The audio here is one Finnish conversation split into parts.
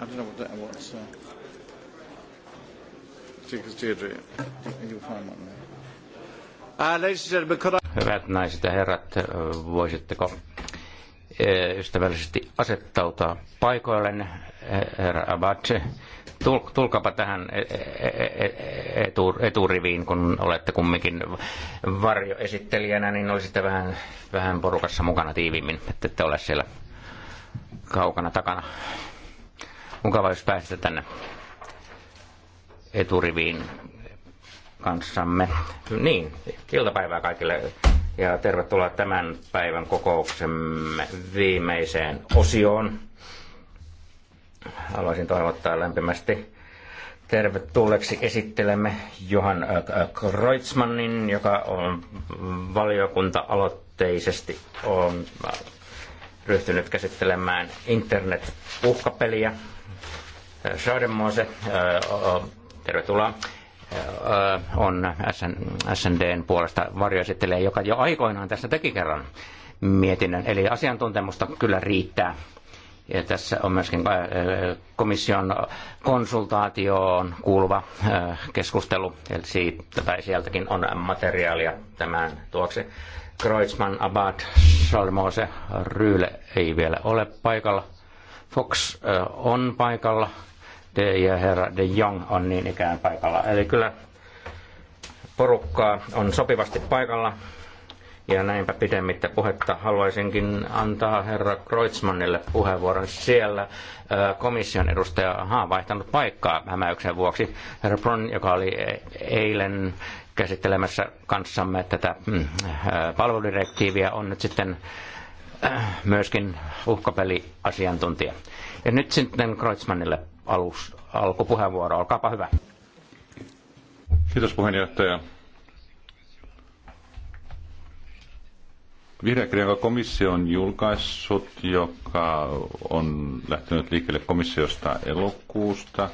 I don't know what that was. Uh, uh Hyvät naiset ja herrat, voisitteko ystävällisesti asettautua paikoilleen, herra Abadze? tulkapa tähän e-, e-, e-, eturiviin, kun olette kumminkin varjoesittelijänä, niin olisitte vähän, vähän porukassa mukana tiivimmin, että ette ole siellä kaukana takana. Mukava, jos pääsitte tänne eturiviin kanssamme. Niin, iltapäivää kaikille ja tervetuloa tämän päivän kokouksemme viimeiseen osioon. Haluaisin toivottaa lämpimästi tervetulleeksi esittelemme Johan äh, Kreutzmannin, joka on valiokunta-aloitteisesti on ryhtynyt käsittelemään internet-uhkapeliä Schademose, tervetuloa on SNDn puolesta varjoesittelijä, joka jo aikoinaan tässä teki kerran mietinnön. Eli asiantuntemusta kyllä riittää. Ja tässä on myöskin komission konsultaatioon kuuluva keskustelu, eli siitä tai sieltäkin on materiaalia tämän tuoksi. Kreutzmann, Abad, Salmose, Ryyle ei vielä ole paikalla. Fox on paikalla ja herra de Jong on niin ikään paikalla. Eli kyllä porukkaa on sopivasti paikalla. Ja näinpä pidemmittä puhetta haluaisinkin antaa herra Kreutzmannille puheenvuoron. Siellä komission edustaja on vaihtanut paikkaa hämäyksen vuoksi. Herra Bron, joka oli e- eilen käsittelemässä kanssamme tätä mm, palveludirektiiviä, on nyt sitten äh, myöskin uhkapeliasiantuntija. Ja nyt sitten Kreutzmannille alus, alkupuheenvuoro. Olkaapa hyvä. Kiitos puheenjohtaja. Vihreä komissio on julkaissut, joka on lähtenyt liikkeelle komissiosta elokuusta.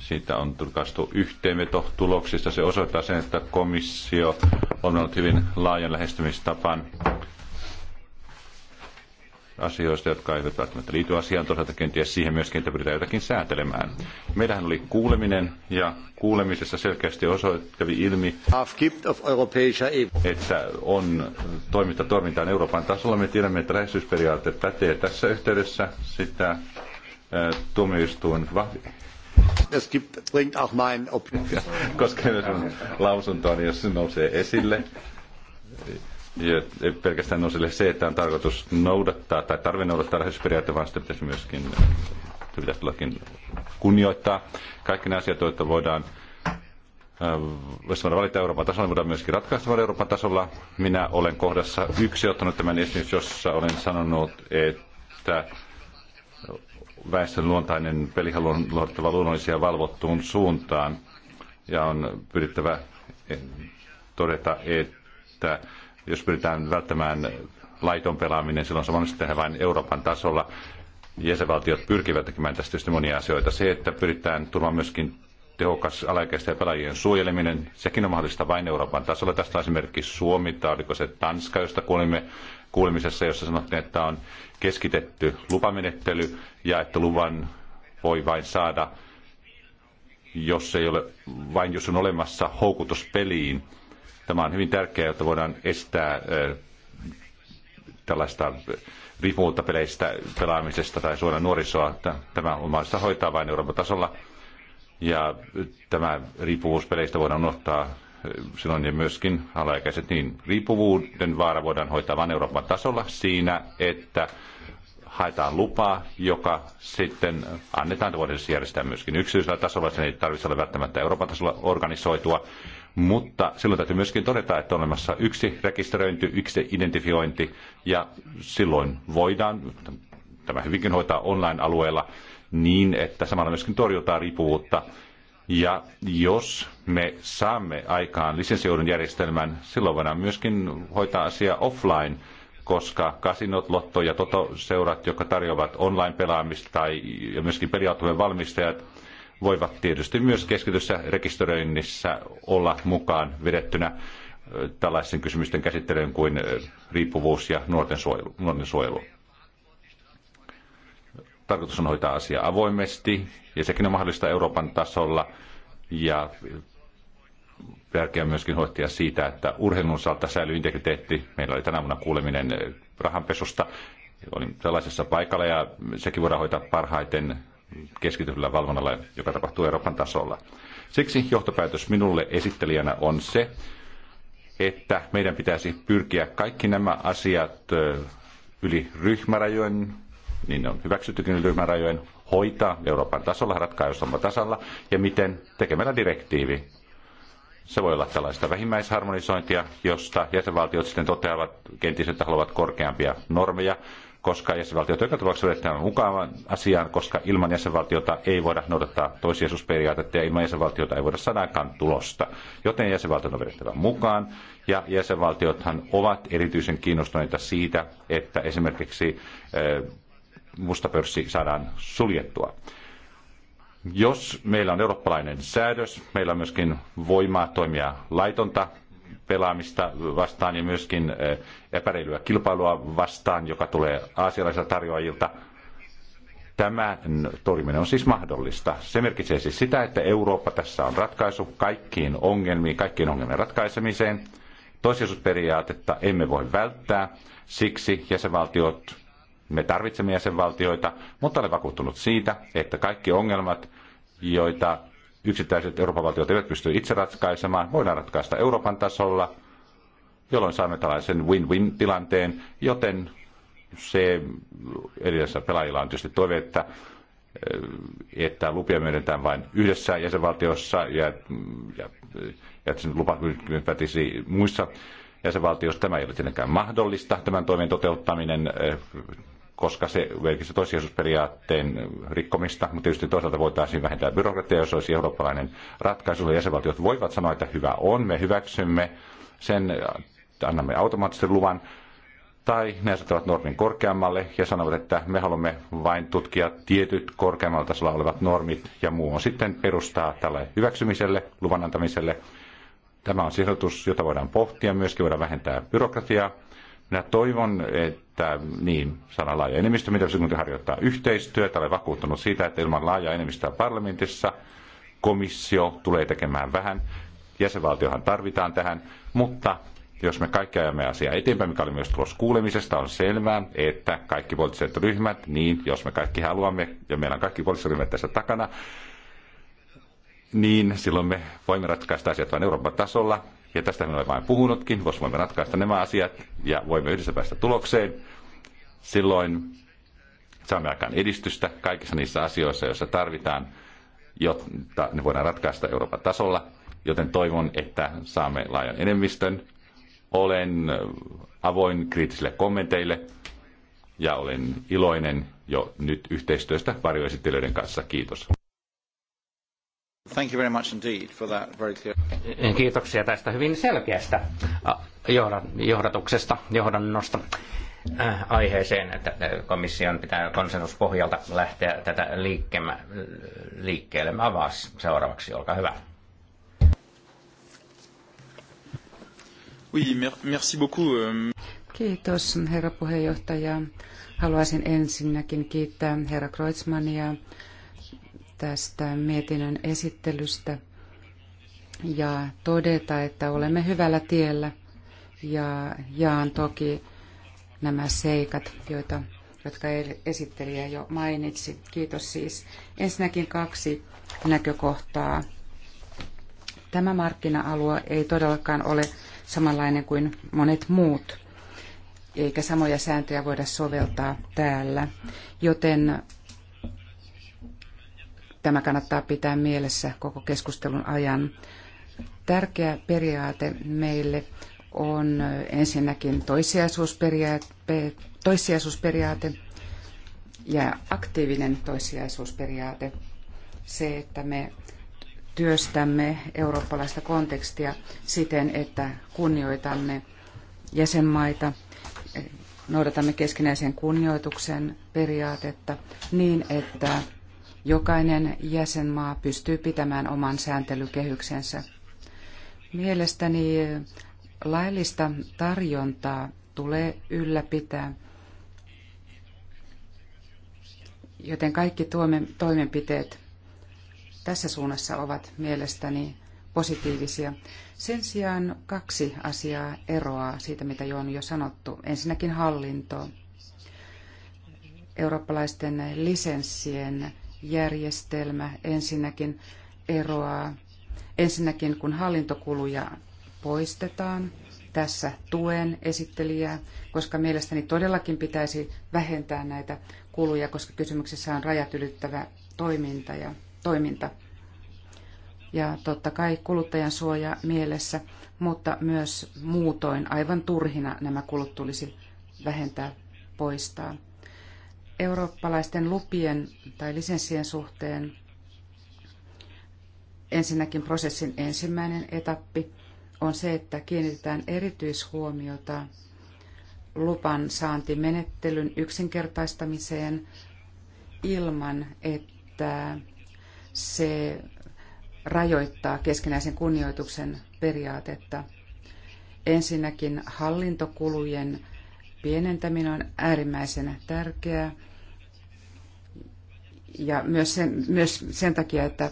Siitä on julkaistu yhteenveto tuloksista. Se osoittaa sen, että komissio on ollut hyvin laajan lähestymistapan asioista, jotka eivät välttämättä liity asiaan, toisaalta kenties siihen myöskin, että pyritään jotakin säätelemään. Meillähän oli kuuleminen ja kuulemisessa selkeästi osoittavi ilmi, että on toiminta toimintaan Euroopan tasolla. Me tiedämme, että läheisyysperiaate pätee tässä yhteydessä sitä tuomioistuin Es gibt, bringt auch mein Koska lausuntoani, jos se nousee esille ja pelkästään on sille se, että on tarkoitus noudattaa tai tarve noudattaa lähetysperiaate, vaan sitä pitäisi myöskin pitäisi kunnioittaa. Kaikki nämä asiat, joita voidaan äh, valita Euroopan tasolla, voidaan myöskin ratkaista Euroopan tasolla. Minä olen kohdassa yksi ottanut tämän esitys, jossa olen sanonut, että väestön luontainen pelihalu on luodettava luonnollisia valvottuun suuntaan. Ja on pyrittävä eh, todeta, että jos pyritään välttämään laiton pelaaminen, silloin se monesti tehdään vain Euroopan tasolla. Jäsenvaltiot pyrkivät tekemään tästä tietysti monia asioita. Se, että pyritään turvaamaan myöskin tehokas alaikäisten pelaajien suojeleminen, sekin on mahdollista vain Euroopan tasolla. Tästä on esimerkki Suomi, tai oliko se Tanska, josta kuulimme kuulemisessa, jossa sanottiin, että on keskitetty lupamenettely ja että luvan voi vain saada, jos ei ole, vain jos on olemassa houkutus peliin. Tämä on hyvin tärkeää, jotta voidaan estää tällaista riippuvuutta peleistä, pelaamisesta tai suoraan nuorisoa. Tämä on mahdollista hoitaa vain Euroopan tasolla. Ja tämä riippuvuus peleistä voidaan unohtaa silloin ja myöskin alaikäiset, niin riippuvuuden vaara voidaan hoitaa vain Euroopan tasolla siinä, että haetaan lupaa, joka sitten annetaan, voidaan siis järjestää myöskin yksityisellä tasolla, sen ei tarvitse olla välttämättä Euroopan tasolla organisoitua mutta silloin täytyy myöskin todeta, että on olemassa yksi rekisteröinti, yksi identifiointi, ja silloin voidaan tämä hyvinkin hoitaa online-alueella niin, että samalla myöskin torjutaan riippuvuutta. Ja jos me saamme aikaan lisensioidun järjestelmän, silloin voidaan myöskin hoitaa asia offline, koska kasinot, lotto- ja toto seurat, jotka tarjoavat online-pelaamista tai myöskin peliautojen valmistajat, voivat tietysti myös keskityssä rekisteröinnissä olla mukaan vedettynä tällaisen kysymysten käsittelyyn kuin riippuvuus ja nuorten suojelu. Nuorten suojelu. Tarkoitus on hoitaa asia avoimesti ja sekin on mahdollista Euroopan tasolla ja tärkeää myöskin hoitaa siitä, että urheilun osalta säilyy integriteetti. Meillä oli tänä vuonna kuuleminen rahanpesusta. Olin sellaisessa paikalla ja sekin voidaan hoitaa parhaiten keskityllä valvonnalla, joka tapahtuu Euroopan tasolla. Siksi johtopäätös minulle esittelijänä on se, että meidän pitäisi pyrkiä kaikki nämä asiat yli ryhmärajojen, niin ne on hyväksyttykin ryhmärajojen, hoitaa Euroopan tasolla, ratkaisulla tasalla, ja miten tekemällä direktiivi. Se voi olla tällaista vähimmäisharmonisointia, josta jäsenvaltiot sitten toteavat kenties, että haluavat korkeampia normeja, koska jäsenvaltiot joka tapauksessa yritetään mukaan asiaan, koska ilman jäsenvaltiota ei voida noudattaa toisiasusperiaatetta ja ilman jäsenvaltiota ei voida sanakaan tulosta. Joten jäsenvaltiot on vedettävä mukaan ja jäsenvaltiothan ovat erityisen kiinnostuneita siitä, että esimerkiksi mustapörssi saadaan suljettua. Jos meillä on eurooppalainen säädös, meillä on myöskin voimaa toimia laitonta pelaamista vastaan ja myöskin eh, epäreilyä kilpailua vastaan, joka tulee aasialaisilta tarjoajilta. Tämä toiminen on siis mahdollista. Se merkitsee siis sitä, että Eurooppa tässä on ratkaisu kaikkiin ongelmiin, kaikkiin ongelmien ratkaisemiseen. Toisiosuusperiaatetta emme voi välttää, siksi jäsenvaltiot, me tarvitsemme jäsenvaltioita, mutta olen vakuuttunut siitä, että kaikki ongelmat, joita yksittäiset Euroopan valtiot eivät pysty itse ratkaisemaan, voidaan ratkaista Euroopan tasolla, jolloin saamme tällaisen win-win-tilanteen, joten se edessä pelaajilla on tietysti toive, että eh, että lupia myönnetään vain yhdessä jäsenvaltiossa ja, ja, ja että lupa pätisi muissa jäsenvaltioissa. Tämä ei ole tietenkään mahdollista, tämän toimen toteuttaminen eh, koska se merkitsi toissijaisuusperiaatteen rikkomista, mutta tietysti toisaalta voitaisiin vähentää byrokratiaa, jos olisi eurooppalainen ratkaisu. Ja jäsenvaltiot voivat sanoa, että hyvä on, me hyväksymme sen, annamme automaattisen luvan, tai ne asettavat normin korkeammalle ja sanovat, että me haluamme vain tutkia tietyt korkeammalla tasolla olevat normit ja muu on sitten perustaa tälle hyväksymiselle, luvan antamiselle. Tämä on sisältys, jota voidaan pohtia, myöskin voidaan vähentää byrokratiaa minä toivon, että niin, sana laaja enemmistö, mitä sekunti harjoittaa yhteistyötä. Olen vakuuttunut siitä, että ilman laajaa enemmistöä parlamentissa komissio tulee tekemään vähän. Jäsenvaltiohan tarvitaan tähän, mutta jos me kaikki ajamme asiaa eteenpäin, mikä oli myös tulos kuulemisesta, on selvää, että kaikki poliittiset ryhmät, niin jos me kaikki haluamme, ja meillä on kaikki poliittiset ryhmät tässä takana, niin silloin me voimme ratkaista asiat vain Euroopan tasolla. Ja tästä me olemme vain puhunutkin, koska voimme ratkaista nämä asiat ja voimme yhdessä päästä tulokseen. Silloin saamme aikaan edistystä kaikissa niissä asioissa, joissa tarvitaan, jotta ne voidaan ratkaista Euroopan tasolla. Joten toivon, että saamme laajan enemmistön. Olen avoin kriittisille kommenteille ja olen iloinen jo nyt yhteistyöstä varjoesittelijöiden kanssa. Kiitos. Thank you very much indeed for that very clear. Kiitoksia tästä hyvin selkeästä johdatuksesta, johdannosta aiheeseen, että komission pitää konsensuspohjalta lähteä tätä liikkeelle. Mä avaas seuraavaksi, olkaa hyvä. Euh. Kiitos, herra puheenjohtaja. Haluaisin ensinnäkin kiittää herra Kreutzmannia tästä mietinnön esittelystä ja todeta, että olemme hyvällä tiellä ja jaan toki nämä seikat, joita, jotka e- esittelijä jo mainitsi. Kiitos siis. Ensinnäkin kaksi näkökohtaa. Tämä markkina-alue ei todellakaan ole samanlainen kuin monet muut, eikä samoja sääntöjä voida soveltaa täällä, joten Tämä kannattaa pitää mielessä koko keskustelun ajan. Tärkeä periaate meille on ensinnäkin toissijaisuusperiaate, toissijaisuusperiaate ja aktiivinen toissijaisuusperiaate. Se, että me työstämme eurooppalaista kontekstia siten, että kunnioitamme jäsenmaita, noudatamme keskinäisen kunnioituksen periaatetta niin, että jokainen jäsenmaa pystyy pitämään oman sääntelykehyksensä. Mielestäni laillista tarjontaa tulee ylläpitää, joten kaikki toimenpiteet tässä suunnassa ovat mielestäni positiivisia. Sen sijaan kaksi asiaa eroaa siitä, mitä jo on jo sanottu. Ensinnäkin hallinto, eurooppalaisten lisenssien järjestelmä ensinnäkin eroaa. Ensinnäkin kun hallintokuluja poistetaan, tässä tuen esittelijää, koska mielestäni todellakin pitäisi vähentää näitä kuluja, koska kysymyksessä on rajat ylittävä toiminta ja toiminta. Ja totta kai kuluttajan suoja mielessä, mutta myös muutoin aivan turhina nämä kulut tulisi vähentää, poistaa eurooppalaisten lupien tai lisenssien suhteen ensinnäkin prosessin ensimmäinen etappi on se, että kiinnitetään erityishuomiota lupan saantimenettelyn yksinkertaistamiseen ilman, että se rajoittaa keskinäisen kunnioituksen periaatetta. Ensinnäkin hallintokulujen pienentäminen on äärimmäisen tärkeää ja myös sen, myös sen takia, että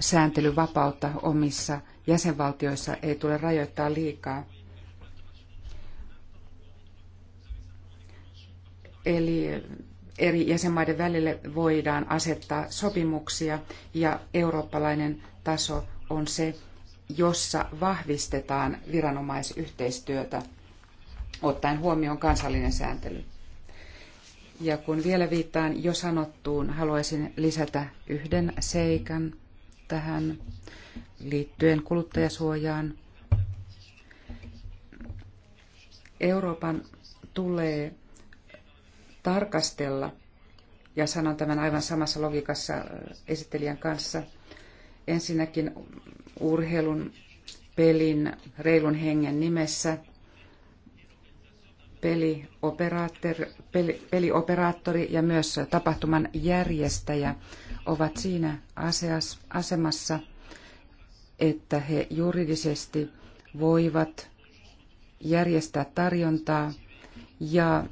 sääntelyvapautta omissa jäsenvaltioissa ei tule rajoittaa liikaa. Eli eri jäsenmaiden välille voidaan asettaa sopimuksia ja eurooppalainen taso on se, jossa vahvistetaan viranomaisyhteistyötä ottaen huomioon kansallinen sääntely. Ja kun vielä viittaan jo sanottuun, haluaisin lisätä yhden seikan tähän liittyen kuluttajasuojaan. Euroopan tulee tarkastella, ja sanon tämän aivan samassa logiikassa äh, esittelijän kanssa, ensinnäkin urheilun pelin reilun hengen nimessä – peli, pelioperaattori ja myös tapahtuman järjestäjä ovat siinä aseas, asemassa, että he juridisesti voivat järjestää tarjontaa ja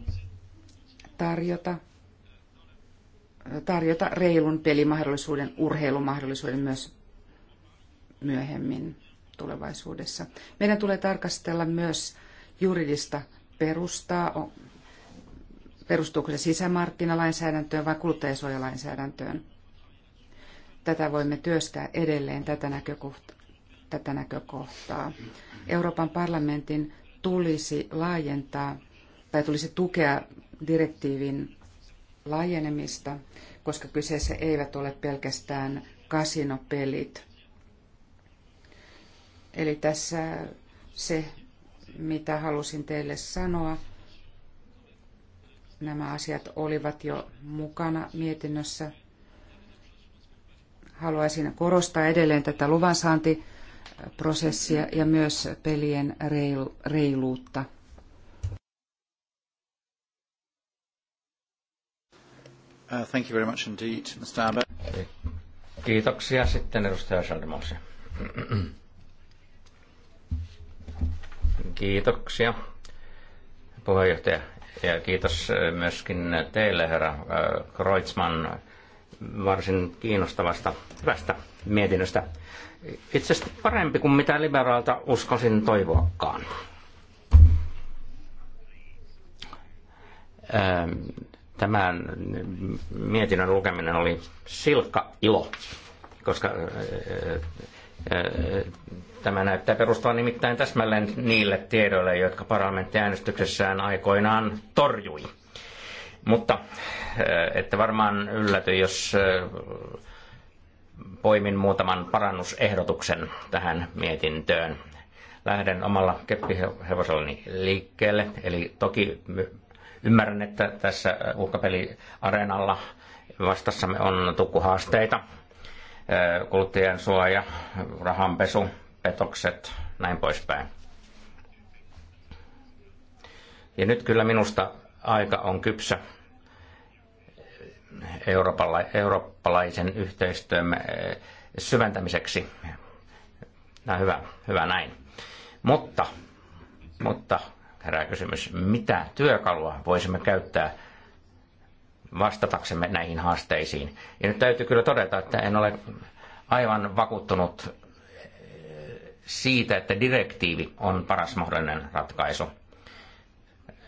tarjota, tarjota reilun pelimahdollisuuden, urheilumahdollisuuden myös myöhemmin tulevaisuudessa. Meidän tulee tarkastella myös juridista perustaa, perustuuko se sisämarkkinalainsäädäntöön vai kuluttajasuojalainsäädäntöön. Tätä voimme työstää edelleen tätä, näkökohta, tätä näkökohtaa. Euroopan parlamentin tulisi laajentaa tai tulisi tukea direktiivin laajenemista, koska kyseessä eivät ole pelkästään kasinopelit. Eli tässä se mitä halusin teille sanoa. Nämä asiat olivat jo mukana mietinnössä. Haluaisin korostaa edelleen tätä luvansaantiprosessia ja myös pelien reiluutta. Uh, thank you very much indeed, Mr. Kiitoksia sitten edustaja Schaldemose. Kiitoksia puheenjohtaja. Ja kiitos äh, myöskin teille, herra äh, Kreutzmann, varsin kiinnostavasta hyvästä mietinnöstä. Itse asiassa parempi kuin mitä liberaalta uskoisin toivoakaan. Ähm, tämän mietinnön lukeminen oli silkka ilo, koska äh, Tämä näyttää perustuvan nimittäin täsmälleen niille tiedoille, jotka äänestyksessään aikoinaan torjui. Mutta että varmaan ylläty, jos poimin muutaman parannusehdotuksen tähän mietintöön. Lähden omalla keppihevosellani liikkeelle, eli toki ymmärrän, että tässä uhkapeliareenalla vastassamme on tukkuhaasteita, kuluttajien suoja, rahanpesu, petokset, näin poispäin. Ja nyt kyllä minusta aika on kypsä eurooppala- eurooppalaisen yhteistyön syventämiseksi. No hyvä, hyvä näin. Mutta, mutta herää kysymys, mitä työkalua voisimme käyttää vastataksemme näihin haasteisiin. Ja nyt täytyy kyllä todeta, että en ole aivan vakuuttunut eh, siitä, että direktiivi on paras mahdollinen ratkaisu.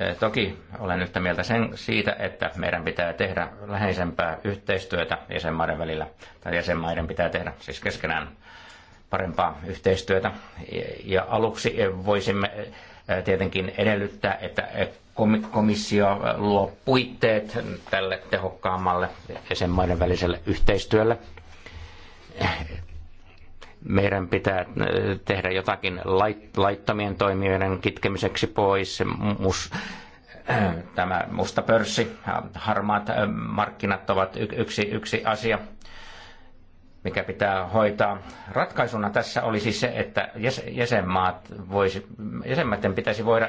Eh, toki olen yhtä mieltä sen, siitä, että meidän pitää tehdä läheisempää yhteistyötä jäsenmaiden välillä, tai jäsenmaiden pitää tehdä siis keskenään parempaa yhteistyötä. Ja aluksi voisimme tietenkin edellyttää, että komissio luo puitteet tälle tehokkaammalle jäsenmaiden väliselle yhteistyölle. Meidän pitää tehdä jotakin laittomien toimijoiden kitkemiseksi pois. Mus, tämä musta pörssi, harmaat markkinat ovat yksi, yksi asia – mikä pitää hoitaa. Ratkaisuna tässä oli siis se, että jäsenmaat voisi, jäsenmaiden pitäisi voida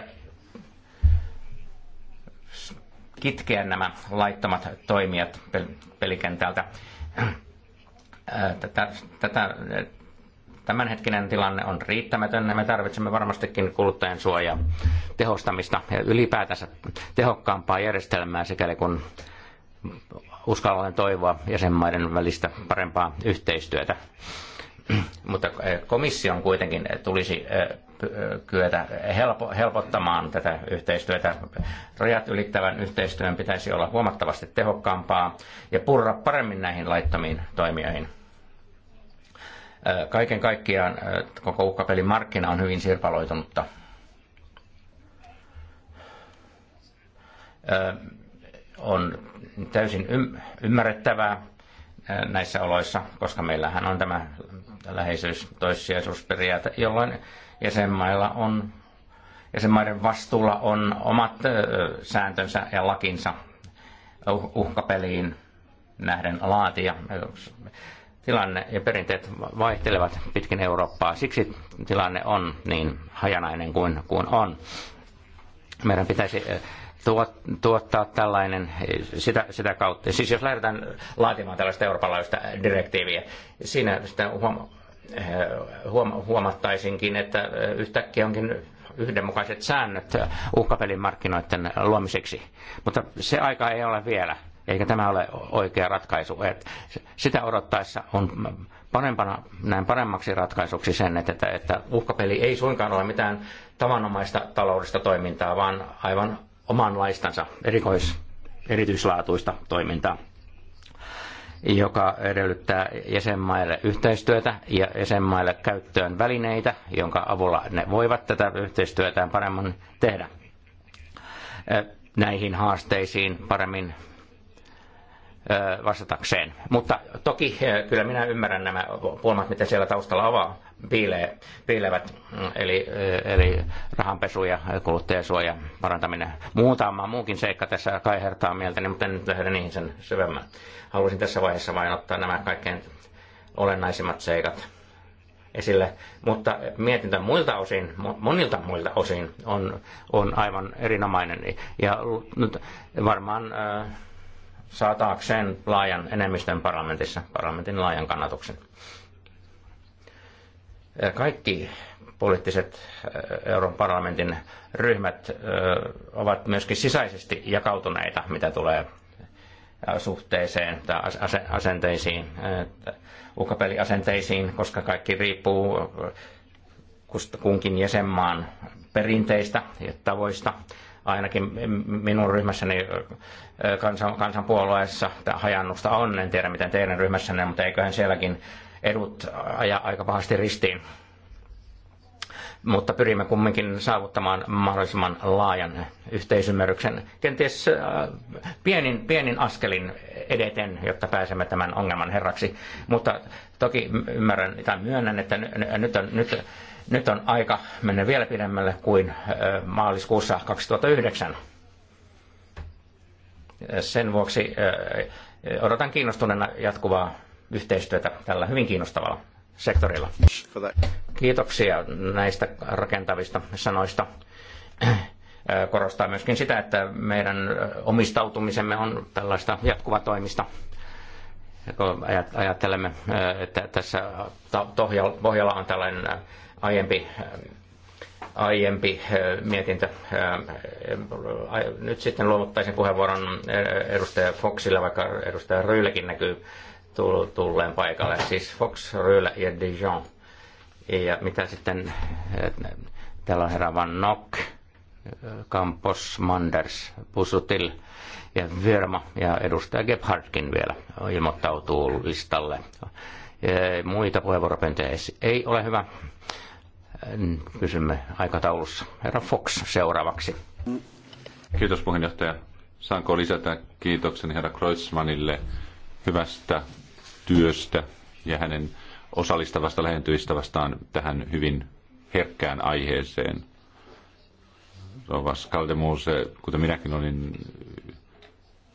kitkeä nämä laittomat toimijat pelikentältä. Äh, tätä, tätä, tämänhetkinen tilanne on riittämätön ja me tarvitsemme varmastikin kuluttajan suojaa tehostamista ja ylipäätänsä tehokkaampaa järjestelmää sikäli kun uskallan toivoa jäsenmaiden välistä parempaa yhteistyötä. Mutta eh, komission kuitenkin eh, tulisi eh, kyetä helpottamaan tätä yhteistyötä. Rajat ylittävän yhteistyön pitäisi olla huomattavasti tehokkaampaa ja purra paremmin näihin laittomiin toimijoihin. Kaiken kaikkiaan koko uhkapelin markkina on hyvin sirpaloitunutta. On täysin ymmärrettävää äh, näissä oloissa, koska meillähän on tämä läheisyys, toissijaisuusperiaate, jolloin jäsenmailla on, jäsenmaiden vastuulla on omat äh, sääntönsä ja lakinsa uh-, uhkapeliin nähden laatia. Tilanne ja perinteet vaihtelevat pitkin Eurooppaa, siksi tilanne on niin hajanainen kuin, kuin on. Meidän pitäisi äh, tuottaa tällainen sitä, sitä kautta. Siis jos lähdetään laatimaan tällaista eurooppalaista direktiiviä, siinä sitä huoma, eh, huoma, huomattaisinkin, että eh, yhtäkkiä onkin yhdenmukaiset säännöt eh, uhkapelin markkinoiden luomiseksi. Mutta se aika ei ole vielä, eikä tämä ole oikea ratkaisu. Et sitä odottaessa on parempana, näin paremmaksi ratkaisuksi sen, että, että uhkapeli ei suinkaan ole mitään tavanomaista taloudellista toimintaa, vaan aivan omanlaistansa erikois, erityislaatuista toimintaa joka edellyttää jäsenmaille yhteistyötä ja jäsenmaille käyttöön välineitä, jonka avulla ne voivat tätä yhteistyötään paremmin tehdä. Näihin haasteisiin paremmin vastatakseen. Mutta toki kyllä minä ymmärrän nämä pulmat, mitä siellä taustalla avaa, piilee, piilevät, mm, eli, eli rahanpesu ja kuluttajasuoja parantaminen. Muutama muukin seikka tässä kai hertaa mieltäni, mutta en nyt lähde niihin sen syvemmän. Haluaisin tässä vaiheessa vain ottaa nämä kaikkein olennaisimmat seikat esille, mutta mietintä muilta osin, monilta muilta osin on, on aivan erinomainen ja nyt varmaan äh, saataakseen laajan enemmistön parlamentissa, parlamentin laajan kannatuksen. Kaikki poliittiset eh, Euroopan parlamentin ryhmät eh, ovat myöskin sisäisesti jakautuneita, mitä tulee eh, suhteeseen tai asenteisiin, uhkapeliasenteisiin, koska kaikki riippuu kunkin jäsenmaan perinteistä ja tavoista. Ainakin minun ryhmässäni kansan, kansanpuolueessa hajannusta on. En tiedä, miten teidän ryhmässänne, mutta eiköhän sielläkin edut aja aika pahasti ristiin. Mutta pyrimme kumminkin saavuttamaan mahdollisimman laajan yhteisymmärryksen, kenties pienin, pienin askelin edeten, jotta pääsemme tämän ongelman herraksi. Mutta toki ymmärrän tai myönnän, että nyt on, nyt, nyt on aika mennä vielä pidemmälle kuin maaliskuussa 2009 sen vuoksi odotan kiinnostuneena jatkuvaa yhteistyötä tällä hyvin kiinnostavalla sektorilla. Kiitoksia näistä rakentavista sanoista. Korostaa myöskin sitä, että meidän omistautumisemme on tällaista jatkuvatoimista. Kun ajattelemme, että tässä pohjalla on tällainen aiempi aiempi äh, mietintö. Äh, äh, nyt sitten luovuttaisin puheenvuoron edustaja Foxille, vaikka edustaja Ryyläkin näkyy tulleen paikalle. Siis Fox, Ryylä ja Dijon. Ja mitä sitten, täällä on herra Van Nock, Campos, Manders, Pusutil ja Virma ja edustaja Gebhardkin vielä ilmoittautuu listalle. Muita puheenvuoropöntöjä ei ole hyvä pysymme aikataulussa. Herra Fox seuraavaksi. Kiitos puheenjohtaja. Saanko lisätä kiitokseni herra Kreutzmannille hyvästä työstä ja hänen osallistavasta vastaan tähän hyvin herkkään aiheeseen. Rovas Kaldemuse, kuten minäkin olin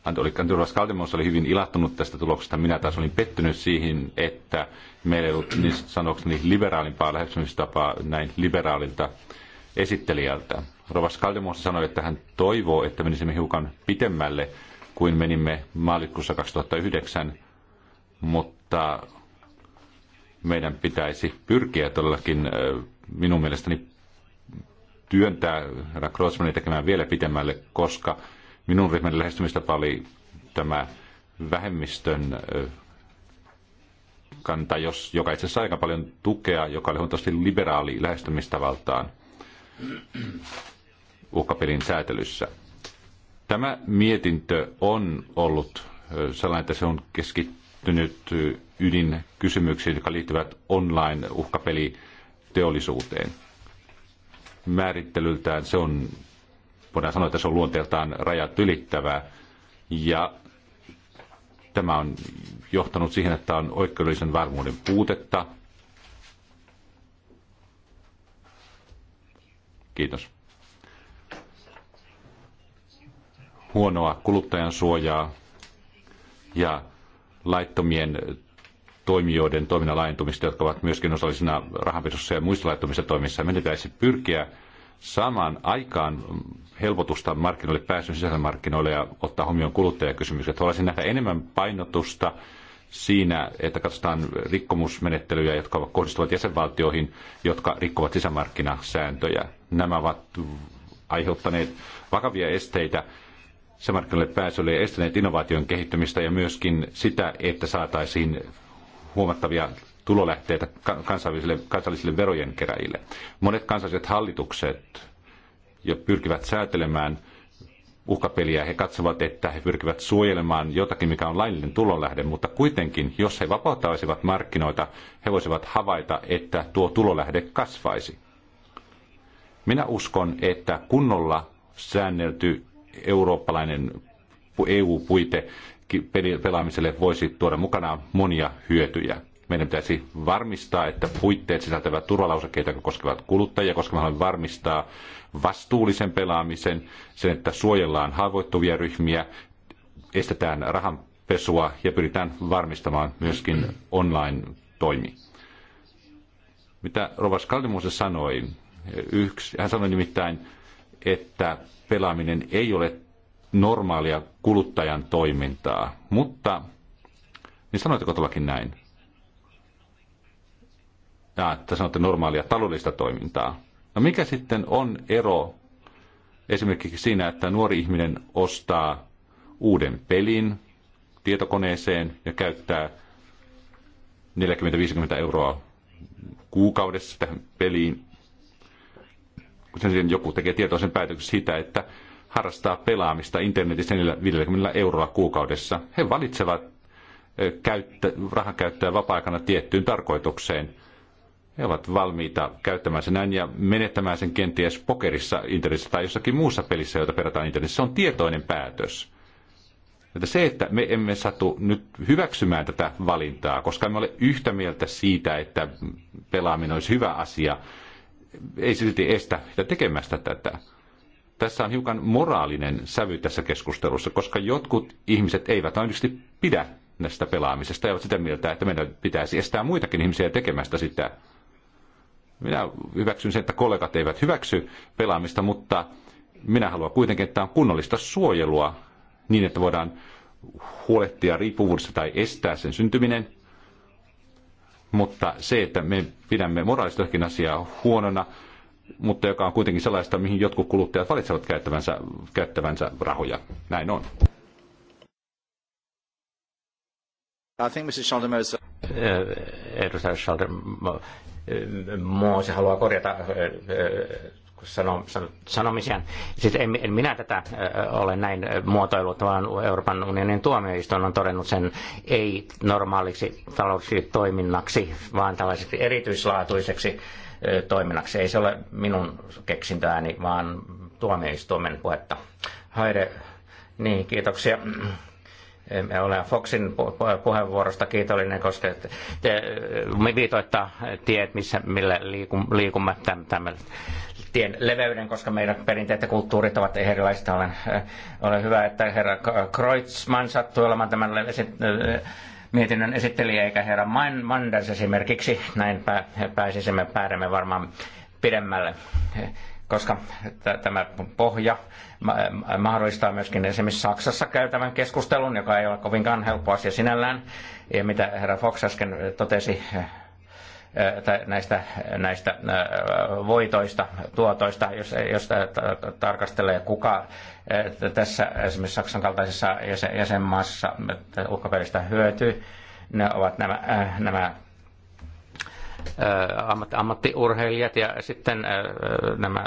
Antolikan Kanturvas Kaldemus oli hyvin ilahtunut tästä tuloksesta. Minä taas olin pettynyt siihen, että meillä ei ollut niin sanokseni liberaalimpaa lähestymistapaa näin liberaalilta esittelijältä. Rovas Kaldemus sanoi, että hän toivoo, että menisimme hiukan pitemmälle kuin menimme maaliskuussa 2009, mutta meidän pitäisi pyrkiä todellakin minun mielestäni työntää herra Grossmanin tekemään vielä pitemmälle, koska Minun ryhmäni lähestymistapa oli tämä vähemmistön kanta, jos, joka itse asiassa aika paljon tukea, joka oli huomattavasti liberaali lähestymistavaltaan uhkapelin säätelyssä. Tämä mietintö on ollut sellainen, että se on keskittynyt ydinkysymyksiin, jotka liittyvät online-uhkapeliteollisuuteen. Määrittelyltään se on voidaan sanoa, että se on luonteeltaan rajat ylittävää. Ja tämä on johtanut siihen, että on oikeudellisen varmuuden puutetta. Kiitos. Huonoa kuluttajan suojaa ja laittomien toimijoiden toiminnan laajentumista, jotka ovat myöskin osallisina rahanpesussa ja muissa laittomissa toimissa. Meidän pitäisi pyrkiä Samaan aikaan helpotusta markkinoille pääsyn sisämarkkinoille ja ottaa huomioon kuluttajakysymykset. Haluaisin nähdä enemmän painotusta siinä, että katsotaan rikkomusmenettelyjä, jotka kohdistuvat jäsenvaltioihin, jotka rikkovat sisämarkkinasääntöjä. Nämä ovat aiheuttaneet vakavia esteitä sisämarkkinoille pääsylle ja estäneet innovaation kehittymistä ja myöskin sitä, että saataisiin huomattavia tulolähteitä kansallisille, kansallisille verojen keräjille. Monet kansalliset hallitukset jo pyrkivät säätelemään uhkapeliä. He katsovat, että he pyrkivät suojelemaan jotakin, mikä on laillinen tulolähde, mutta kuitenkin, jos he vapauttaisivat markkinoita, he voisivat havaita, että tuo tulolähde kasvaisi. Minä uskon, että kunnolla säännelty eurooppalainen EU-puite pelaamiselle voisi tuoda mukana monia hyötyjä. Meidän pitäisi varmistaa, että puitteet sisältävät turvalausekkeita, jotka koskevat kuluttajia, koska me haluamme varmistaa vastuullisen pelaamisen, sen, että suojellaan haavoittuvia ryhmiä, estetään rahanpesua ja pyritään varmistamaan myöskin online-toimi. Mitä Rovas Kaldimuose sanoi, yksi, hän sanoi nimittäin, että pelaaminen ei ole normaalia kuluttajan toimintaa, mutta niin sanoitteko todellakin näin? ja että sanotte normaalia taloudellista toimintaa. No mikä sitten on ero esimerkiksi siinä, että nuori ihminen ostaa uuden pelin tietokoneeseen ja käyttää 40-50 euroa kuukaudessa tähän peliin, kun sen joku tekee tietoisen päätöksen siitä, että harrastaa pelaamista internetissä 50 eurolla kuukaudessa. He valitsevat käyttä, rahan käyttöä vapaa-aikana tiettyyn tarkoitukseen. He ovat valmiita käyttämään sen näin ja menettämään sen kenties pokerissa internetissä tai jossakin muussa pelissä, jota perataan internetissä. Se on tietoinen päätös. Että se, että me emme satu nyt hyväksymään tätä valintaa, koska emme ole yhtä mieltä siitä, että pelaaminen olisi hyvä asia, ei silti estä sitä tekemästä tätä. Tässä on hiukan moraalinen sävy tässä keskustelussa, koska jotkut ihmiset eivät ainakin pidä näistä pelaamisesta ja ovat sitä mieltä, että meidän pitäisi estää muitakin ihmisiä tekemästä sitä. Minä hyväksyn sen, että kollegat eivät hyväksy pelaamista, mutta minä haluan kuitenkin, että on kunnollista suojelua niin, että voidaan huolehtia riippuvuudesta tai estää sen syntyminen. Mutta se, että me pidämme moraalistakin asiaa huonona, mutta joka on kuitenkin sellaista, mihin jotkut kuluttajat valitsevat käyttävänsä, käyttävänsä rahoja. Näin on. I think Mr. Eh, edustaja Moose haluaa korjata äh, äh, sanomisiaan. Siis en, en minä tätä äh, ole näin muotoillut, vaan Euroopan unionin tuomioistuin on todennut sen ei normaaliksi taloudelliseksi toiminnaksi, vaan tällaiseksi erityislaatuiseksi toiminnaksi. Ei se ole minun keksintöäni, vaan tuomioistuimen puhetta. Haide, niin kiitoksia olen Foxin puheenvuorosta kiitollinen, koska te viitoittaa tiet, missä, millä liikumme tämän, tämän tien leveyden, koska meidän perinteet ja kulttuurit ovat erilaiset. Olen, äh, olen hyvä, että herra Kreutzmann sattui olemaan tämän äh, mietinnön esittelijä, eikä herra Manders esimerkiksi. Näin pääsisimme päädämme varmaan pidemmälle koska tämä pohja mahdollistaa myöskin esimerkiksi Saksassa käytävän keskustelun, joka ei ole kovinkaan helppo asia sinällään, ja mitä herra Fox äsken totesi näistä, näistä voitoista, tuotoista, jos, jos tarkastelee kuka tässä esimerkiksi Saksan kaltaisessa jäsenmaassa uhkapelistä hyötyy, ne ovat nämä, nämä ammattiurheilijat ja sitten nämä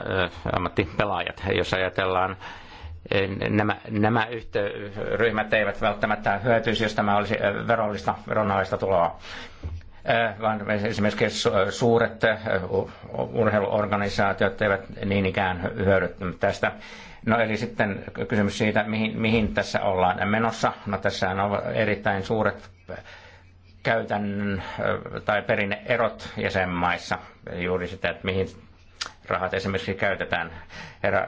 ammattipelaajat, jos ajatellaan nämä, nämä yhtö, ryhmät eivät välttämättä hyötyisi, jos tämä olisi verollista, veronalaista tuloa vaan esimerkiksi suuret urheiluorganisaatiot eivät niin ikään hyödy tästä. No eli sitten kysymys siitä, mihin, mihin tässä ollaan menossa. No tässä on erittäin suuret käytännön tai perinneerot jäsenmaissa, juuri sitä, että mihin rahat esimerkiksi käytetään. Herra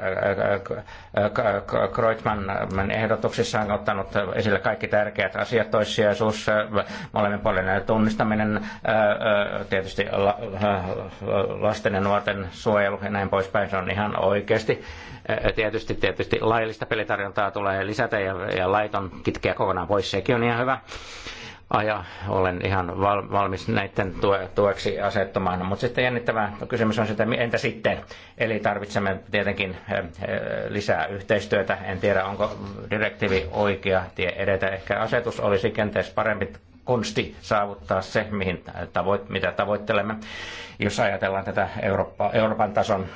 Kreutzmann ehdotuksissa on ottanut esille kaikki tärkeät asiat, toissijaisuus, molemmin puolin tunnistaminen, tietysti lasten ja nuorten suojelu ja näin poispäin, se on ihan oikeasti. Tietysti, tietysti laillista pelitarjontaa tulee lisätä ja, ja laiton kitkeä kokonaan pois, sekin on ihan hyvä aja. Olen ihan valmis näiden tueksi asettumaan. Mutta sitten jännittävä kysymys on sitä, entä sitten? Eli tarvitsemme tietenkin lisää yhteistyötä. En tiedä, onko direktiivi oikea tie edetä. Ehkä asetus olisi kenties parempi konsti saavuttaa se, mihin tavoit, mitä tavoittelemme. Jos ajatellaan tätä Eurooppa, Euroopan tason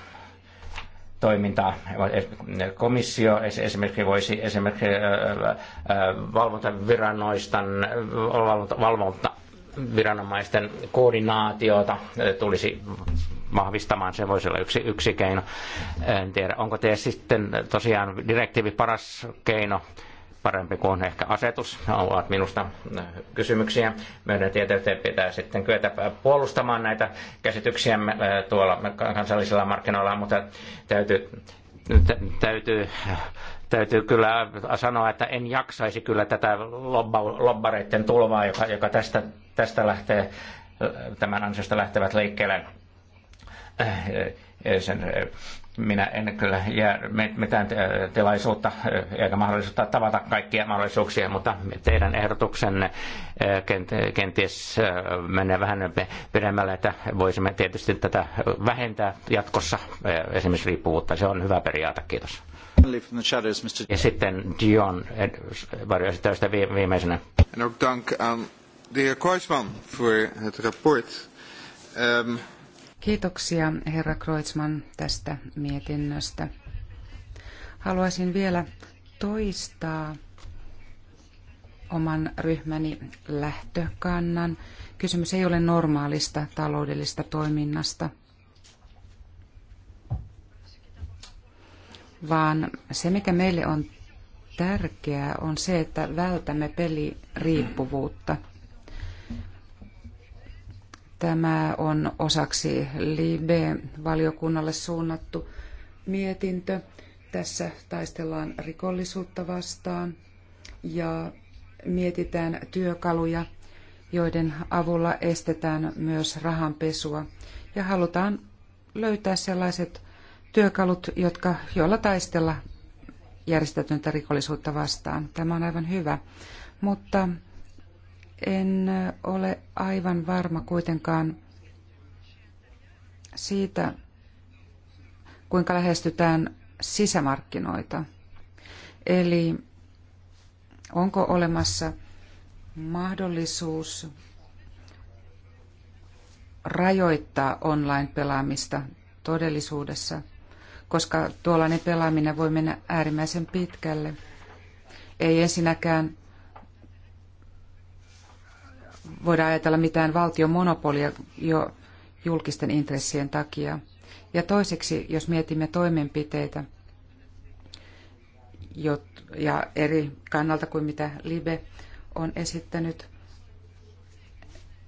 toimintaa. Komissio esimerkiksi voisi esimerkiksi valvontaviranoistan, valvonta viranomaisten koordinaatiota tulisi vahvistamaan, se voisi olla yksi, yksi keino. En tiedä, onko te sitten tosiaan direktiivi paras keino parempi kuin ehkä asetus, ovat minusta äh, kysymyksiä. Meidän tietysti pitää sitten kyetä äh, puolustamaan näitä käsityksiä äh, tuolla kansallisilla markkinoilla, mutta täytyy, täytyy täytyy kyllä sanoa, että en jaksaisi kyllä tätä lobba, lobbareiden tulvaa, joka, joka tästä, tästä lähtee, tämän ansiosta lähtevät liikkeelle sen minä en kyllä jää mitään tilaisuutta eh, eikä mahdollisuutta tavata kaikkia mahdollisuuksia, mutta teidän ehdotuksenne eh, kenties eh, menee vähän pidemmälle, että voisimme tietysti tätä vähentää jatkossa esimerkiksi riippuvuutta. Se on hyvä periaate, kiitos. Ja sitten Dion, varjoesittäystä viimeisenä. En ook dank Um, Kiitoksia herra Kreutzmann tästä mietinnöstä. Haluaisin vielä toistaa oman ryhmäni lähtökannan. Kysymys ei ole normaalista taloudellista toiminnasta, vaan se mikä meille on tärkeää on se, että vältämme peliriippuvuutta – Tämä on osaksi LIBE-valiokunnalle suunnattu mietintö. Tässä taistellaan rikollisuutta vastaan ja mietitään työkaluja, joiden avulla estetään myös rahanpesua. Ja halutaan löytää sellaiset työkalut, jotka, joilla taistella järjestäytynyttä rikollisuutta vastaan. Tämä on aivan hyvä. Mutta en ole aivan varma kuitenkaan siitä, kuinka lähestytään sisämarkkinoita. Eli onko olemassa mahdollisuus rajoittaa online-pelaamista todellisuudessa, koska tuollainen pelaaminen voi mennä äärimmäisen pitkälle. Ei ensinnäkään voida ajatella mitään valtion monopolia jo julkisten intressien takia. Ja toiseksi, jos mietimme toimenpiteitä ja eri kannalta kuin mitä Libe on esittänyt,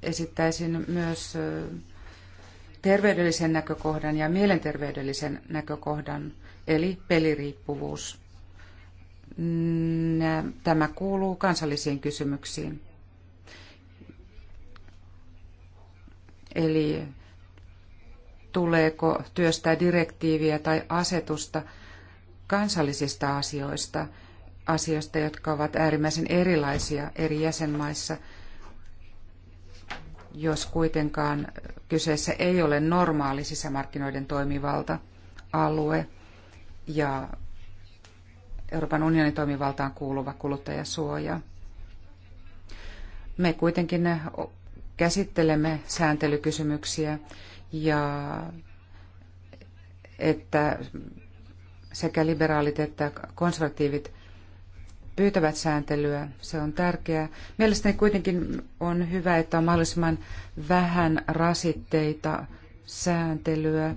esittäisin myös terveydellisen näkökohdan ja mielenterveydellisen näkökohdan, eli peliriippuvuus. Tämä kuuluu kansallisiin kysymyksiin. Eli tuleeko työstää direktiiviä tai asetusta kansallisista asioista, asioista, jotka ovat äärimmäisen erilaisia eri jäsenmaissa, jos kuitenkaan kyseessä ei ole normaali sisämarkkinoiden toimivalta alue ja Euroopan unionin toimivaltaan kuuluva kuluttajasuoja. Me kuitenkin käsittelemme sääntelykysymyksiä ja että sekä liberaalit että konservatiivit pyytävät sääntelyä. Se on tärkeää. Mielestäni kuitenkin on hyvä, että on mahdollisimman vähän rasitteita, sääntelyä,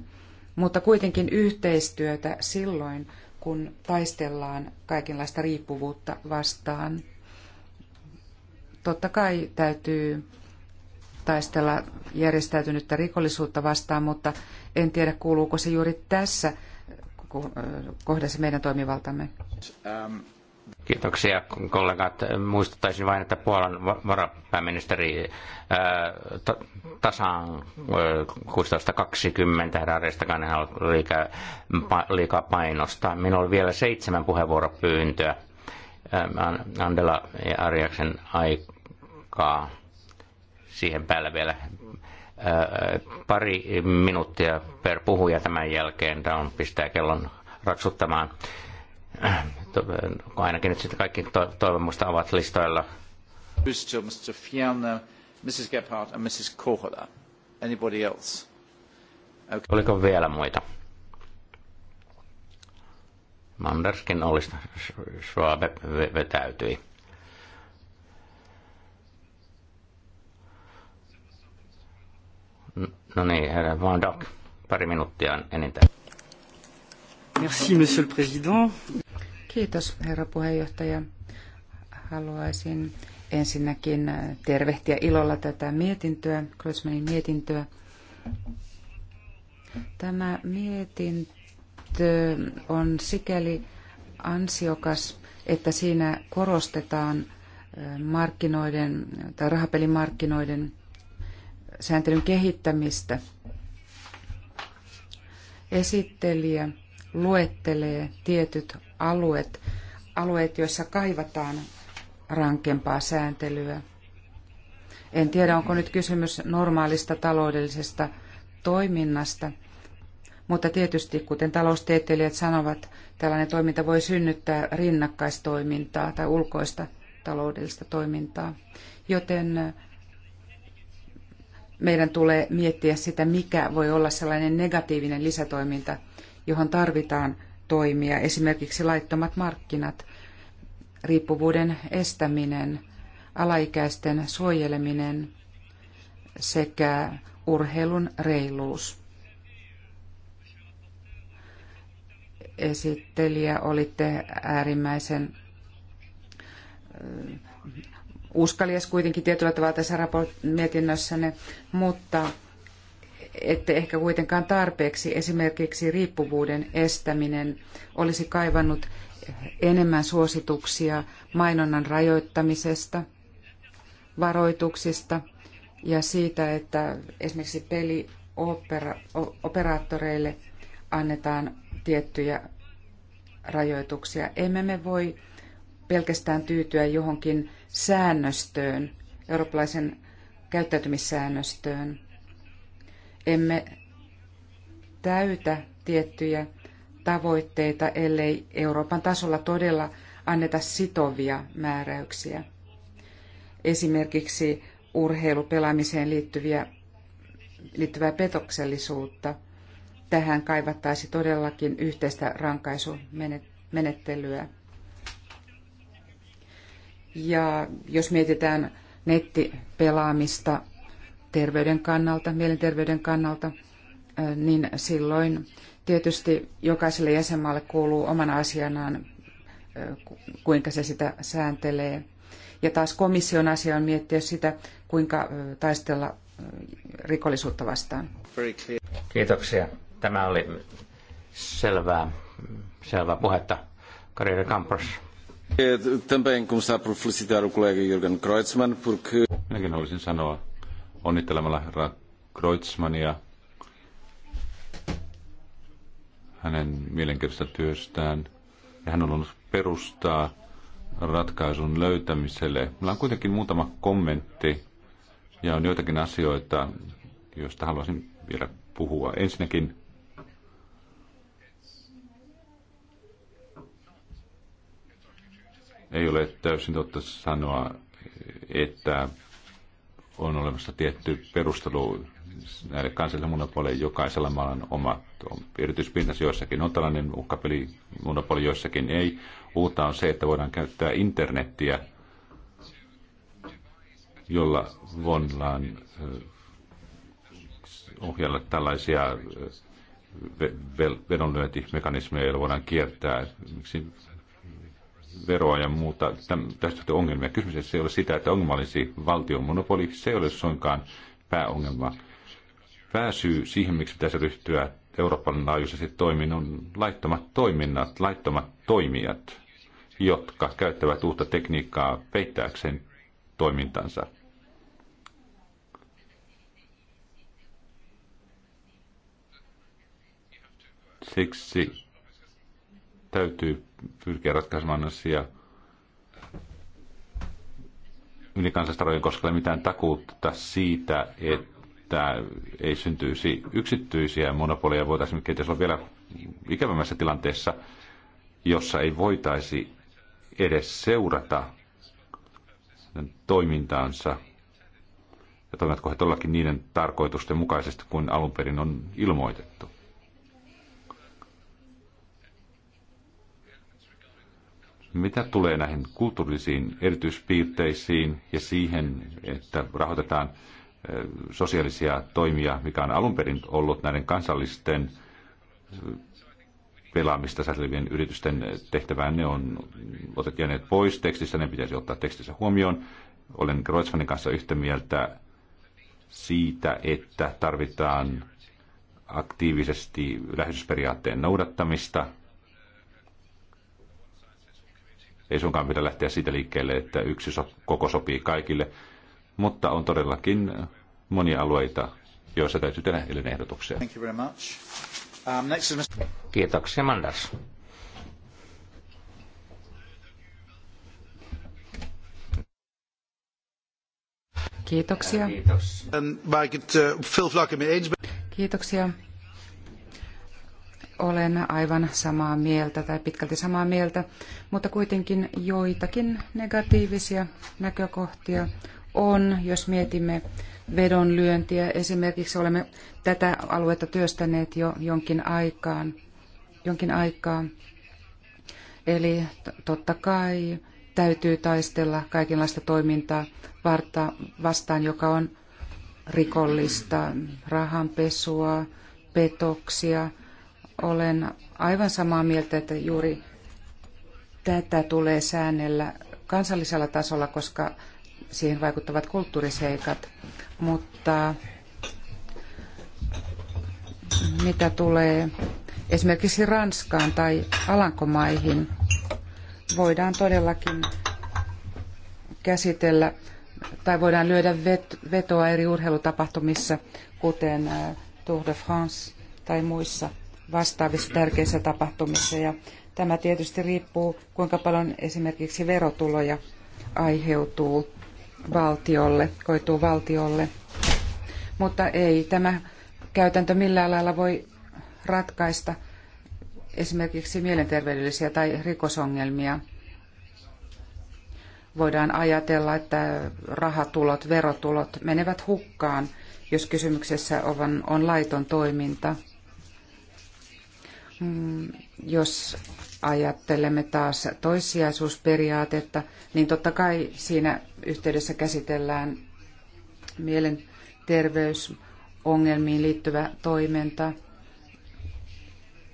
mutta kuitenkin yhteistyötä silloin, kun taistellaan kaikenlaista riippuvuutta vastaan. Totta kai täytyy taistella järjestäytynyttä rikollisuutta vastaan, mutta en tiedä kuuluuko se juuri tässä kohdassa meidän toimivaltamme. Kiitoksia kollegat. Muistuttaisin vain, että Puolan varapääministeri tasaan 16.20 herra Restakan liikaa, liikaa painostaa. Minulla oli vielä seitsemän puheenvuoropyyntöä Andela ja Arjaksen aikaa siihen päälle vielä äh, pari minuuttia per puhuja tämän jälkeen. Tämä on pistää kellon raksuttamaan. Äh, ainakin nyt sitten kaikki to- toivomusta ovat listoilla. Mr. Fiona, Mrs. and Mrs. Kohola. Anybody else? Okay. Oliko vielä muita? Manderskin olisi Schwab vetäytyi. No niin, herra Van Dock, pari minuuttia enintään. Merci, monsieur le président. Kiitos, herra puheenjohtaja. Haluaisin ensinnäkin tervehtiä ilolla tätä mietintöä, Grossmanin mietintöä. Tämä mietintö on sikäli ansiokas, että siinä korostetaan markkinoiden tai rahapelimarkkinoiden sääntelyn kehittämistä. Esittelijä luettelee tietyt alueet, alueet, joissa kaivataan rankempaa sääntelyä. En tiedä, onko nyt kysymys normaalista taloudellisesta toiminnasta, mutta tietysti, kuten taloustieteilijät sanovat, tällainen toiminta voi synnyttää rinnakkaistoimintaa tai ulkoista taloudellista toimintaa. Joten meidän tulee miettiä sitä, mikä voi olla sellainen negatiivinen lisätoiminta, johon tarvitaan toimia, esimerkiksi laittomat markkinat, riippuvuuden estäminen, alaikäisten suojeleminen sekä urheilun reiluus. Esittelijä olitte äärimmäisen uskalias kuitenkin tietyllä tavalla tässä mietinnössänne, mutta ette ehkä kuitenkaan tarpeeksi. Esimerkiksi riippuvuuden estäminen olisi kaivannut enemmän suosituksia mainonnan rajoittamisesta, varoituksista ja siitä, että esimerkiksi pelioperaattoreille annetaan tiettyjä rajoituksia. Emme me voi pelkästään tyytyä johonkin säännöstöön, eurooppalaisen käyttäytymissäännöstöön. Emme täytä tiettyjä tavoitteita, ellei Euroopan tasolla todella anneta sitovia määräyksiä. Esimerkiksi urheilupelaamiseen liittyviä, liittyvää petoksellisuutta. Tähän kaivattaisi todellakin yhteistä rankaisumenettelyä. Ja jos mietitään nettipelaamista terveyden kannalta, mielenterveyden kannalta, äh, niin silloin tietysti jokaiselle jäsenmaalle kuuluu omana asianaan, äh, kuinka se sitä sääntelee. Ja taas komission asia on miettiä sitä, kuinka äh, taistella rikollisuutta vastaan. Kiitoksia. Tämä oli selvää, selvää puhetta. Karjeri Kampros. Também começar por felicitar o colega Jürgen Kreutzmann, porque... Minäkin haluaisin sanoa onnittelemalla herra Kreutzmannia hänen mielenkiintoista työstään. Ja hän on ollut perustaa ratkaisun löytämiselle. Mulla on kuitenkin muutama kommentti ja on joitakin asioita, joista haluaisin vielä puhua. Ensinnäkin ei ole täysin totta sanoa, että on olemassa tietty perustelu näille kansallisille monopoleille. Jokaisella maalla on oma erityispintansa joissakin. On tällainen uhkapeli monopoli joissakin ei. Uutta on se, että voidaan käyttää internettiä, jolla voidaan eh, ohjella tällaisia eh, vedonlyöntimekanismeja, joilla voidaan kiertää miksi veroa ja muuta. Tästä on ongelmia. Kysymys ei ole sitä, että ongelma olisi valtion monopoli. Se ei ole suinkaan pääongelma. Pääsyy siihen, miksi pitäisi ryhtyä Euroopan laajuisesti toimiin, on laittomat toiminnat, laittomat toimijat, jotka käyttävät uutta tekniikkaa peittääkseen toimintansa. Siksi täytyy pyrkiä ratkaisemaan asiaa. ylikansallista rajojen ei mitään takuutta siitä, että ei syntyisi yksityisiä monopoleja. Voitaisiin kenties olla vielä ikävämmässä tilanteessa, jossa ei voitaisi edes seurata toimintaansa ja toimivatko he todellakin niiden tarkoitusten mukaisesti kuin alun perin on ilmoitettu. Mitä tulee näihin kulttuurisiin erityispiirteisiin ja siihen, että rahoitetaan eh, sosiaalisia toimia, mikä on alun perin ollut näiden kansallisten eh, pelaamista säätelevien yritysten tehtävään, ne on otettu jääneet pois tekstissä, ne pitäisi ottaa tekstissä huomioon. Olen Kreutzmannin kanssa yhtä mieltä siitä, että tarvitaan aktiivisesti läheisyysperiaatteen noudattamista – ei sunkaan pidä lähteä siitä liikkeelle, että yksi so- koko sopii kaikille, mutta on todellakin monia alueita, joissa täytyy tehdä edelleen ehdotuksia. Thank you very much. Um, next is Mr. Kiitoksia, Mandas. Kiitoksia. Um, uh, Kiitoksia olen aivan samaa mieltä tai pitkälti samaa mieltä, mutta kuitenkin joitakin negatiivisia näkökohtia on, jos mietimme vedonlyöntiä. Esimerkiksi olemme tätä aluetta työstäneet jo jonkin, aikaan, jonkin aikaa. Eli totta kai täytyy taistella kaikenlaista toimintaa vastaan, joka on rikollista, rahanpesua, petoksia – olen aivan samaa mieltä, että juuri tätä tulee säännellä kansallisella tasolla, koska siihen vaikuttavat kulttuuriseikat. Mutta mitä tulee esimerkiksi Ranskaan tai Alankomaihin, voidaan todellakin käsitellä tai voidaan lyödä vetoa eri urheilutapahtumissa, kuten äh, Tour de France tai muissa – vastaavissa tärkeissä tapahtumissa. Ja tämä tietysti riippuu, kuinka paljon esimerkiksi verotuloja aiheutuu valtiolle, koituu valtiolle. Mutta ei tämä käytäntö millään lailla voi ratkaista esimerkiksi mielenterveydellisiä tai rikosongelmia. Voidaan ajatella, että rahatulot, verotulot menevät hukkaan, jos kysymyksessä on, on laiton toiminta – jos ajattelemme taas toissijaisuusperiaatetta, niin totta kai siinä yhteydessä käsitellään mielenterveysongelmiin liittyvä toiminta.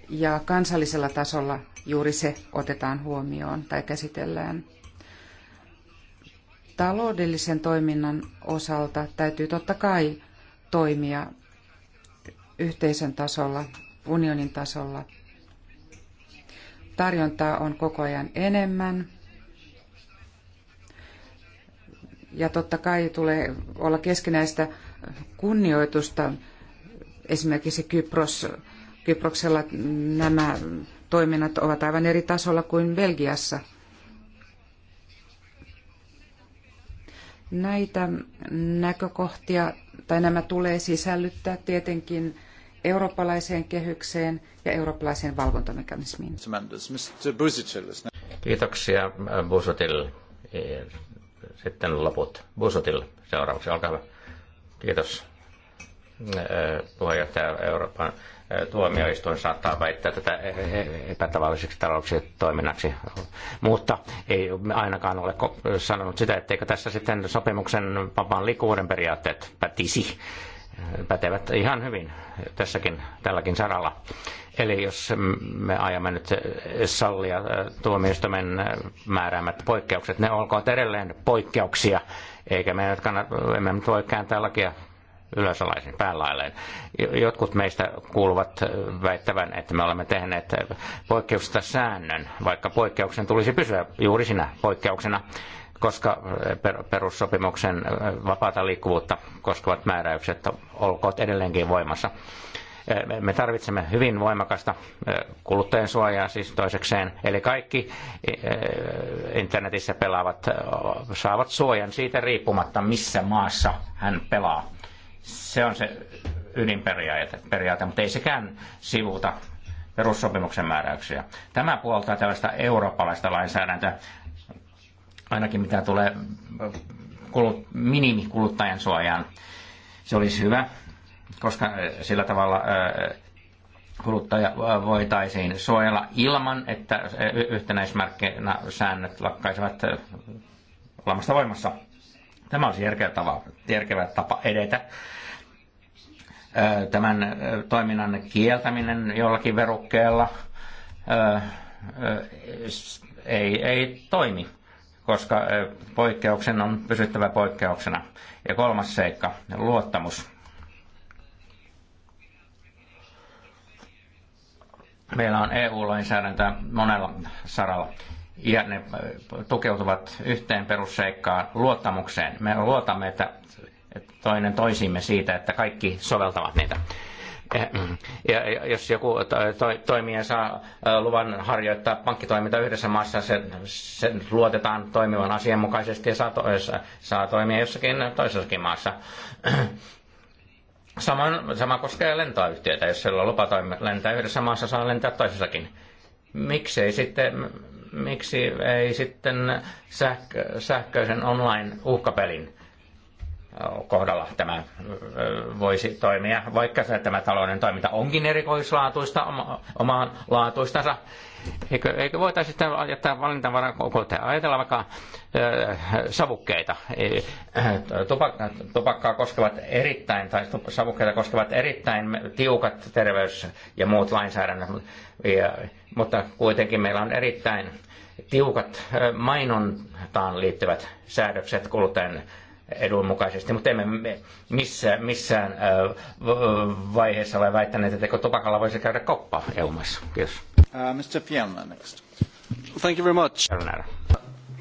Ja kansallisella tasolla juuri se otetaan huomioon tai käsitellään. Taloudellisen toiminnan osalta täytyy totta kai toimia yhteisön tasolla unionin tasolla. Tarjontaa on koko ajan enemmän. Ja totta kai tulee olla keskinäistä kunnioitusta. Esimerkiksi Kypros, Kyproksella nämä toiminnat ovat aivan eri tasolla kuin Belgiassa. Näitä näkökohtia, tai nämä tulee sisällyttää tietenkin eurooppalaiseen kehykseen ja eurooppalaiseen valvontamekanismiin. Kiitoksia äh, Busotil. Sitten loput. Busotil seuraavaksi, olkaa hyvä. Kiitos äh, puheenjohtaja Euroopan äh, tuomioistuin saattaa väittää tätä e-, e-, epätavalliseksi taloudelliseksi toiminnaksi, mutta ei ainakaan ole sanonut sitä, etteikö tässä sitten sopimuksen vapaan liikkuvuuden periaatteet pätisi pätevät ihan hyvin tässäkin, tälläkin saralla. Eli jos me ajamme nyt sallia äh, tuomioistuimen äh, määräämät poikkeukset, ne olkoon edelleen poikkeuksia, eikä me, nyt kannata, emme nyt voi kääntää lakia ylösalaisin päälailleen. Jotkut meistä kuuluvat äh, väittävän, että me olemme tehneet poikkeuksesta säännön, vaikka poikkeuksen tulisi pysyä juuri sinä poikkeuksena koska eh, perussopimuksen eh, vapaata liikkuvuutta koskevat määräykset olkoot edelleenkin voimassa. Eh, me tarvitsemme hyvin voimakasta kuluttajan suojaa siis toisekseen. Eli kaikki internetissä pelaavat saavat suojan siitä riippumatta, missä maassa hän pelaa. Se on se ydinperiaate, periaate, mutta ei sekään sivuta perussopimuksen määräyksiä. Tämä puoltaa tällaista eurooppalaista lainsäädäntöä ainakin mitä tulee kulut, minimikuluttajan suojaan. Se olisi hyvä, koska äh, sillä tavalla äh, kuluttaja äh, voitaisiin suojella ilman, että säännöt lakkaisivat olemasta voimassa. Tämä olisi järkevä tapa, järkevä tapa edetä. Tämän toiminnan kieltäminen jollakin verukkeella ei, ei toimi koska poikkeuksen on pysyttävä poikkeuksena. Ja kolmas seikka, luottamus. Meillä on eu lainsäädäntöä monella saralla ja ne tukeutuvat yhteen perusseikkaan luottamukseen. Me luotamme että toinen toisimme siitä, että kaikki soveltavat niitä. Eh, mm. ja jos joku toimija saa luvan harjoittaa pankkitoiminta yhdessä maassa, sen, sen luotetaan toimivan asianmukaisesti ja saa, to, saa toimia jossakin toisessakin maassa. Sama, sama koskee lentoyhtiötä. Jos sillä on lupa lentää yhdessä maassa, saa lentää toisessakin. Miksei sitten, miksi ei sitten sähkö, sähköisen online-uhkapelin kohdalla tämä voisi toimia, vaikka se, tämä talouden toiminta onkin erikoislaatuista, oma, omaan laatuistansa. Eikö, eikö voitaisi sitten jättää valintavaran kokoon Ajatellaan vaikka äh, savukkeita. Äh, tupakka, tupakkaa koskevat erittäin, tai savukkeita koskevat erittäin tiukat terveys- ja muut lainsäädännöt, ja, mutta kuitenkin meillä on erittäin tiukat mainontaan liittyvät säädökset kuluttajan edun mukaisesti, mutta emme me missään, missään vaiheessa ole väittäneet, että tupakalla voisi käydä koppa EU-maissa. Kiitos. Uh, Mr. Fielner next. Thank you very much.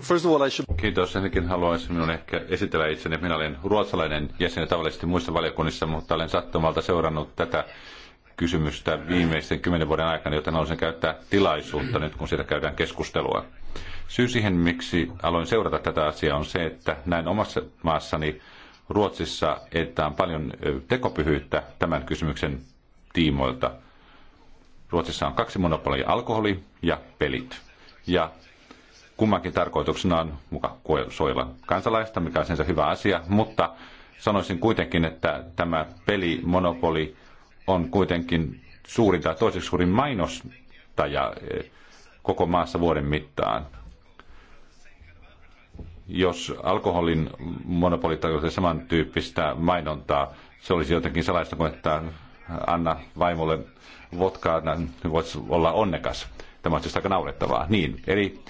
First of all, I should... Kiitos. Ensinnäkin haluaisin minun ehkä esitellä itseni. Minä olen ruotsalainen jäsen tavallisesti muissa valiokunnissa, mutta olen sattumalta seurannut tätä kysymystä viimeisten kymmenen vuoden aikana, joten haluaisin käyttää tilaisuutta nyt, kun siitä käydään keskustelua. Syy siihen, miksi aloin seurata tätä asiaa, on se, että näin omassa maassani Ruotsissa, että on paljon tekopyhyyttä tämän kysymyksen tiimoilta. Ruotsissa on kaksi monopolia, alkoholi ja pelit. Ja kummankin tarkoituksena on muka suojella kansalaista, mikä on sinänsä hyvä asia, mutta sanoisin kuitenkin, että tämä pelimonopoli on kuitenkin suurin tai toiseksi suurin mainostaja koko maassa vuoden mittaan jos alkoholin monopoli tarkoittaa samantyyppistä mainontaa, se olisi jotenkin salaista kuin, että anna vaimolle votkaa, niin voisi olla onnekas. Tämä on siis aika naurettavaa. Niin, eli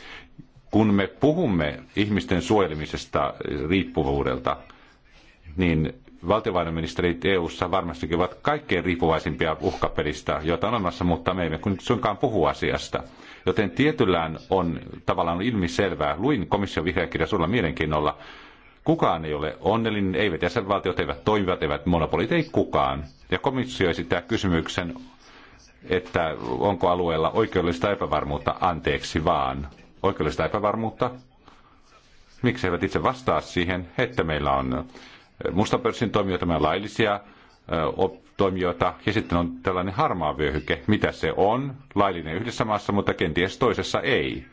kun me puhumme ihmisten suojelemisesta riippuvuudelta, niin valtiovarainministerit EU-ssa varmastikin ovat kaikkein riippuvaisimpia uhkapelistä, joita on olemassa, mutta me emme suinkaan puhu asiasta. Joten tietyllään on tavallaan on ilmiselvää. Luin komission vihreä kirja suurella mielenkiinnolla. Kukaan ei ole onnellinen, eivät jäsenvaltiot, eivät toimivat, eivät monopolit, ei kukaan. Ja komissio esittää kysymyksen, että onko alueella oikeudellista epävarmuutta, anteeksi vaan. Oikeudellista epävarmuutta? Miksi he eivät itse vastaa siihen, että meillä on mustapörssin toimijoita, meillä on laillisia toimijoita. Ja sitten on tällainen harmaa vyöhyke, mitä se on, laillinen yhdessä maassa, mutta kenties toisessa ei.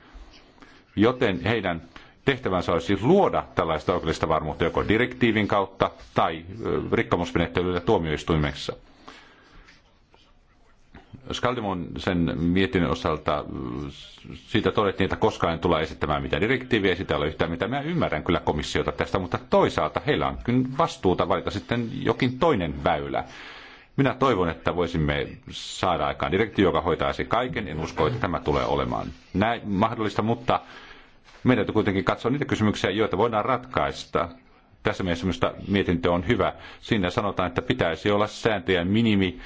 Joten heidän tehtävänsä olisi luoda tällaista oikeudellista varmuutta joko direktiivin kautta tai rikkomusmenettelyllä tuomioistuimessa. Skaldemon sen mietinnön osalta siitä todettiin, että koskaan en tule esittämään mitään direktiiviä, sitä ole yhtään mitään, Mä ymmärrän kyllä komissiota tästä, mutta toisaalta heillä on kyllä vastuuta valita sitten jokin toinen väylä. Minä toivon, että voisimme saada aikaan direktiivi, joka hoitaisi kaiken. En usko, että tämä tulee olemaan näin mahdollista, mutta meidän täytyy kuitenkin katsoa niitä kysymyksiä, joita voidaan ratkaista. Tässä mielessä mietintö on hyvä. Siinä sanotaan, että pitäisi olla sääntöjen minimi,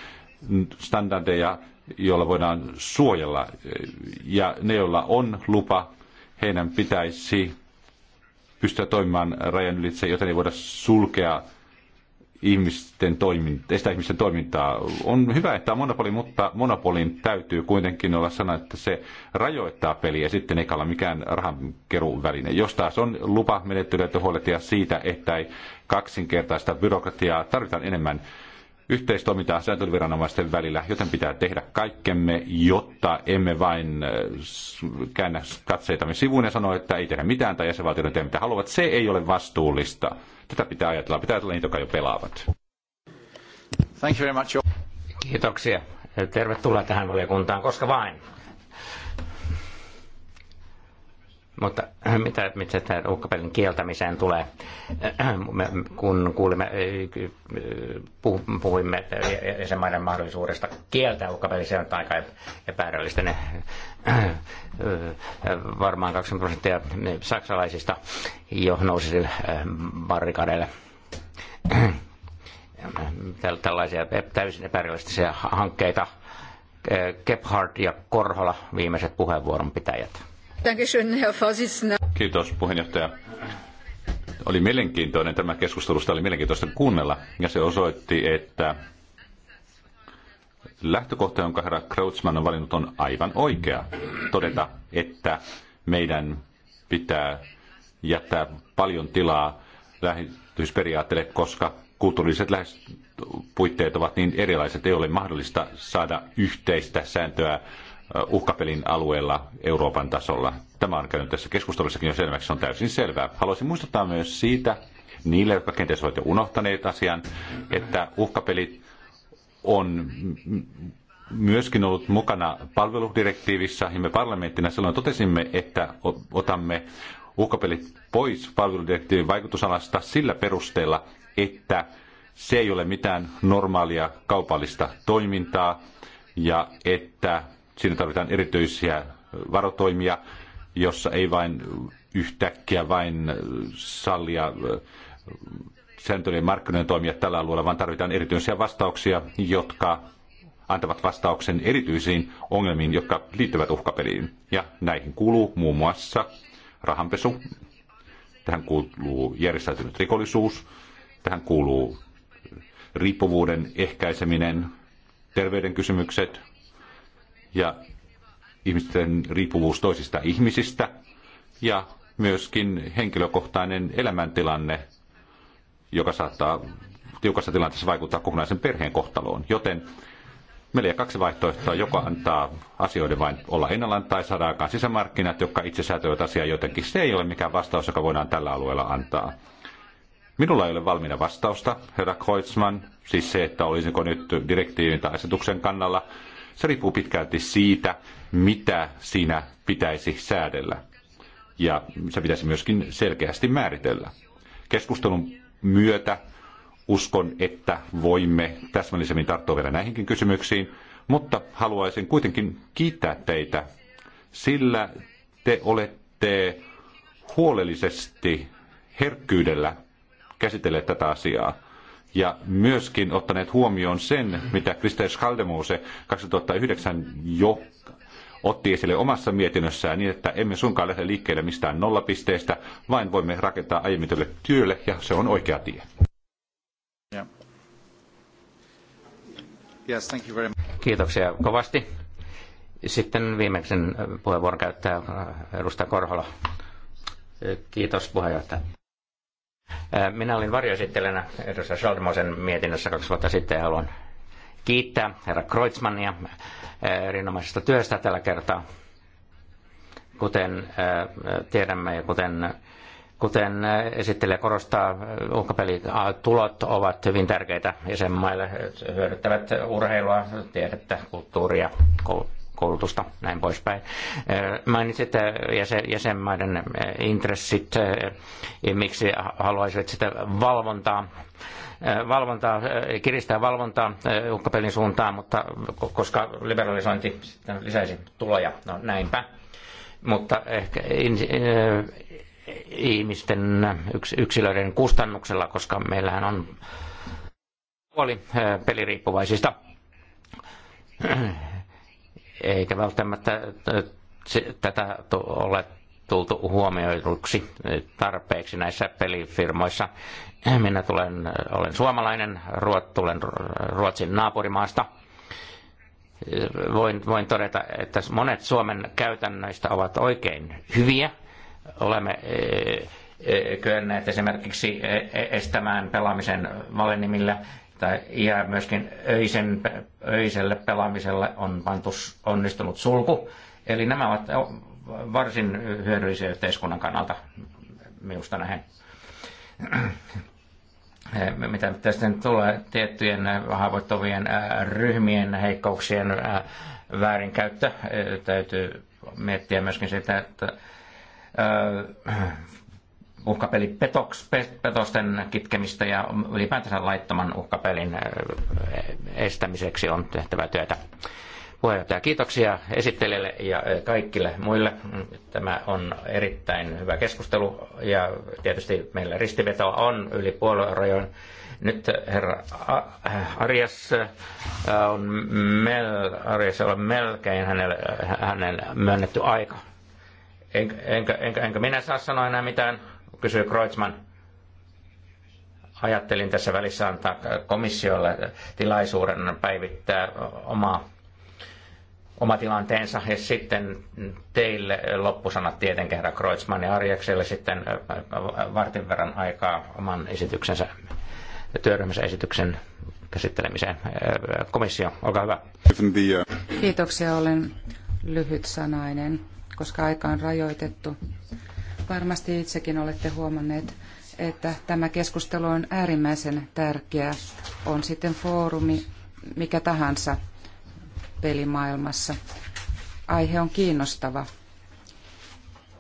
standardeja, joilla voidaan suojella. Ja ne, joilla on lupa, heidän pitäisi pystyä toimimaan rajan ylitse, joten ei voida sulkea ihmisten toiminta, estää ihmisten toimintaa. On hyvä, että on monopoli, mutta monopolin täytyy kuitenkin olla sana, että se rajoittaa peliä sitten eikä ole mikään rahankeruväline. Jos taas on lupa menettelyä, että huolehtia siitä, että ei kaksinkertaista byrokratiaa, tarvitaan enemmän yhteistoimintaa sääntelyviranomaisten välillä, joten pitää tehdä kaikkemme, jotta emme vain äh, käännä katseitamme sivuun ja sano, että ei tehdä mitään tai jäsenvaltioiden tee mitä haluavat. Se ei ole vastuullista. Tätä pitää ajatella. Pitää ajatella niitä, jotka jo pelaavat. Thank you very much. Kiitoksia. Tervetuloa tähän valiokuntaan, koska vain. Mutta äh, mitä, mitä tämän uhkapelin kieltämiseen tulee, äh, kun kuulimme, äh, puhuimme jäsenmaiden mahdollisuudesta kieltää uhkapeli, se on aika epäärällistä. Ne, varmaan 20 prosenttia saksalaisista jo nousi barrikadeille tällaisia täysin epärealistisia hankkeita. Gebhard ja Korhola, viimeiset puheenvuoron pitäjät. Kiitos puheenjohtaja. Oli mielenkiintoinen tämä keskustelu, sitä oli mielenkiintoista kuunnella ja se osoitti, että lähtökohta, jonka herra Kreutzmann on valinnut, on aivan oikea. Todeta, että meidän pitää jättää paljon tilaa lähetysperiaatteelle, koska kulttuuriset puitteet ovat niin erilaiset, ei ole mahdollista saada yhteistä sääntöä uhkapelin alueella Euroopan tasolla. Tämä on käynyt tässä keskustelussakin jo selväksi, se on täysin selvää. Haluaisin muistuttaa myös siitä, niille, jotka kenties olette unohtaneet asian, että uhkapelit on myöskin ollut mukana palveludirektiivissä, ja me parlamenttina silloin totesimme, että otamme uhkapelit pois palveludirektiivin vaikutusalasta sillä perusteella, että se ei ole mitään normaalia kaupallista toimintaa, ja että Siinä tarvitaan erityisiä varotoimia, jossa ei vain yhtäkkiä vain sallia sääntöjen markkinoiden toimia tällä alueella, vaan tarvitaan erityisiä vastauksia, jotka antavat vastauksen erityisiin ongelmiin, jotka liittyvät uhkapeliin. Ja näihin kuuluu muun muassa rahanpesu, tähän kuuluu järjestäytynyt rikollisuus, tähän kuuluu riippuvuuden ehkäiseminen, terveyden kysymykset, ja ihmisten riippuvuus toisista ihmisistä ja myöskin henkilökohtainen elämäntilanne, joka saattaa tiukassa tilanteessa vaikuttaa kokonaisen perheen kohtaloon. Joten meillä on kaksi vaihtoehtoa, joka antaa asioiden vain olla ennallaan tai saada aikaan sisämarkkinat, jotka itse säätävät asiaa jotenkin. Se ei ole mikään vastaus, joka voidaan tällä alueella antaa. Minulla ei ole valmiina vastausta, herra Kreutzmann, siis se, että olisinko nyt direktiivin tai asetuksen kannalla. Se riippuu pitkälti siitä, mitä siinä pitäisi säädellä. Ja se pitäisi myöskin selkeästi määritellä. Keskustelun myötä uskon, että voimme täsmällisemmin tarttua vielä näihinkin kysymyksiin, mutta haluaisin kuitenkin kiittää teitä, sillä te olette huolellisesti herkkyydellä käsitelleet tätä asiaa ja myöskin ottaneet huomioon sen, mitä Kristel Schaldemuse 2009 jo otti esille omassa mietinnössään niin, että emme suinkaan lähde liikkeelle mistään nollapisteestä, vaan voimme rakentaa aiemmin työlle ja se on oikea tie. Yes, thank you very much. Kiitoksia kovasti. Sitten viimeisen puheenvuoron käyttää äh, edustaja Korhola. Kiitos puheenjohtaja. Minä olin varjoesittelijänä edustaja Schaldemosen mietinnössä kaksi vuotta sitten ja haluan kiittää herra Kreutzmannia erinomaisesta työstä tällä kertaa. Kuten tiedämme ja kuten, kuten esittelijä korostaa, uhkapelitulot ovat hyvin tärkeitä jäsenmaille, hyödyttävät urheilua, tiedettä, kulttuuria, koulua koulutusta, näin poispäin. Mainitsit jäsenmaiden intressit, miksi haluaisit sitä valvontaa valvontaa, kiristää valvontaa uhkapelin suuntaan, mutta koska liberalisointi sitten lisäisi tuloja, no näinpä. Mutta ehkä ihmisten yksilöiden kustannuksella, koska meillähän on puoli peliriippuvaisista eikä välttämättä tätä ole tultu huomioiduksi tarpeeksi näissä pelifirmoissa. Minä tulen, olen suomalainen, ruot, tulen Ruotsin naapurimaasta. Voin, voin todeta, että monet Suomen käytännöistä ovat oikein hyviä. Olemme e, e, kyenneet esimerkiksi e, estämään pelaamisen valennimillä tai ja myöskin öisen, öiselle pelaamiselle on pantu onnistunut sulku. Eli nämä ovat varsin hyödyllisiä yhteiskunnan kannalta, minusta nähen. Äh, mitä tästä nyt tulee tiettyjen äh, haavoittuvien äh, ryhmien heikkouksien väärinkäyttö, täytyy miettiä myöskin sitä, että uhkapeli petoks, petosten kitkemistä ja ylipäätänsä laittoman uhkapelin eh, estämiseksi on tehtävä työtä. Puheenjohtaja, kiitoksia esittelijälle ja eh, kaikille muille. Tämä on erittäin hyvä keskustelu ja tietysti meillä ristiveto on yli puoluerajojen. Nyt herra eh, Arias on, mel, Arias on melkein hänelle, hänelle myönnetty aika enkä, enkä, enkä, enkä minä saa sanoa enää mitään. Kysyi Kreutzmann. Ajattelin tässä välissä antaa komissiolle tilaisuuden päivittää oma, oma tilanteensa ja sitten teille loppusanat tietenkin herra Kreutzmann ja Arjekselle sitten vartin verran aikaa oman esityksensä, työryhmässä esityksen käsittelemiseen. Komissio, olkaa hyvä. Kiitoksia, olen sanainen, koska aika on rajoitettu. Varmasti itsekin olette huomanneet, että tämä keskustelu on äärimmäisen tärkeä. On sitten foorumi mikä tahansa pelimaailmassa. Aihe on kiinnostava.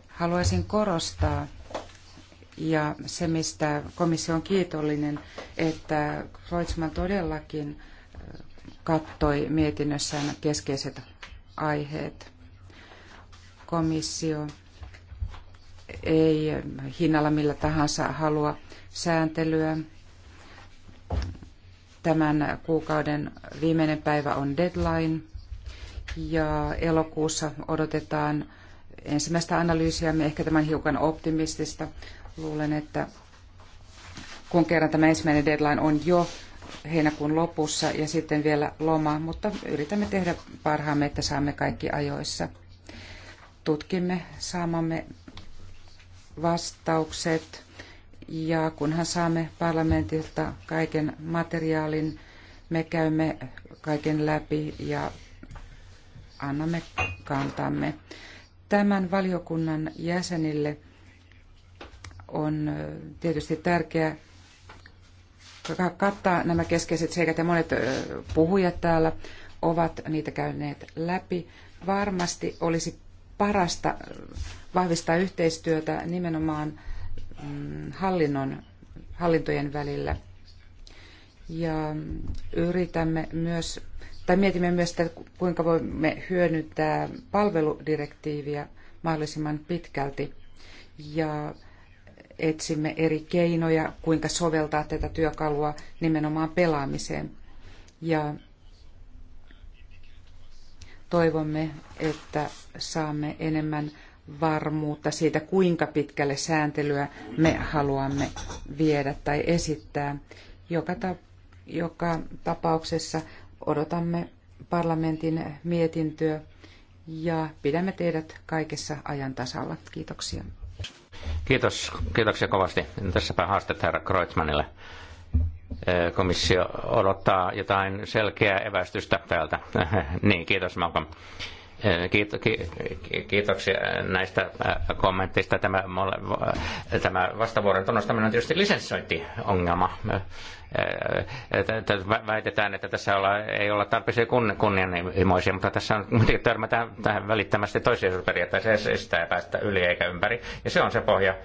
Haluaisin korostaa, ja se mistä komissio on kiitollinen, että Kreutzmann todellakin kattoi mietinnössään keskeiset aiheet. Komissio ei hinnalla millä tahansa halua sääntelyä. Tämän kuukauden viimeinen päivä on deadline ja elokuussa odotetaan ensimmäistä me Ehkä tämän hiukan optimistista. Luulen, että kun kerran tämä ensimmäinen deadline on jo heinäkuun lopussa ja sitten vielä loma, mutta yritämme tehdä parhaamme, että saamme kaikki ajoissa. Tutkimme saamamme vastaukset ja kunhan saamme parlamentilta kaiken materiaalin, me käymme kaiken läpi ja annamme kantamme. Tämän valiokunnan jäsenille on tietysti tärkeää kattaa nämä keskeiset seikat ja monet puhujat täällä ovat niitä käyneet läpi. Varmasti olisi parasta vahvistaa yhteistyötä nimenomaan mm, hallinnon, hallintojen välillä. Ja yritämme myös, tai mietimme myös sitä, kuinka voimme hyödyntää palveludirektiiviä mahdollisimman pitkälti. Ja etsimme eri keinoja, kuinka soveltaa tätä työkalua nimenomaan pelaamiseen. Ja toivomme, että saamme enemmän varmuutta siitä, kuinka pitkälle sääntelyä me haluamme viedä tai esittää. Joka, ta- joka tapauksessa odotamme parlamentin mietintöä ja pidämme teidät kaikessa ajan tasalla. Kiitoksia. Kiitos, kiitoksia kovasti. Tässäpä haastet herra Kreutzmannille. Komissio odottaa jotain selkeää evästystä täältä. niin, kiitos Malcolm. Kiitoksia näistä äh, kommentteista. Tämä, tämä vastavuoron tunnustaminen on tietysti lisenssointiongelma. Äh, äh, väitetään, että tässä ei olla tarpeeksi kunnianhimoisia, mutta tässä on kuitenkin törmätään tähän välittämästi toisiasuusperiaatteeseen. Sitä ei päästä yli eikä ympäri. Ja se on se pohja.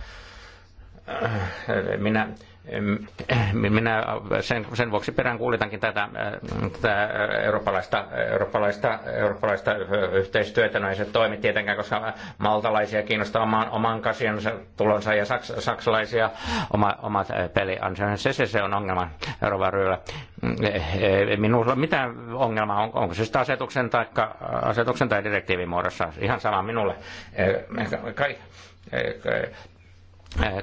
Minä Eh, minä sen, sen vuoksi kuulitankin tätä, eh, tätä eurooppalaista, eurooppalaista, eurooppalaista eh, yhteistyötä. No ei se toimi tietenkään, koska maltalaisia kiinnostaa oman, oman kasiansa tulonsa ja saks, saksalaisia oma, omat peliansionsa. Se, se on ongelma Euroopan ryhmällä. Mm, minulla on mitään ongelmaa, on, onko se sitä asetuksen taikka, asetuksen tai direktiivin muodossa. Ihan sama minulle. Kai,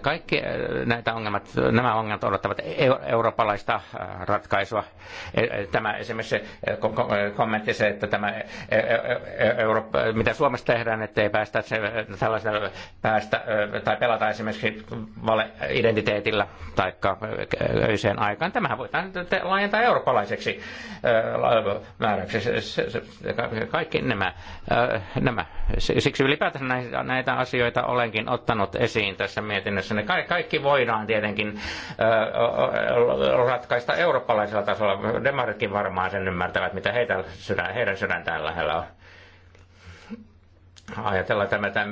kaikki näitä ongelmat, nämä ongelmat odottavat e-, eurooppalaista ratkaisua. E-, e-, tämä esimerkiksi kommentti se, että tämä Euro, mitä Suomessa tehdään, ettei päästä se, päästä tai pelata esimerkiksi valeidentiteetillä tai öiseen aikaan. Tämähän voidaan laajentaa eurooppalaiseksi määräksi. Kaikki nämä, nämä. Siksi ylipäätään näitä asioita olenkin ottanut esiin tässä mietintössä mietinnössänne. Niin ka- kaikki voidaan tietenkin ratkaista eurooppalaisella tasolla. Demaritkin varmaan sen ymmärtävät, mitä heitä, sydän, heidän sydäntään lähellä on ajatella tämä, että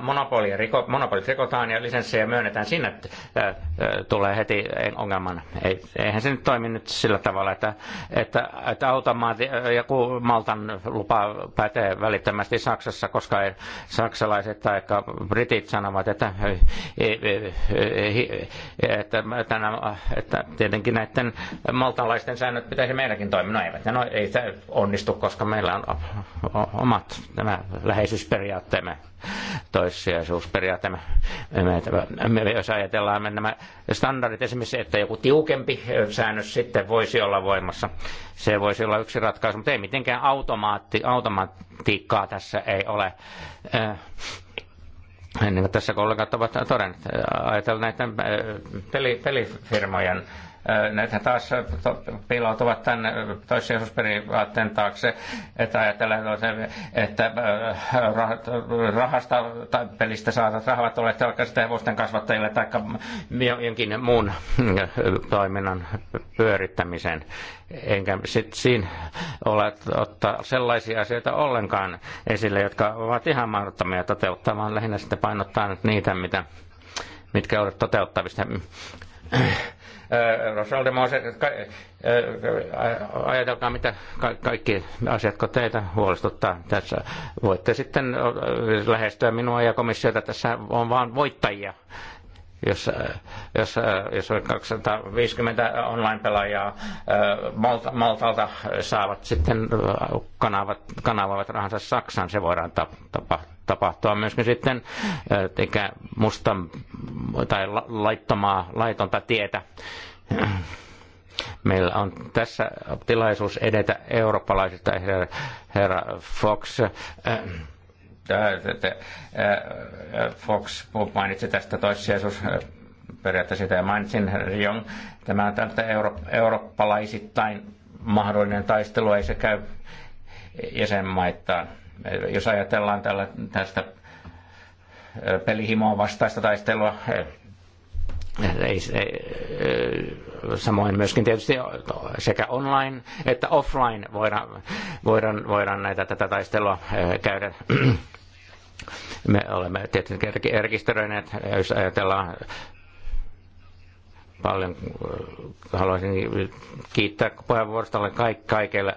monopoli, riko, monopolit rikotaan ja lisenssejä myönnetään, sinne tulee heti ongelman. Eihän se nyt toimi nyt sillä tavalla, että, että, että automaati, joku Maltan lupa pätee välittömästi Saksassa, koska saksalaiset tai britit sanovat, että, että, että, että tietenkin näiden maltalaisten säännöt pitäisi meidänkin toimia. No ei, no ei se onnistu, koska meillä on omat nämä lähe läheisyysperiaatteemme, toissijaisuusperiaatteemme. Me, jos ajatellaan me nämä standardit esimerkiksi, että joku tiukempi säännös sitten voisi olla voimassa, se voisi olla yksi ratkaisu, mutta ei mitenkään automaatti, automaattiikkaa tässä ei ole. Niin kuin tässä kollegat ovat todenneet, ajatellaan näiden peli, pelifirmojen näitä taas piiloutuvat tämän toissijaisuusperiaatteen taakse, että ajatellaan, että rahasta tai pelistä saatat rahat ole vaikka sitten hevosten kasvattajille tai jonkin muun toiminnan pyörittämiseen. Enkä sit siinä ole ottaa sellaisia asioita ollenkaan esille, jotka ovat ihan mahdottomia toteuttaa, vaan lähinnä sitten painottaa niitä, mitä, mitkä ovat toteuttavista ää, ajatelkaa mitä kaikki kun teitä huolestuttaa. Tässä voitte sitten lähestyä minua ja komissiota. Tässä on vain voittajia jos, jos, jos 250 online-pelaajaa Malta, Maltalta saavat sitten kanavat, kanavavat rahansa Saksaan, se voidaan tap, tapahtua myöskin sitten eikä musta tai laittomaa, laitonta tietä. Meillä on tässä tilaisuus edetä eurooppalaisista, herra, herra Fox. Äh, Äh, äh, äh, Fox mainitsi tästä toissijaisuus periaatteessa sitä mainitsin, Rion, tämä on tältä euro, eurooppalaisittain mahdollinen taistelu, ei se käy jäsenmaittaan. Jos ajatellaan tällä, tästä pelihimoa vastaista taistelua ei, ei, samoin myöskin tietysti sekä online että offline voidaan, voidaan, voidaan näitä, tätä taistelua käydä. Me olemme tietysti rekisteröineet, jos ajatellaan paljon haluaisin kiittää puheenvuorosta kaik, kaikille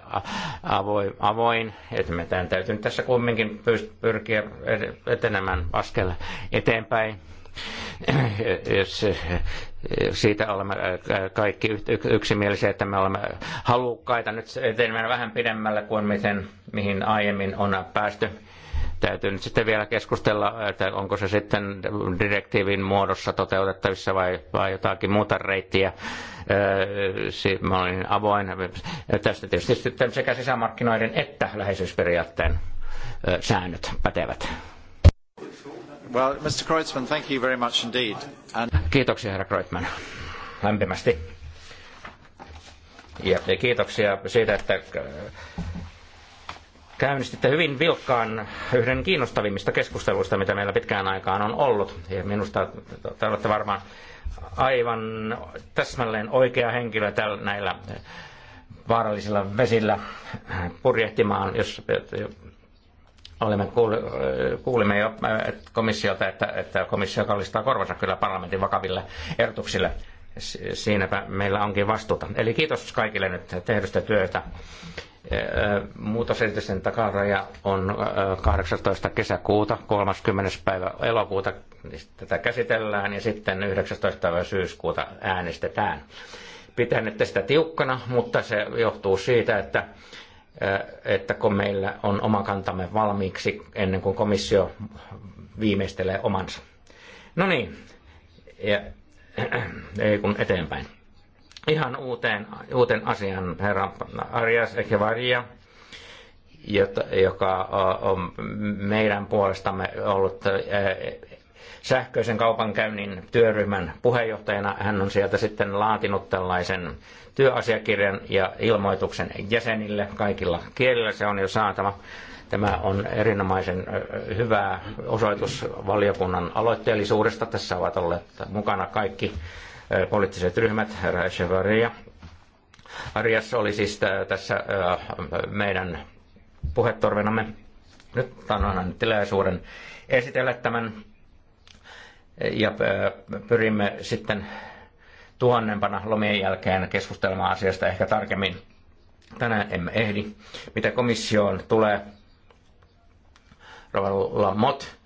avoin, avoin. että me tämän täytyy tässä kumminkin pyrkiä etenemään askel eteenpäin Eh, siitä olemme eh, kaikki yksimielisiä, että me olemme halukkaita nyt etenemään vähän pidemmälle kuin miten, mihin aiemmin on päästy. Täytyy nyt sitten vielä keskustella, että onko se sitten direktiivin muodossa toteutettavissa vai, vai jotakin muuta reittiä. Eh, mä olin avoin. Tästä tietysti sitten sekä sisämarkkinoiden että läheisyysperiaatteen säännöt pätevät. Well, Mr. Kreutzmann, thank you very much indeed. And... Kiitoksia, herra Kreutzmann, lämpimästi. Ja kiitoksia siitä, että äh, käynnistitte hyvin vilkkaan yhden kiinnostavimmista keskusteluista, mitä meillä pitkään aikaan on ollut. Ja minusta te olette varmaan aivan täsmälleen oikea henkilö näillä vaarallisilla vesillä purjehtimaan, jos Olemme äh, kuulimme jo äh, komissiolta, että, että komissio kallistaa korvansa kyllä parlamentin vakaville ehdotuksille. Siinäpä meillä onkin vastuuta. Eli kiitos kaikille nyt tehdystä työtä. Äh, muutosesitysten takaraja on 18. kesäkuuta, 30. päivä elokuuta tätä käsitellään ja sitten 19. syyskuuta äänestetään. nyt sitä tiukkana, mutta se johtuu siitä, että että kun meillä on oma kantamme valmiiksi ennen kuin komissio viimeistelee omansa. No niin, ja, ei kun eteenpäin. Ihan uuteen, uuteen asiaan, herra Arias Echevarria, joka on meidän puolestamme ollut sähköisen kaupankäynnin työryhmän puheenjohtajana. Hän on sieltä sitten laatinut tällaisen työasiakirjan ja ilmoituksen jäsenille kaikilla kielillä. Se on jo saatava. Tämä on erinomaisen hyvä osoitus valiokunnan aloitteellisuudesta. Tässä ovat olleet mukana kaikki poliittiset ryhmät, herra Echevarria. Arias oli siis tässä meidän puhetorvenamme. Nyt annan tilaisuuden esitellä tämän ja pyrimme sitten tuonnempana lomien jälkeen keskustelemaan asiasta ehkä tarkemmin. Tänään emme ehdi. Mitä komissioon tulee, Rovalla Mot,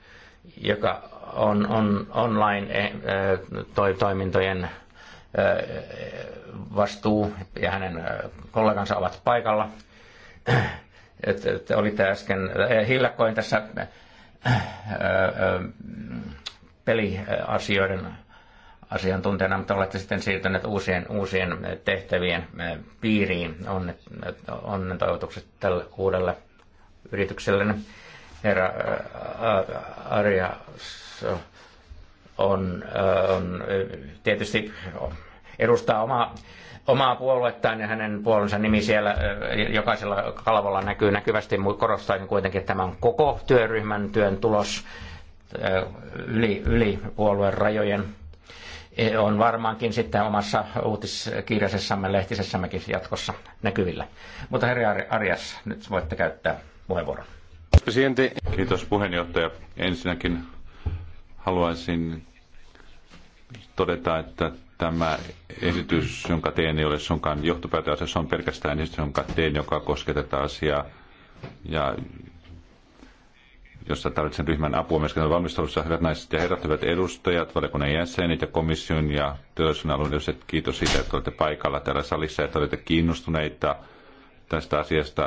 joka on, on online-toimintojen e, vastuu ja hänen kollegansa ovat paikalla. Et, olitte äsken e, hillakkoin tässä peliasioiden asiantuntijana, mutta olette sitten siirtyneet uusien, uusien tehtävien piiriin. Onnen, toivotukset tälle uudelle yritykselle. Herra Arja on, on tietysti edustaa omaa omaa puoluettaan ja hänen puolensa nimi siellä jokaisella kalvolla näkyy näkyvästi, mutta korostaisin kuitenkin, että tämän koko työryhmän työn tulos yli, yli puolueen rajojen. E, on varmaankin sitten omassa uutiskirjasessamme, lehtisessämmekin jatkossa näkyvillä. Mutta herra Arias, nyt voitte käyttää puheenvuoron. Presidentti. Kiitos puheenjohtaja. Ensinnäkin haluaisin todeta, että tämä esitys, jonka teen, ei ole sunkaan johtopäätös, se on pelkästään esitys, jonka teen, joka koskee tätä asiaa. Ja jossa tarvitsen ryhmän apua myöskin valmistelussa. Hyvät naiset ja herrat, hyvät edustajat, valiokunnan jäsenet ja komission ja työllisyyden edustajat, kiitos siitä, että olette paikalla täällä salissa ja että olette kiinnostuneita tästä asiasta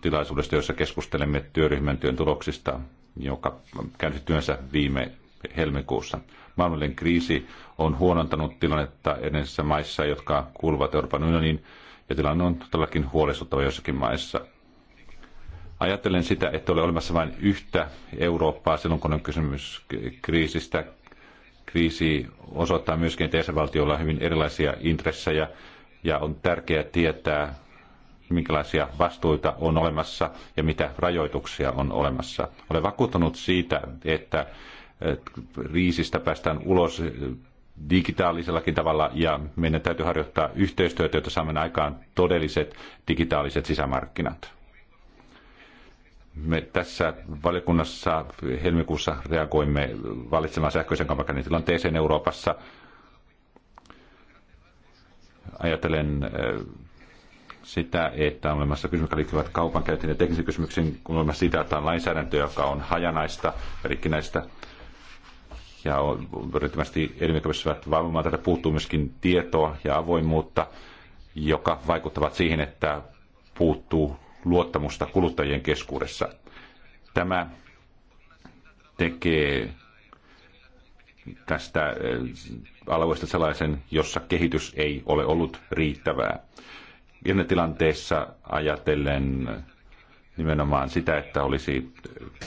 tilaisuudesta, jossa keskustelemme työryhmän työn tuloksista, joka käynnisti työnsä viime helmikuussa. Maailmallinen kriisi on huonontanut tilannetta edellisissä maissa, jotka kuuluvat Euroopan unioniin, ja tilanne on todellakin huolestuttava jossakin maissa – Ajattelen sitä, että ole olemassa vain yhtä Eurooppaa silloin, kun on kysymys kriisistä. Kriisi osoittaa myöskin, että jäsenvaltioilla on hyvin erilaisia intressejä ja on tärkeää tietää, minkälaisia vastuita on olemassa ja mitä rajoituksia on olemassa. Olen vakuuttunut siitä, että riisistä päästään ulos digitaalisellakin tavalla ja meidän täytyy harjoittaa yhteistyötä, jotta saamme aikaan todelliset digitaaliset sisämarkkinat. Me tässä valiokunnassa helmikuussa reagoimme valitsemaan sähköisen kampakannin tilanteeseen Euroopassa. Ajatelen eh, sitä, että on olemassa kysymyksiä, jotka liittyvät kaupankäyntiin ja teknisiin kysymyksiin, kun on olemassa sitä, että on lainsäädäntö, joka on hajanaista, rikkinäistä, ja on yrittävästi elimikävisivät valvomaan. Tätä puuttuu myöskin tietoa ja avoimuutta, joka vaikuttavat siihen, että puuttuu luottamusta kuluttajien keskuudessa. Tämä tekee tästä eh, alueesta sellaisen, jossa kehitys ei ole ollut riittävää. Tilanteessa ajatellen nimenomaan sitä, että olisi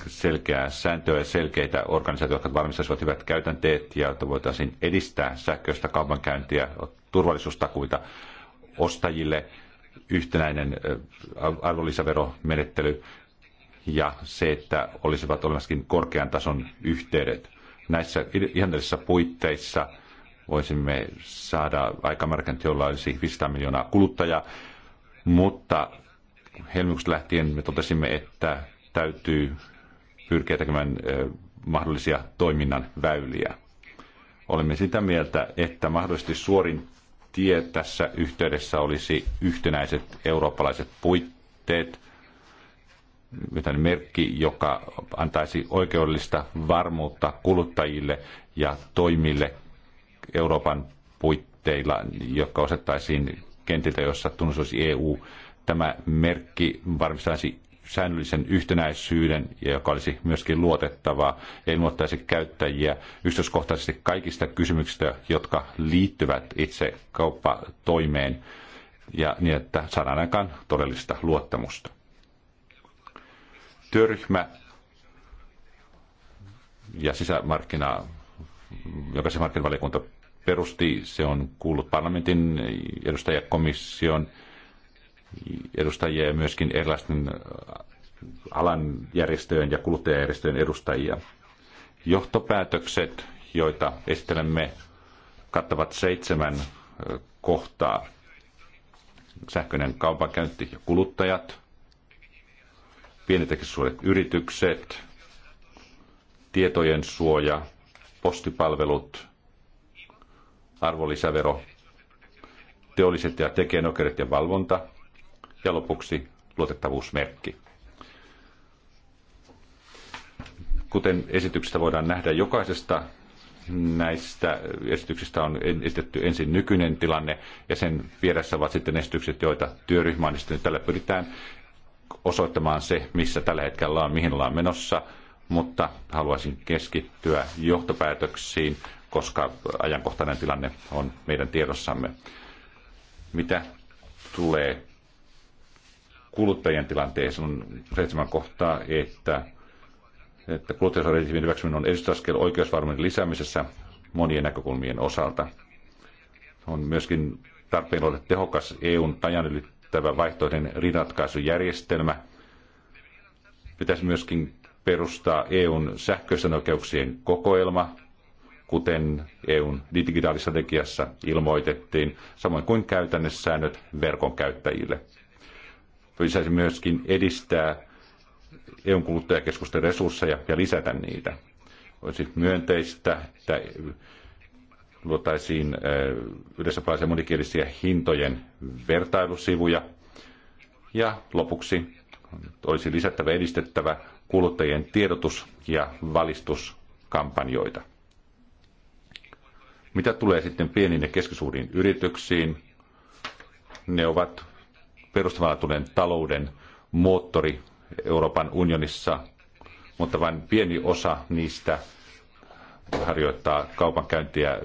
selkeää sääntöä ja selkeitä organisaatioita, jotka varmistaisivat hyvät käytänteet ja että voitaisiin edistää sähköistä kaupankäyntiä, turvallisuustakuita ostajille yhtenäinen arvonlisäveromenettely ja se, että olisivat olemassakin korkean tason yhteydet. Näissä ihanteellisissa puitteissa voisimme saada aikamarkkinat, jolla olisi 500 miljoonaa kuluttajaa, mutta helmikuusta lähtien me totesimme, että täytyy pyrkiä tekemään mahdollisia toiminnan väyliä. Olemme sitä mieltä, että mahdollisesti suorin tie tässä yhteydessä olisi yhtenäiset eurooppalaiset puitteet, jotain merkki, joka antaisi oikeudellista varmuutta kuluttajille ja toimille Euroopan puitteilla, jotka osettaisiin kentiltä, jossa olisi EU. Tämä merkki varmistaisi säännöllisen yhtenäisyyden, joka olisi myöskin luotettavaa ja ilmoittaisi käyttäjiä yksityiskohtaisesti kaikista kysymyksistä, jotka liittyvät itse kauppatoimeen ja niin, että saadaan ainakaan todellista luottamusta. Työryhmä ja sisämarkkina, joka se markkinavaliokunta perusti, se on kuullut parlamentin edustajakomission komission edustajia ja myöskin erilaisten äh, alan järjestöjen ja kuluttajajärjestöjen edustajia. Johtopäätökset, joita esittelemme, kattavat seitsemän äh, kohtaa. Sähköinen kaupankäynti ja kuluttajat, pienet suuret yritykset, tietojen suoja, postipalvelut, arvonlisävero, teolliset ja tekijänoikeudet ja valvonta, ja lopuksi luotettavuusmerkki. Kuten esityksestä voidaan nähdä, jokaisesta näistä esityksistä on esitetty ensin nykyinen tilanne ja sen vieressä ovat sitten esitykset, joita työryhmä on esittänyt. Tällä pyritään osoittamaan se, missä tällä hetkellä ollaan, mihin ollaan menossa, mutta haluaisin keskittyä johtopäätöksiin, koska ajankohtainen tilanne on meidän tiedossamme. Mitä tulee kuluttajien tilanteeseen. On seitsemän kohtaa, että, että kuluttajasuojelun hyväksyminen on edistysaskel oikeusvarmuuden lisäämisessä monien näkökulmien osalta. On myöskin tarpeen olla tehokas EUn rajan ylittävä vaihtoehden riidanratkaisujärjestelmä. Pitäisi myöskin perustaa EUn sähköisten oikeuksien kokoelma, kuten EUn digitaalistrategiassa ilmoitettiin, samoin kuin käytännössäännöt verkon käyttäjille lisäisi myöskin edistää EUn kuluttajakeskusten resursseja ja lisätä niitä. Olisi myönteistä, että luotaisiin äh, yleensä monikielisiä hintojen vertailusivuja. Ja lopuksi olisi lisättävä edistettävä kuluttajien tiedotus- ja valistuskampanjoita. Mitä tulee sitten pieniin ja keskisuuriin yrityksiin, ne ovat perustavanlaatuinen talouden moottori Euroopan unionissa, mutta vain pieni osa niistä harjoittaa kaupankäyntiä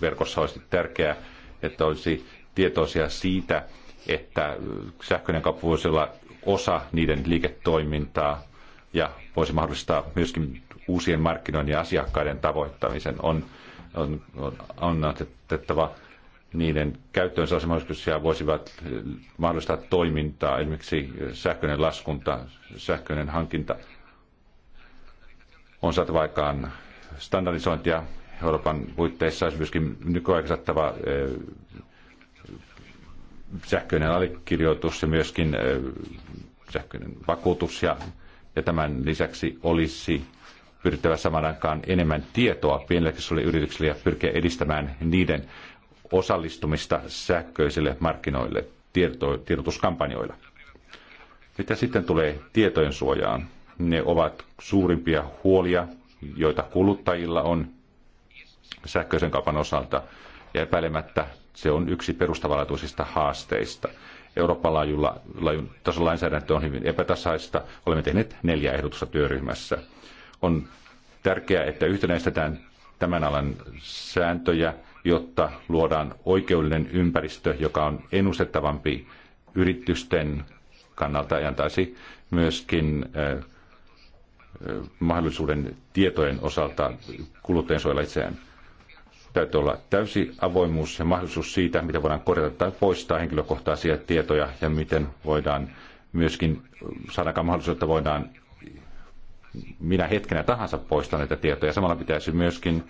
verkossa olisi tärkeää, että olisi tietoisia siitä, että sähköinen kauppa voisi olla osa niiden liiketoimintaa ja voisi mahdollistaa myöskin uusien markkinoiden ja asiakkaiden tavoittamisen. On, on, on annettava niiden käyttöön sellaisia mahdollisuuksia voisivat eh, mahdollistaa toimintaa, esimerkiksi sähköinen laskunta, sähköinen hankinta. On saatava aikaan standardisointia Euroopan puitteissa, esimerkiksi nykyaikaisettava eh, sähköinen allekirjoitus ja myöskin eh, sähköinen vakuutus ja, ja tämän lisäksi olisi pyrittävä saman aikaan enemmän tietoa pienille yrityksille ja pyrkiä edistämään niiden osallistumista sähköisille markkinoille tiedotuskampanjoilla. Mitä sitten tulee tietojen suojaan? Ne ovat suurimpia huolia, joita kuluttajilla on sähköisen kaupan osalta, ja epäilemättä se on yksi perustavanlaatuisista haasteista. Euroopan laajulla, laajun, tason lainsäädäntö on hyvin epätasaista. Olemme tehneet neljä ehdotusta työryhmässä. On tärkeää, että yhtenäistetään tämän alan sääntöjä jotta luodaan oikeudellinen ympäristö, joka on ennustettavampi yritysten kannalta ja antaisi myöskin mahdollisuuden tietojen osalta kuluttajien suojella itseään. Täytyy olla täysi avoimuus ja mahdollisuus siitä, mitä voidaan korjata tai poistaa henkilökohtaisia tietoja ja miten voidaan myöskin saada mahdollisuus, että voidaan minä hetkenä tahansa poistaa näitä tietoja. Samalla pitäisi myöskin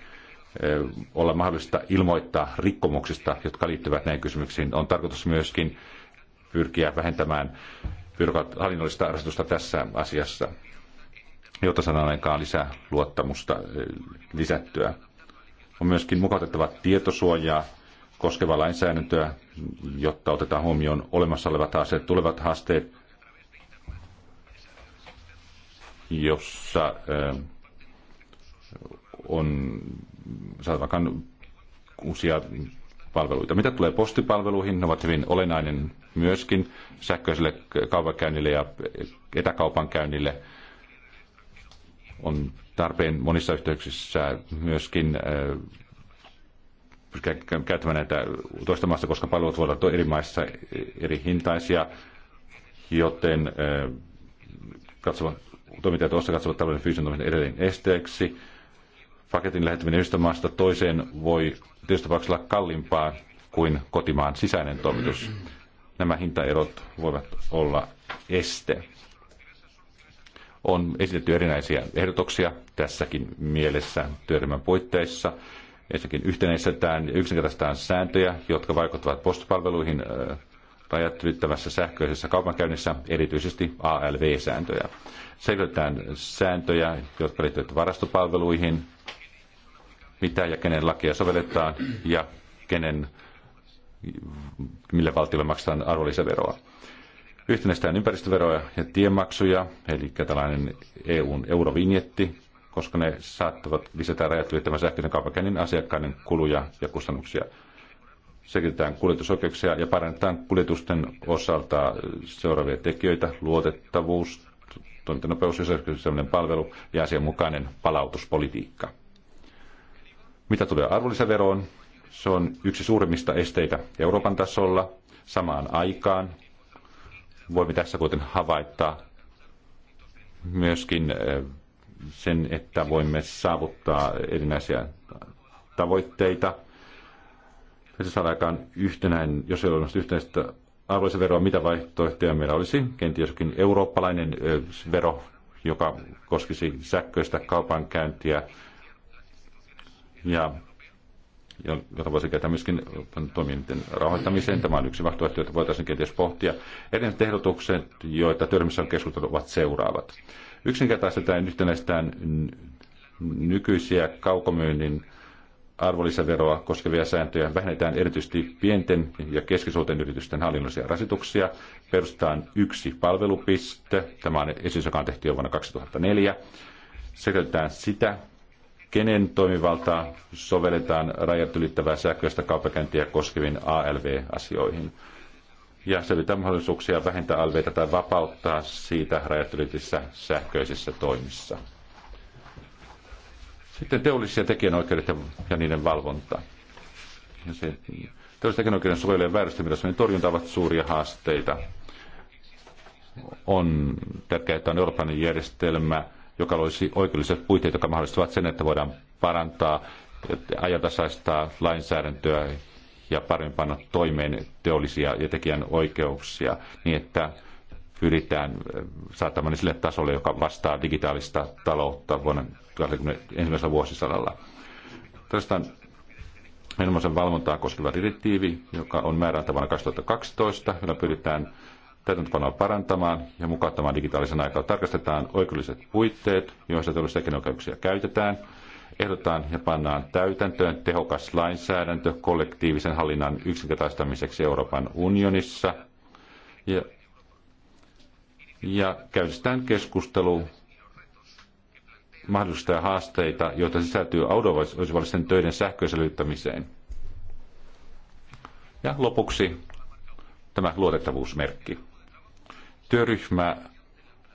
olla mahdollista ilmoittaa rikkomuksista, jotka liittyvät näihin kysymyksiin. On tarkoitus myöskin pyrkiä vähentämään hallinnollista rasitusta tässä asiassa, jotta saadaan ainakaan lisää luottamusta lisättyä. On myöskin mukautettava tietosuojaa koskevaa lainsäädäntöä, jotta otetaan huomioon olemassa olevat haasteet, tulevat haasteet, jossa on vaikka uusia palveluita. Mitä tulee postipalveluihin, ne ovat hyvin olennainen myöskin sähköiselle kaupankäynnille ja etäkaupankäynnille. On tarpeen monissa yhteyksissä myöskin äh, käyttämään näitä toista maassa, koska palvelut voivat olla eri maissa eri hintaisia, joten äh, katsovat, toimittajat osa katsovat tällainen fyysisen edelleen esteeksi paketin lähettäminen yhdestä maasta toiseen voi tietysti tapauksessa olla kalliimpaa kuin kotimaan sisäinen toimitus. Nämä hintaerot voivat olla este. On esitetty erinäisiä ehdotuksia tässäkin mielessä työryhmän puitteissa. Ensinnäkin yhtenäistetään ja yksinkertaistetaan sääntöjä, jotka vaikuttavat postipalveluihin rajat ylittävässä sähköisessä kaupankäynnissä, erityisesti ALV-sääntöjä. Selvitetään sääntöjä, jotka liittyvät varastopalveluihin, mitä ja kenen lakia sovelletaan ja kenen, mille valtiolle maksetaan arvonlisäveroa. Yhtenäistään ympäristöveroja ja tiemaksuja, eli tällainen EUn eurovinjetti, koska ne saattavat lisätä rajat ylittävän sähköisen kaupankäynnin asiakkaiden kuluja ja kustannuksia. Sekitetään kuljetusoikeuksia ja parannetaan kuljetusten osalta seuraavia tekijöitä, luotettavuus, toimintanopeus ja palvelu ja asianmukainen palautuspolitiikka. Mitä tulee arvonlisäveroon, se on yksi suurimmista esteitä Euroopan tasolla samaan aikaan. Voimme tässä kuten havaittaa myöskin eh, sen, että voimme saavuttaa erinäisiä tavoitteita. Ja se saa aikaan yhtenäinen, jos ei ole yhtenäistä arvonlisäveroa, mitä vaihtoehtoja meillä olisi? Kenties jokin eurooppalainen eh, vero, joka koskisi sähköistä kaupankäyntiä ja jota voisi käyttää myöskin toimintien rahoittamiseen. Tämä on yksi vaihtoehto, jota voitaisiin kenties pohtia. Erilaiset ehdotukset, joita työryhmässä on keskusteltu, ovat seuraavat. Yksinkertaistetaan yhtenäistään nykyisiä kaukomyynnin arvonlisäveroa koskevia sääntöjä, vähennetään erityisesti pienten ja keskisuurten yritysten hallinnollisia rasituksia, perustetaan yksi palvelupiste, tämä on esitys, joka on tehty jo vuonna 2004, sekä sitä kenen toimivaltaa sovelletaan rajat ylittävää sähköistä kaupankäyntiä koskeviin ALV-asioihin. Ja selvitään mahdollisuuksia vähentää alveita tai vapauttaa siitä rajat ylityssä sähköisissä toimissa. Sitten teollisia tekijänoikeudet ja niiden valvonta. Ja se, teollisia tekijänoikeuden sovellujen vääristymisen niin torjunta ovat suuria haasteita. On tärkeää, että on Euroopan järjestelmä – joka loisi oikeudelliset puitteet, jotka mahdollistavat sen, että voidaan parantaa, ajantasaista lainsäädäntöä ja paremmin panna toimeen teollisia ja tekijän oikeuksia niin, että pyritään eh, saattamaan sille tasolle, joka vastaa digitaalista taloutta vuonna 2021 vuosisadalla. Tästä enemmän valvontaa koskeva direktiivi, joka on määrän vuonna 2012, jolla pyritään täytäntöpanoa parantamaan ja mukauttamaan digitaalisen aikaa. Tarkastetaan oikeudelliset puitteet, joissa teollisuustekijänoikeuksia käytetään. Ehdotetaan ja pannaan täytäntöön tehokas lainsäädäntö kollektiivisen hallinnan yksinkertaistamiseksi Euroopan unionissa. Ja, ja käydään keskustelu mahdollisista haasteita, joita sisältyy audiovisuaalisten töiden sähköiselyyttämiseen. Ja lopuksi tämä luotettavuusmerkki. Työryhmä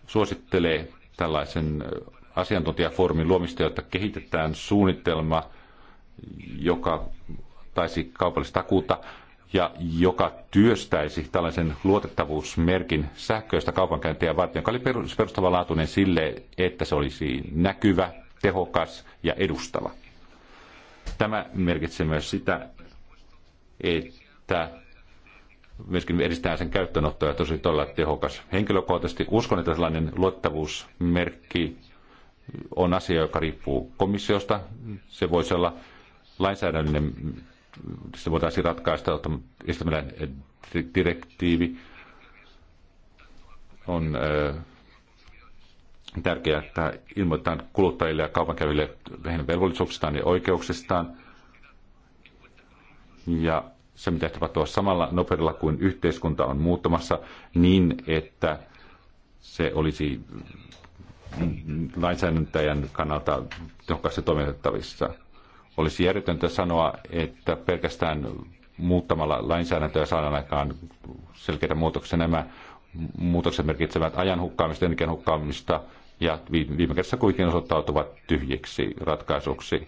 suosittelee tällaisen asiantuntijafoorumin luomista, jotta kehitetään suunnitelma, joka taisi kaupallista takuuta ja joka työstäisi tällaisen luotettavuusmerkin sähköistä kaupankäyntiä varten, joka oli perustavanlaatuinen sille, että se olisi näkyvä, tehokas ja edustava. Tämä merkitsee myös sitä, että myöskin edistää sen käyttöönottoa ja tosi todella tehokas. Henkilökohtaisesti uskon, että sellainen luottavuusmerkki on asia, joka riippuu komissiosta. Se voisi olla lainsäädännöllinen, se voitaisiin ratkaista että esittämällä direktiivi. On äh, tärkeää, että ilmoitetaan kuluttajille ja kaupankäyville heidän velvollisuuksistaan ja oikeuksistaan. Ja se mitä tapahtuu samalla nopeudella kuin yhteiskunta on muuttumassa niin, että se olisi lainsäädäntäjän kannalta tehokkaasti toimitettavissa. Olisi järjetöntä sanoa, että pelkästään muuttamalla lainsäädäntöä saadaan aikaan selkeitä muutoksia. Nämä muutokset merkitsevät ajan hukkaamista, energian hukkaamista ja viime kädessä kuitenkin osoittautuvat tyhjiksi ratkaisuksi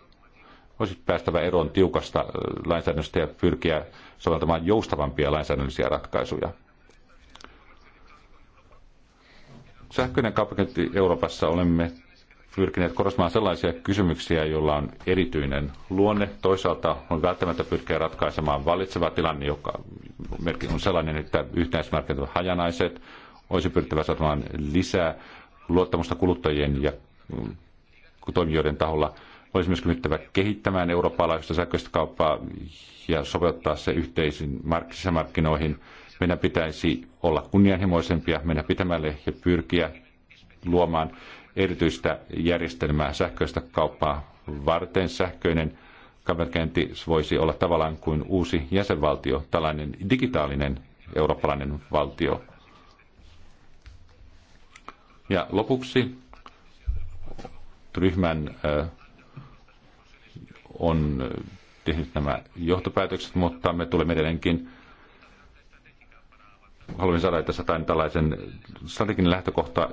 olisi päästävä eroon tiukasta äh, lainsäädännöstä ja pyrkiä soveltamaan joustavampia lainsäädännöllisiä ratkaisuja. Sähköinen kaupankäynti Euroopassa olemme pyrkineet korostamaan sellaisia kysymyksiä, joilla on erityinen luonne. Toisaalta on välttämättä pyrkiä ratkaisemaan vallitseva tilanne, joka on sellainen, että yhtenäismarkkinat ovat hajanaiset. Olisi pyrittävä saamaan lisää luottamusta kuluttajien ja mm, toimijoiden taholla – olisi myös kyvyttävä kehittämään eurooppalaista sähköistä kauppaa ja sopeuttaa se yhteisiin sisämarkkinoihin. Meidän pitäisi olla kunnianhimoisempia, mennä pitämälle ja pyrkiä luomaan erityistä järjestelmää sähköistä kauppaa varten. Sähköinen kaupankäynti voisi olla tavallaan kuin uusi jäsenvaltio, tällainen digitaalinen eurooppalainen valtio. Ja lopuksi ryhmän on tehnyt nämä johtopäätökset, mutta me tulemme edelleenkin haluamme saada tässä satain tällaisen strateginen lähtökohta,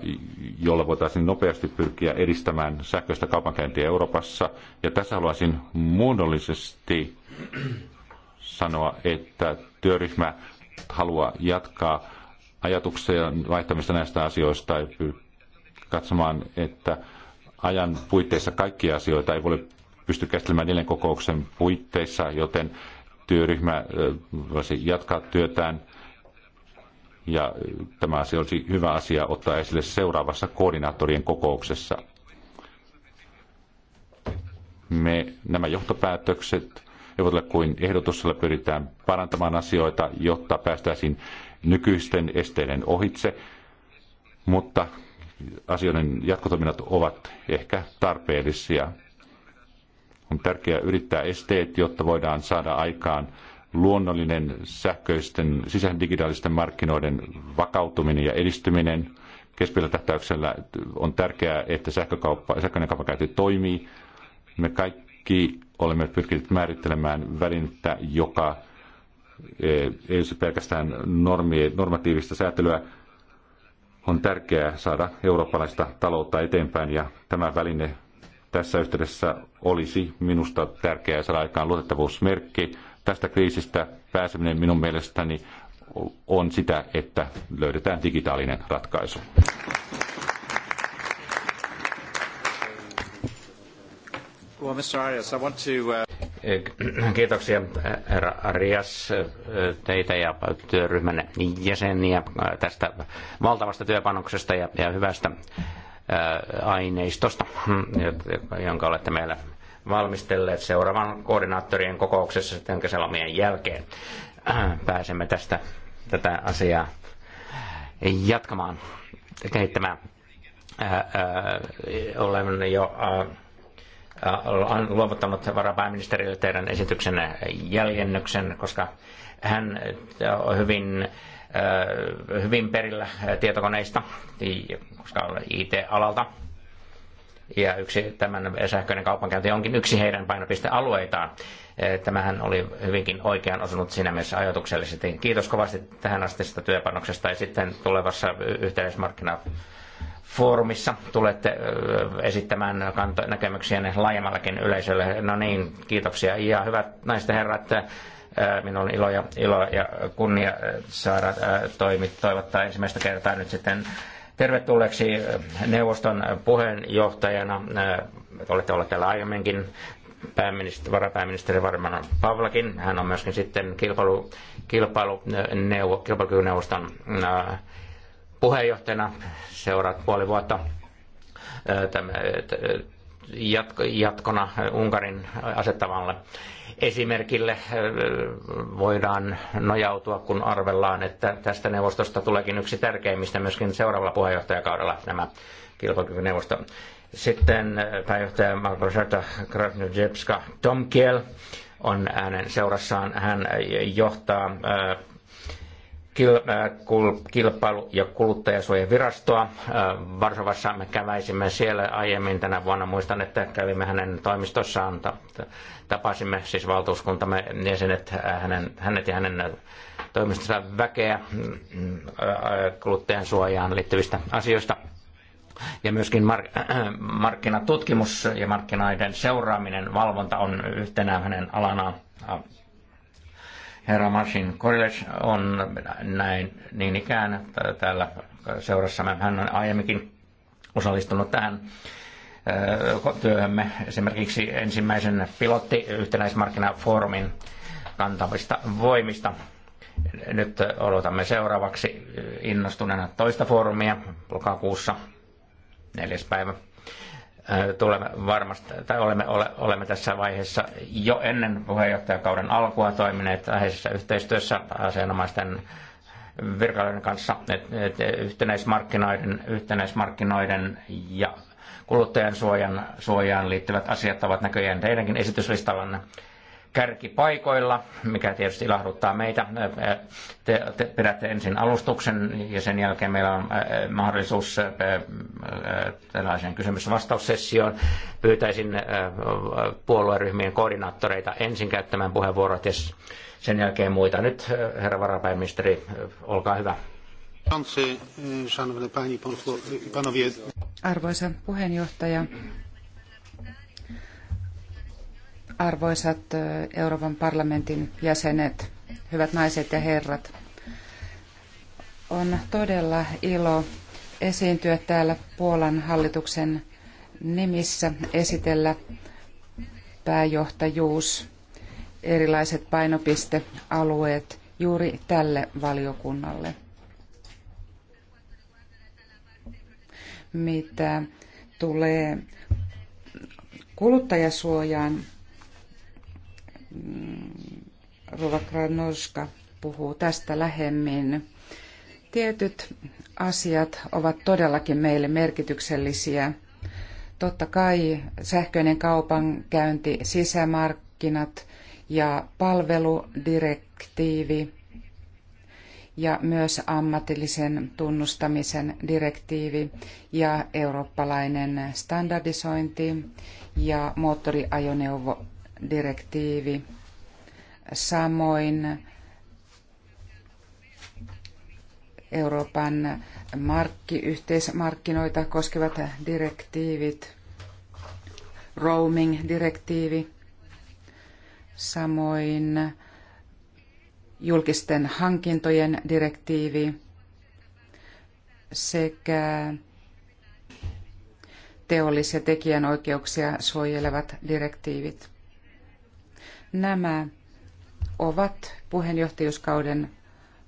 jolla voitaisiin nopeasti pyrkiä edistämään sähköistä kaupankäyntiä Euroopassa. Ja tässä haluaisin muodollisesti sanoa, että työryhmä haluaa jatkaa ajatuksia vaihtamista näistä asioista ja katsomaan, että ajan puitteissa kaikkia asioita ei voi pysty käsittelemään neljän kokouksen puitteissa, joten työryhmä voisi jatkaa työtään. Ja tämä asia olisi hyvä asia ottaa esille seuraavassa koordinaattorien kokouksessa. Me, nämä johtopäätökset eivät ole kuin ehdotus, jolla pyritään parantamaan asioita, jotta päästäisiin nykyisten esteiden ohitse, mutta asioiden jatkotoiminnat ovat ehkä tarpeellisia. On tärkeää yrittää esteet, jotta voidaan saada aikaan luonnollinen sähköisten sisäisen digitaalisten markkinoiden vakautuminen ja edistyminen. keskellä tähtäyksellä on tärkeää, että sähkökauppa, sähköinen kaupankäynti toimii. Me kaikki olemme pyrkineet määrittelemään välinettä, joka e, ei ole pelkästään normi, normatiivista säätelyä. On tärkeää saada eurooppalaista taloutta eteenpäin ja tämä väline tässä yhteydessä olisi minusta tärkeää saada aikaan luotettavuusmerkki. Tästä kriisistä pääseminen minun mielestäni on sitä, että löydetään digitaalinen ratkaisu. Uh, eh, kiitoksia herra Arias eh, teitä ja työryhmän jäseniä eh, tästä valtavasta työpanoksesta ja, ja hyvästä aineistosta, hmm, jonka olette meillä valmistelleet seuraavan koordinaattorien kokouksessa sitten kesälomien jälkeen. Äh, pääsemme tästä tätä asiaa jatkamaan, kehittämään. olen jo luovuttanut varapääministerille teidän esityksenne jäljennyksen, koska hän hyvin hyvin perillä tietokoneista, koska IT-alalta. Ja yksi tämän sähköinen kaupankäynti onkin yksi heidän painopistealueitaan. Tämähän oli hyvinkin oikean osunut siinä mielessä ajatuksellisesti. Kiitos kovasti tähän sitä työpanoksesta ja sitten tulevassa yhteydessä foorumissa tulette esittämään kanto- näkemyksiänne laajemmallakin yleisölle. No niin, kiitoksia. Ja hyvät naiset ja herrat, Minulla on ilo ja, ilo ja kunnia saada toimi, toivottaa ensimmäistä kertaa nyt sitten tervetulleeksi neuvoston puheenjohtajana. Olette olleet täällä aiemminkin pääministeri, varapääministeri varmaan Pavlakin. Hän on myöskin sitten kilpailu, kilpailu, neuvo, kilpailukykyneuvoston puheenjohtajana seuraat puoli vuotta jatkona Unkarin asettavalle esimerkille äh, voidaan nojautua, kun arvellaan, että tästä neuvostosta tuleekin yksi tärkeimmistä myöskin seuraavalla puheenjohtajakaudella nämä kilpailukykyneuvosto. Sitten äh, pääjohtaja Margareta Krasnodebska Tomkiel on äänen seurassaan. Hän äh, johtaa Äh, kilpailu- ja kuluttajasuojavirastoa. Äh, Varsovassa me käväisimme siellä aiemmin tänä vuonna. Muistan, että kävimme hänen toimistossaan. Tapasimme siis valtuuskuntamme jäsenet, äh, hänen, hänet ja hänen toimistonsa väkeä mm, kuluttajansuojaan liittyvistä asioista. Ja myöskin mark- markkinatutkimus ja markkinoiden seuraaminen, valvonta on yhtenä hänen alanaan Herra Marcin Koriles on näin niin ikään täällä seurassamme. Hän on aiemminkin osallistunut tähän työhömme esimerkiksi ensimmäisen pilotti yhtenäismarkkinafoorumin kantavista voimista. Nyt odotamme seuraavaksi innostuneena toista foorumia lokakuussa, neljäs päivä. Äh, tulemme varmasti, tai olemme, olemme tässä vaiheessa jo ennen puheenjohtajakauden alkua toimineet läheisessä yhteistyössä asianomaisten virkailijoiden kanssa, että yhtenäismarkkinoiden, yhtenäismarkkinoiden ja kuluttajan suojan suojaan liittyvät asiat ovat näköjään teidänkin esityslistallanne kärkipaikoilla, mikä tietysti ilahduttaa meitä. Te, te pidätte ensin alustuksen ja sen jälkeen meillä on äh, mahdollisuus äh, äh, tällaiseen kysymys-vastaussessioon. Pyytäisin puolueryhmien koordinaattoreita ensin käyttämään puheenvuorot ja sen jälkeen muita. Nyt herra varapääministeri, olkaa hyvä. Arvoisa puheenjohtaja, Arvoisat Euroopan parlamentin jäsenet, hyvät naiset ja herrat, on todella ilo esiintyä täällä Puolan hallituksen nimissä, esitellä pääjohtajuus, erilaiset painopistealueet juuri tälle valiokunnalle. Mitä tulee kuluttajasuojaan, Mm, Rova Kranoska puhuu tästä lähemmin. Tietyt asiat ovat todellakin meille merkityksellisiä. Totta kai sähköinen kaupankäynti, sisämarkkinat ja palveludirektiivi ja myös ammatillisen tunnustamisen direktiivi ja eurooppalainen standardisointi ja moottoriajoneuvo direktiivi, samoin Euroopan markki, yhteismarkkinoita koskevat direktiivit, roaming-direktiivi, samoin julkisten hankintojen direktiivi sekä teollis- ja tekijänoikeuksia suojelevat direktiivit. Nämä ovat puheenjohtajuuskauden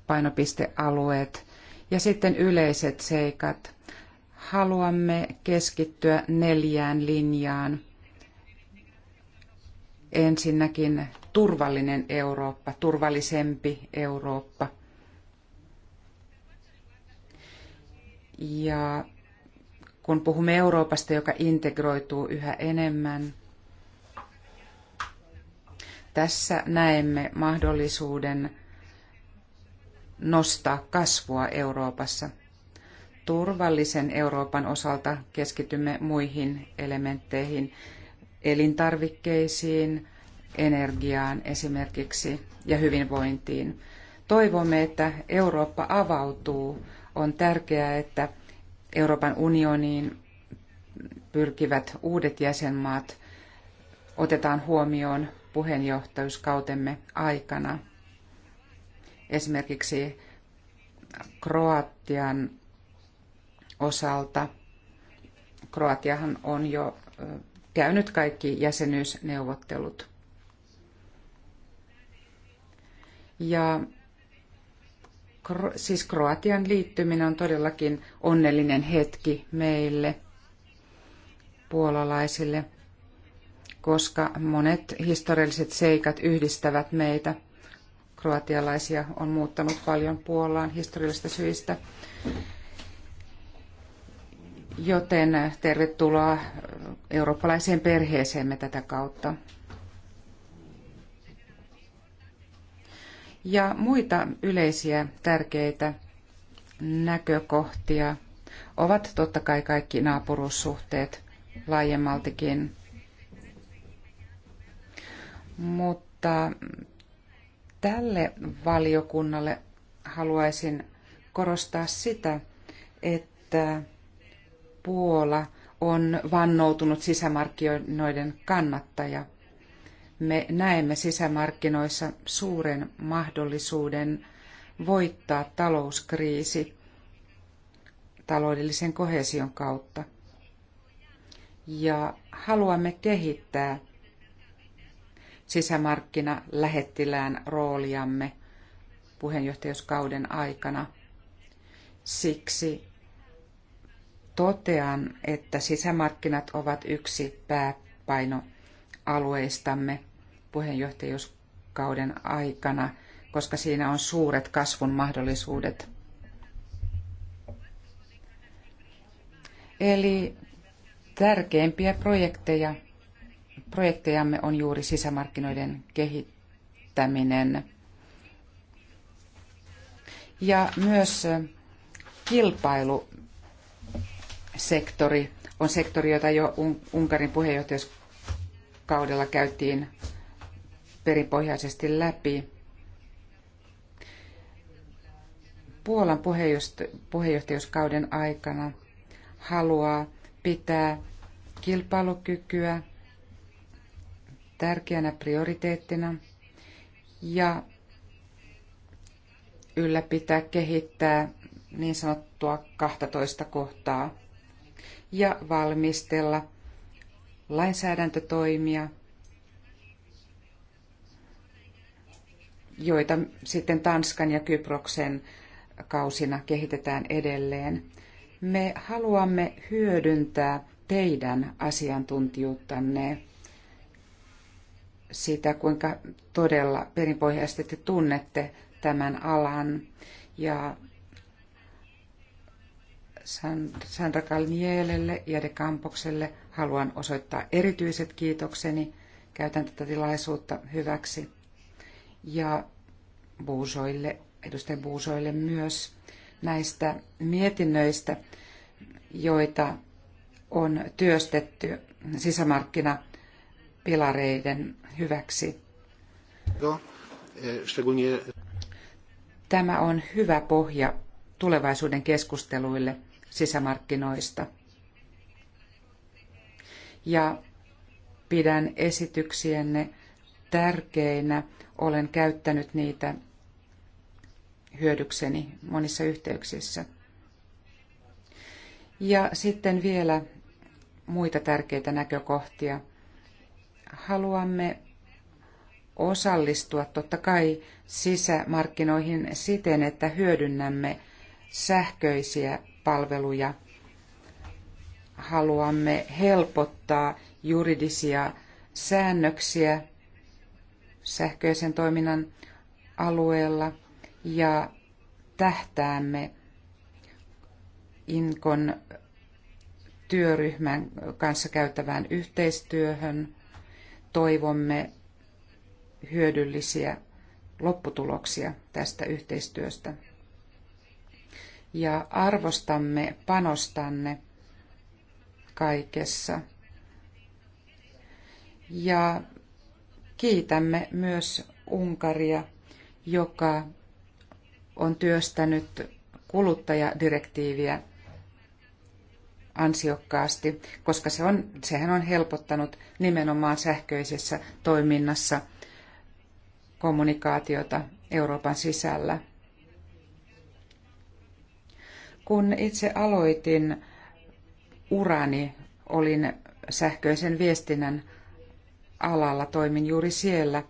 painopistealueet ja sitten yleiset seikat. Haluamme keskittyä neljään linjaan. Ensinnäkin turvallinen Eurooppa, turvallisempi Eurooppa. Ja kun puhumme Euroopasta, joka integroituu yhä enemmän, tässä näemme mahdollisuuden nostaa kasvua Euroopassa. Turvallisen Euroopan osalta keskitymme muihin elementteihin, elintarvikkeisiin, energiaan esimerkiksi ja hyvinvointiin. Toivomme, että Eurooppa avautuu. On tärkeää, että Euroopan unioniin pyrkivät uudet jäsenmaat otetaan huomioon puheenjohtajuuskautemme aikana. Esimerkiksi Kroatian osalta. Kroatiahan on jo käynyt kaikki jäsenyysneuvottelut. Ja siis Kroatian liittyminen on todellakin onnellinen hetki meille puolalaisille – koska monet historialliset seikat yhdistävät meitä. Kroatialaisia on muuttanut paljon Puolaan historiallisista syistä. Joten tervetuloa eurooppalaiseen perheeseemme tätä kautta. Ja muita yleisiä tärkeitä näkökohtia ovat totta kai kaikki naapuruussuhteet laajemmaltikin – mutta tälle valiokunnalle haluaisin korostaa sitä, että Puola on vannoutunut sisämarkkinoiden kannattaja. Me näemme sisämarkkinoissa suuren mahdollisuuden voittaa talouskriisi taloudellisen kohesion kautta. Ja haluamme kehittää sisämarkkinalähettilään rooliamme puheenjohtajuuskauden aikana. Siksi totean, että sisämarkkinat ovat yksi pääpainoalueistamme puheenjohtajuuskauden aikana, koska siinä on suuret kasvun mahdollisuudet. Eli tärkeimpiä projekteja projektejamme on juuri sisämarkkinoiden kehittäminen ja myös kilpailusektori on sektori, jota jo Unkarin puheenjohtajakaudella käytiin perinpohjaisesti läpi. Puolan puheenjohtajuuskauden aikana haluaa pitää kilpailukykyä tärkeänä prioriteettina ja ylläpitää, kehittää niin sanottua 12 kohtaa ja valmistella lainsäädäntötoimia, joita sitten Tanskan ja Kyproksen kausina kehitetään edelleen. Me haluamme hyödyntää teidän asiantuntijuuttanne siitä kuinka todella perinpohjaisesti te tunnette tämän alan. Ja Sandra Kalnielelle ja De Kampokselle haluan osoittaa erityiset kiitokseni. Käytän tätä tilaisuutta hyväksi. Ja Buusoille, edustaja Buusoille myös näistä mietinnöistä, joita on työstetty sisämarkkinapilareiden hyväksi. No, e, Tämä on hyvä pohja tulevaisuuden keskusteluille sisämarkkinoista. Ja pidän esityksienne tärkeinä. Olen käyttänyt niitä hyödykseni monissa yhteyksissä. Ja sitten vielä muita tärkeitä näkökohtia. Haluamme osallistua totta kai sisämarkkinoihin siten, että hyödynnämme sähköisiä palveluja. Haluamme helpottaa juridisia säännöksiä sähköisen toiminnan alueella ja tähtäämme Inkon työryhmän kanssa käytävään yhteistyöhön. Toivomme hyödyllisiä lopputuloksia tästä yhteistyöstä. Ja arvostamme panostanne kaikessa. Ja kiitämme myös Unkaria, joka on työstänyt kuluttajadirektiiviä ansiokkaasti, koska se on, sehän on helpottanut nimenomaan sähköisessä toiminnassa – kommunikaatiota Euroopan sisällä. Kun itse aloitin urani, olin sähköisen viestinnän alalla, toimin juuri siellä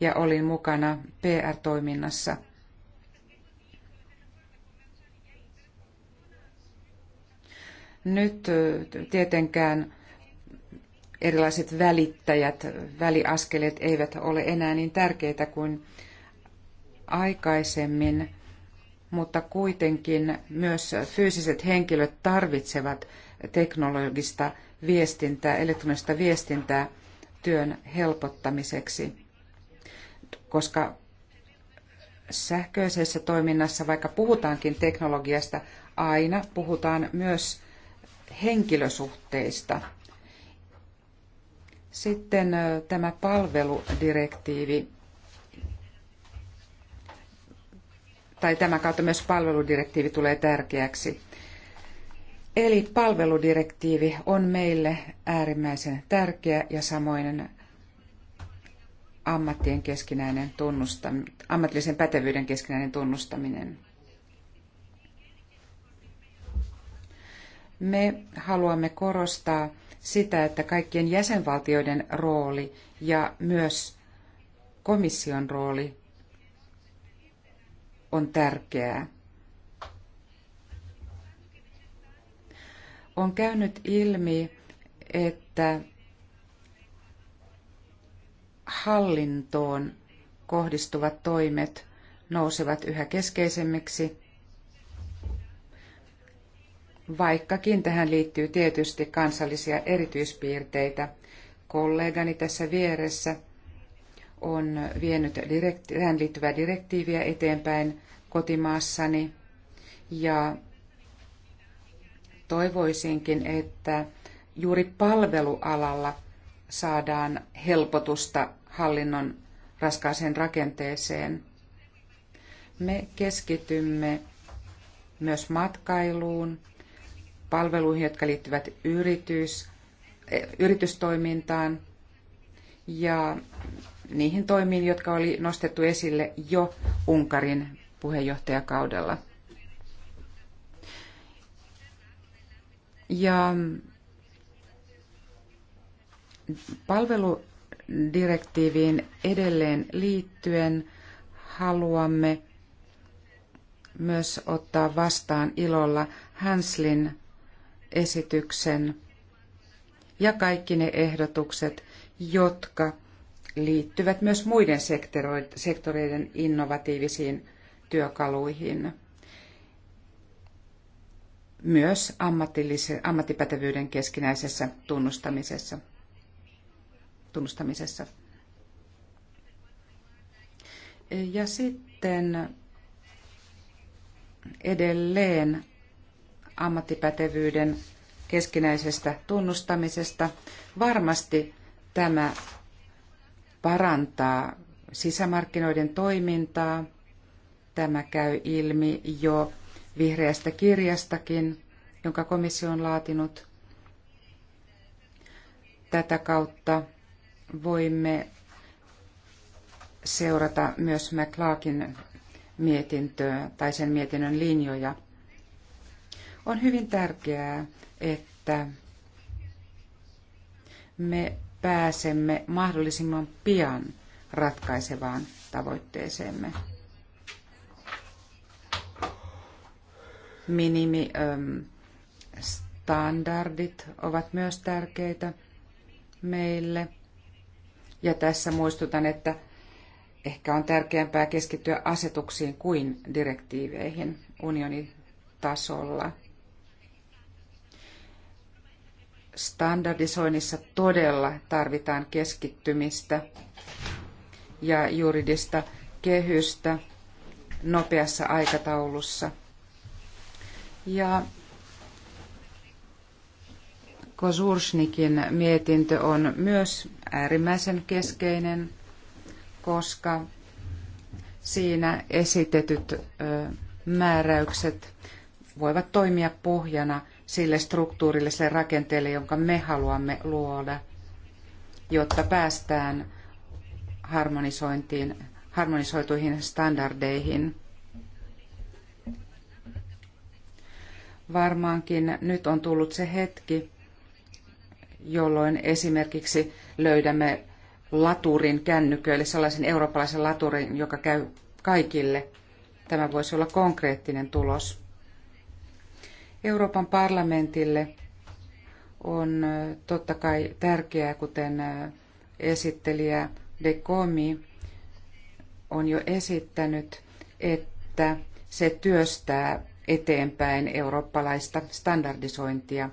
ja olin mukana PR-toiminnassa. Nyt tietenkään erilaiset välittäjät, väliaskeleet eivät ole enää niin tärkeitä kuin aikaisemmin, mutta kuitenkin myös fyysiset henkilöt tarvitsevat teknologista viestintää, elektronista viestintää työn helpottamiseksi, koska sähköisessä toiminnassa, vaikka puhutaankin teknologiasta, aina puhutaan myös henkilösuhteista – sitten tämä palveludirektiivi, tai tämä kautta myös palveludirektiivi tulee tärkeäksi. Eli palveludirektiivi on meille äärimmäisen tärkeä ja samoin ammattien keskinäinen tunnustaminen, ammatillisen pätevyyden keskinäinen tunnustaminen. Me haluamme korostaa sitä, että kaikkien jäsenvaltioiden rooli ja myös komission rooli on tärkeää. On käynyt ilmi, että hallintoon kohdistuvat toimet nousevat yhä keskeisemmiksi vaikkakin tähän liittyy tietysti kansallisia erityispiirteitä. Kollegani tässä vieressä on vienyt direkti- tähän liittyvää direktiiviä eteenpäin kotimaassani ja toivoisinkin, että juuri palvelualalla saadaan helpotusta hallinnon raskaaseen rakenteeseen. Me keskitymme myös matkailuun, palveluihin, jotka liittyvät yritys, eh, yritystoimintaan ja niihin toimiin, jotka oli nostettu esille jo Unkarin puheenjohtajakaudella. Ja palveludirektiiviin edelleen liittyen haluamme myös ottaa vastaan ilolla Hanslin esityksen ja kaikki ne ehdotukset, jotka liittyvät myös muiden sektoreiden innovatiivisiin työkaluihin. Myös ammattipätevyyden keskinäisessä tunnustamisessa. tunnustamisessa. Ja sitten edelleen ammattipätevyyden keskinäisestä tunnustamisesta. Varmasti tämä parantaa sisämarkkinoiden toimintaa. Tämä käy ilmi jo vihreästä kirjastakin, jonka komissio on laatinut. Tätä kautta voimme seurata myös McClarkin mietintöä tai sen mietinnön linjoja – on hyvin tärkeää, että me pääsemme mahdollisimman pian ratkaisevaan tavoitteeseemme. Minimistandardit ähm, ovat myös tärkeitä meille. Ja tässä muistutan, että ehkä on tärkeämpää keskittyä asetuksiin kuin direktiiveihin unionitasolla. tasolla standardisoinnissa todella tarvitaan keskittymistä ja juridista kehystä nopeassa aikataulussa. Ja Kosursnikin mietintö on myös äärimmäisen keskeinen, koska siinä esitetyt määräykset voivat toimia pohjana sille struktuurille, sille rakenteelle, jonka me haluamme luoda, jotta päästään harmonisointiin, harmonisoituihin standardeihin. Varmaankin nyt on tullut se hetki, jolloin esimerkiksi löydämme laturin kännyköille, sellaisen eurooppalaisen laturin, joka käy kaikille. Tämä voisi olla konkreettinen tulos. Euroopan parlamentille on totta kai tärkeää, kuten esittelijä De Comi on jo esittänyt, että se työstää eteenpäin eurooppalaista standardisointia.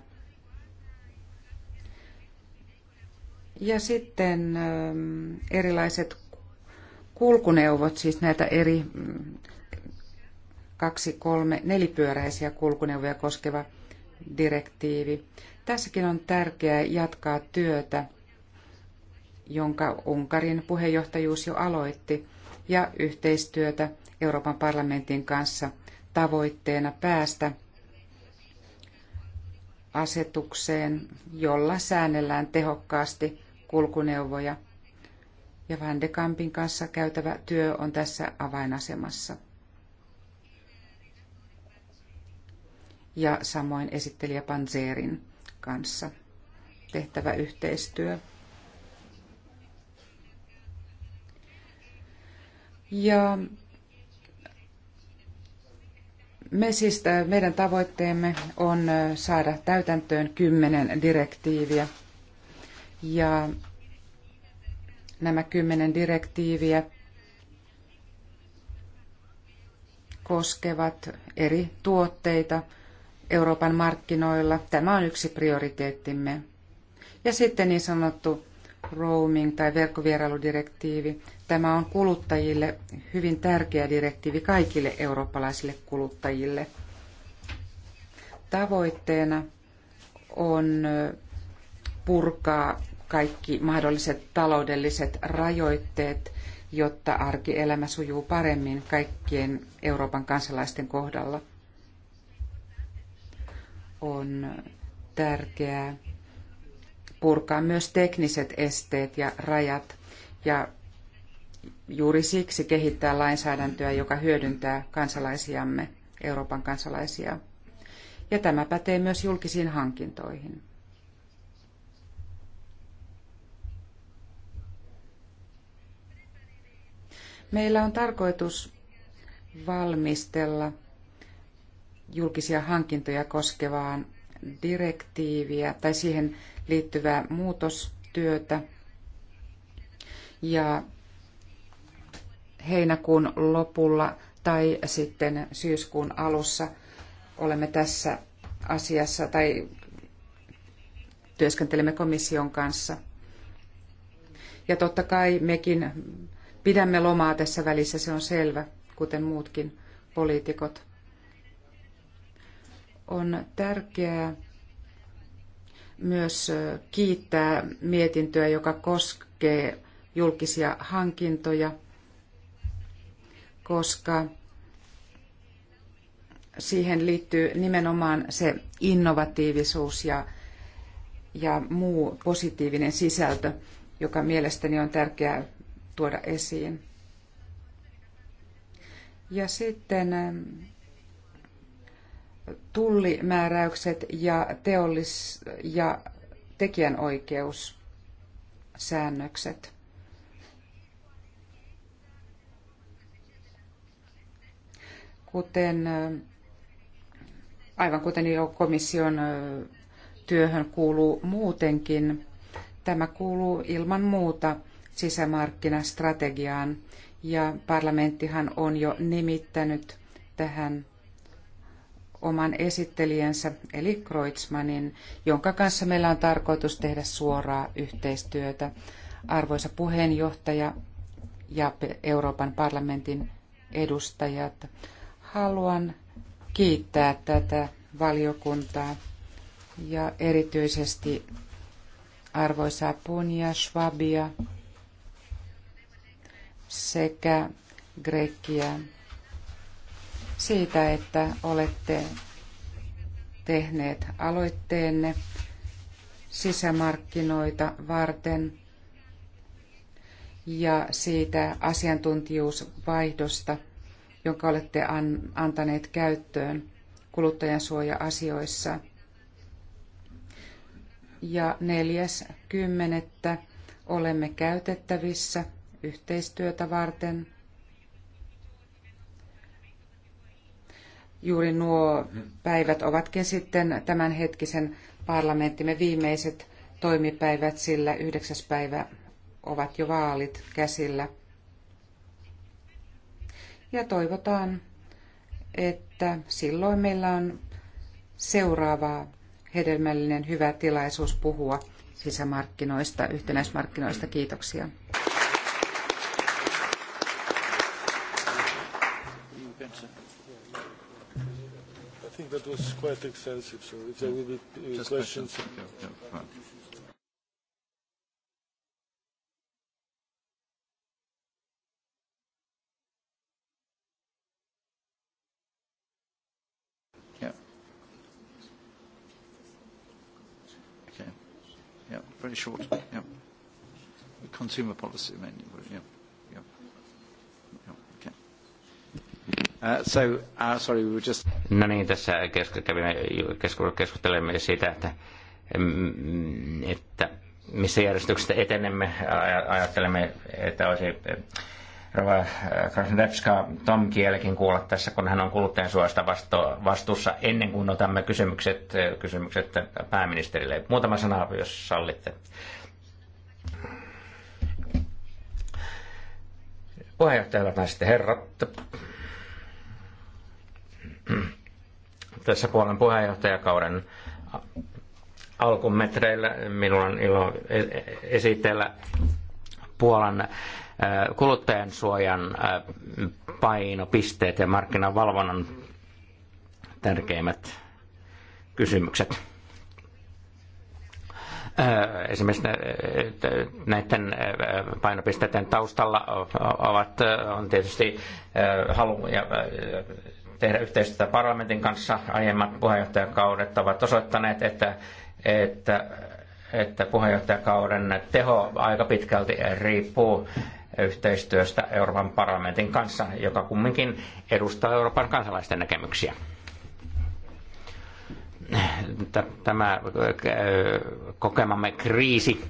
Ja sitten erilaiset kulkuneuvot, siis näitä eri mm, Kaksi kolme nelipyöräisiä kulkuneuvoja koskeva direktiivi. Tässäkin on tärkeää jatkaa työtä, jonka Unkarin puheenjohtajuus jo aloitti, ja yhteistyötä Euroopan parlamentin kanssa tavoitteena päästä asetukseen, jolla säännellään tehokkaasti kulkuneuvoja. Ja Van de Kampin kanssa käytävä työ on tässä avainasemassa. ja samoin esittelijä Panzerin kanssa tehtävä yhteistyö. Ja me siis, äh, meidän tavoitteemme on äh, saada täytäntöön kymmenen direktiiviä. Ja nämä kymmenen direktiiviä koskevat eri tuotteita, Euroopan markkinoilla. Tämä on yksi prioriteettimme. Ja sitten niin sanottu roaming tai verkkovierailudirektiivi. Tämä on kuluttajille hyvin tärkeä direktiivi kaikille eurooppalaisille kuluttajille. Tavoitteena on purkaa kaikki mahdolliset taloudelliset rajoitteet, jotta arkielämä sujuu paremmin kaikkien Euroopan kansalaisten kohdalla on tärkeää purkaa myös tekniset esteet ja rajat ja juuri siksi kehittää lainsäädäntöä, joka hyödyntää kansalaisiamme, Euroopan kansalaisia. Ja tämä pätee myös julkisiin hankintoihin. Meillä on tarkoitus valmistella julkisia hankintoja koskevaan direktiiviä tai siihen liittyvää muutostyötä. Ja heinäkuun lopulla tai sitten syyskuun alussa olemme tässä asiassa tai työskentelemme komission kanssa. Ja totta kai mekin pidämme lomaa tässä välissä, se on selvä, kuten muutkin poliitikot. On tärkeää myös kiittää mietintöä, joka koskee julkisia hankintoja, koska siihen liittyy nimenomaan se innovatiivisuus ja, ja muu positiivinen sisältö, joka mielestäni on tärkeää tuoda esiin. Ja sitten tullimääräykset ja teollis- ja tekijänoikeussäännökset. Kuten, aivan kuten jo komission työhön kuuluu muutenkin, tämä kuuluu ilman muuta sisämarkkinastrategiaan ja parlamenttihan on jo nimittänyt tähän oman esittelijänsä eli Kreutzmannin, jonka kanssa meillä on tarkoitus tehdä suoraa yhteistyötä. Arvoisa puheenjohtaja ja Euroopan parlamentin edustajat, haluan kiittää tätä valiokuntaa ja erityisesti arvoisaa Punja Schwabia sekä Grekkiä siitä, että olette tehneet aloitteenne sisämarkkinoita varten ja siitä asiantuntijuusvaihdosta, jonka olette antaneet käyttöön kuluttajansuoja-asioissa. Ja neljäs kymmenettä olemme käytettävissä yhteistyötä varten – Juuri nuo päivät ovatkin sitten tämänhetkisen parlamenttimme viimeiset toimipäivät, sillä yhdeksäs päivä ovat jo vaalit käsillä. Ja toivotaan, että silloin meillä on seuraava hedelmällinen hyvä tilaisuus puhua sisämarkkinoista, yhtenäismarkkinoista. Kiitoksia. was quite extensive, so if there will be uh, Just questions. questions. Yeah, yeah, fine. Yeah. Okay. Yeah, very short. Yeah. The consumer policy mainly, but Yeah. Uh, so, uh, sorry, we were just... No niin, tässä keskustelemme siitä, että, mm, että missä järjestyksestä etenemme. Ajattelemme, että olisi eh, Rova eh, Krasnodebska Tom Kielikin kuulla tässä, kun hän on kuluttajan suosta vastuussa ennen kuin otamme kysymykset, eh, kysymykset pääministerille. Muutama sana, jos sallitte. Puheenjohtaja, naiset ja herrat, tässä puolen puheenjohtajakauden alkumetreillä minulla on ilo e-, e-, esitellä Puolan kuluttajan suojan painopisteet ja markkinavalvonnan tärkeimmät kysymykset. Esimerkiksi näiden painopisteiden taustalla ovat, on tietysti halu ja tehdä yhteistyötä parlamentin kanssa. Aiemmat puheenjohtajakaudet ovat osoittaneet, että, että, että puheenjohtajakauden teho aika pitkälti riippuu yhteistyöstä Euroopan parlamentin kanssa, joka kumminkin edustaa Euroopan kansalaisten näkemyksiä. Tämä kokemamme kriisi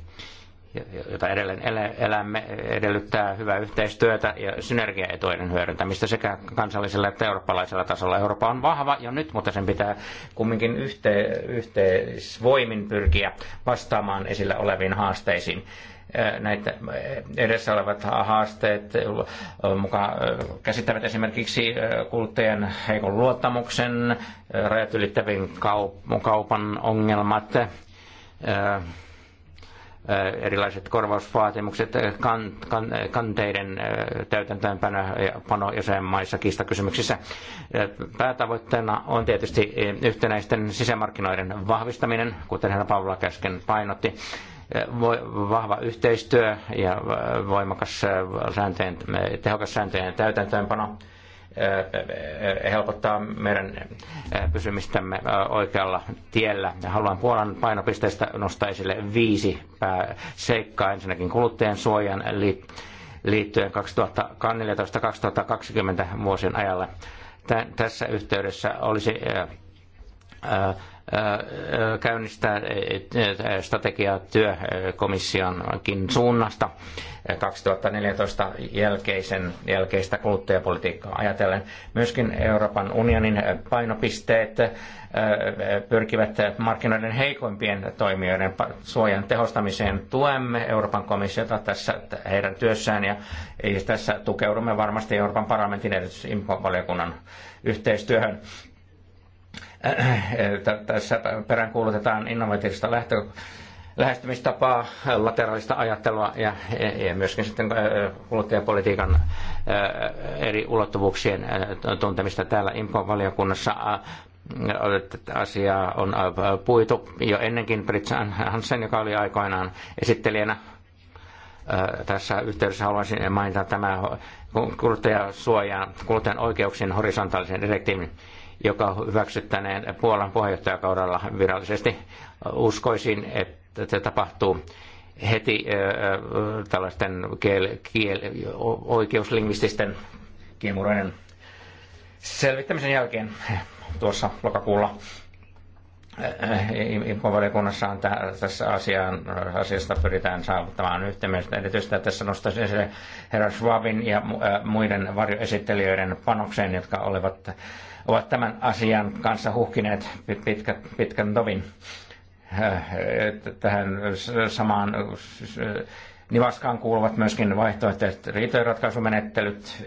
jota edelleen elämme, edellyttää hyvää yhteistyötä ja synergiaetuiden hyödyntämistä sekä kansallisella että eurooppalaisella tasolla. Eurooppa on vahva jo nyt, mutta sen pitää kumminkin yhte, yhteisvoimin pyrkiä vastaamaan esillä oleviin haasteisiin näitä edessä olevat haasteet mukaan käsittävät esimerkiksi kuluttajien heikon luottamuksen, rajat ylittävin kaupan ongelmat, erilaiset korvausvaatimukset kan, kan, kanteiden täytäntöönpano jäsenmaissa kiistakysymyksissä. Päätavoitteena on tietysti yhtenäisten sisämarkkinoiden vahvistaminen, kuten herra Paula käsken painotti vahva yhteistyö ja voimakas sääntöjen, tehokas sääntöjen täytäntöönpano helpottaa meidän pysymistämme oikealla tiellä. Haluan Puolan painopisteestä nostaa esille viisi seikkaa. Ensinnäkin kuluttajan suojan liittyen 2014-2020 vuosien ajalle. Tässä yhteydessä olisi käynnistää e, e, e, strategiatyö komissionkin suunnasta 2014 jälkeisen, jälkeistä kuluttajapolitiikkaa ajatellen. Myöskin Euroopan unionin painopisteet pyrkivät markkinoiden heikoimpien toimijoiden suojan tehostamiseen. Tuemme Euroopan komissiota tässä heidän työssään ja tässä tukeudumme varmasti Euroopan parlamentin erityisesti yhteistyöhön Äh, äh, tässä peräänkuulutetaan innovatiivista lähtö lähestymistapaa, lateraalista ajattelua ja, e- ja myöskin sitten äh, kuluttajapolitiikan eri ulottuvuuksien tuntemista täällä IMCO-valiokunnassa asiaa on puitu jo ennenkin Brits Hansen, joka oli aikoinaan esittelijänä tässä yhteydessä haluaisin mainita tämä kuluttajasuojaan, kuluttajan oikeuksien horisontaalisen direktiivin joka hyväksyttäneen Puolan puheenjohtajakaudella virallisesti. Uskoisin, että se tapahtuu heti tällaisten kiel, kiel, oikeuslingvististen kiemuroiden selvittämisen jälkeen tuossa lokakuulla. Infovaliokunnassa on tässä asiaan, asiasta pyritään saavuttamaan yhteyttä. Erityisesti tässä nostaisin esille herra Schwabin ja muiden varjoesittelijöiden panokseen, jotka olivat ovat tämän asian kanssa huhkineet pitkä, pitkän tovin tähän samaan Nivaskaan kuuluvat myöskin vaihtoehtoiset riitojenratkaisumenettelyt,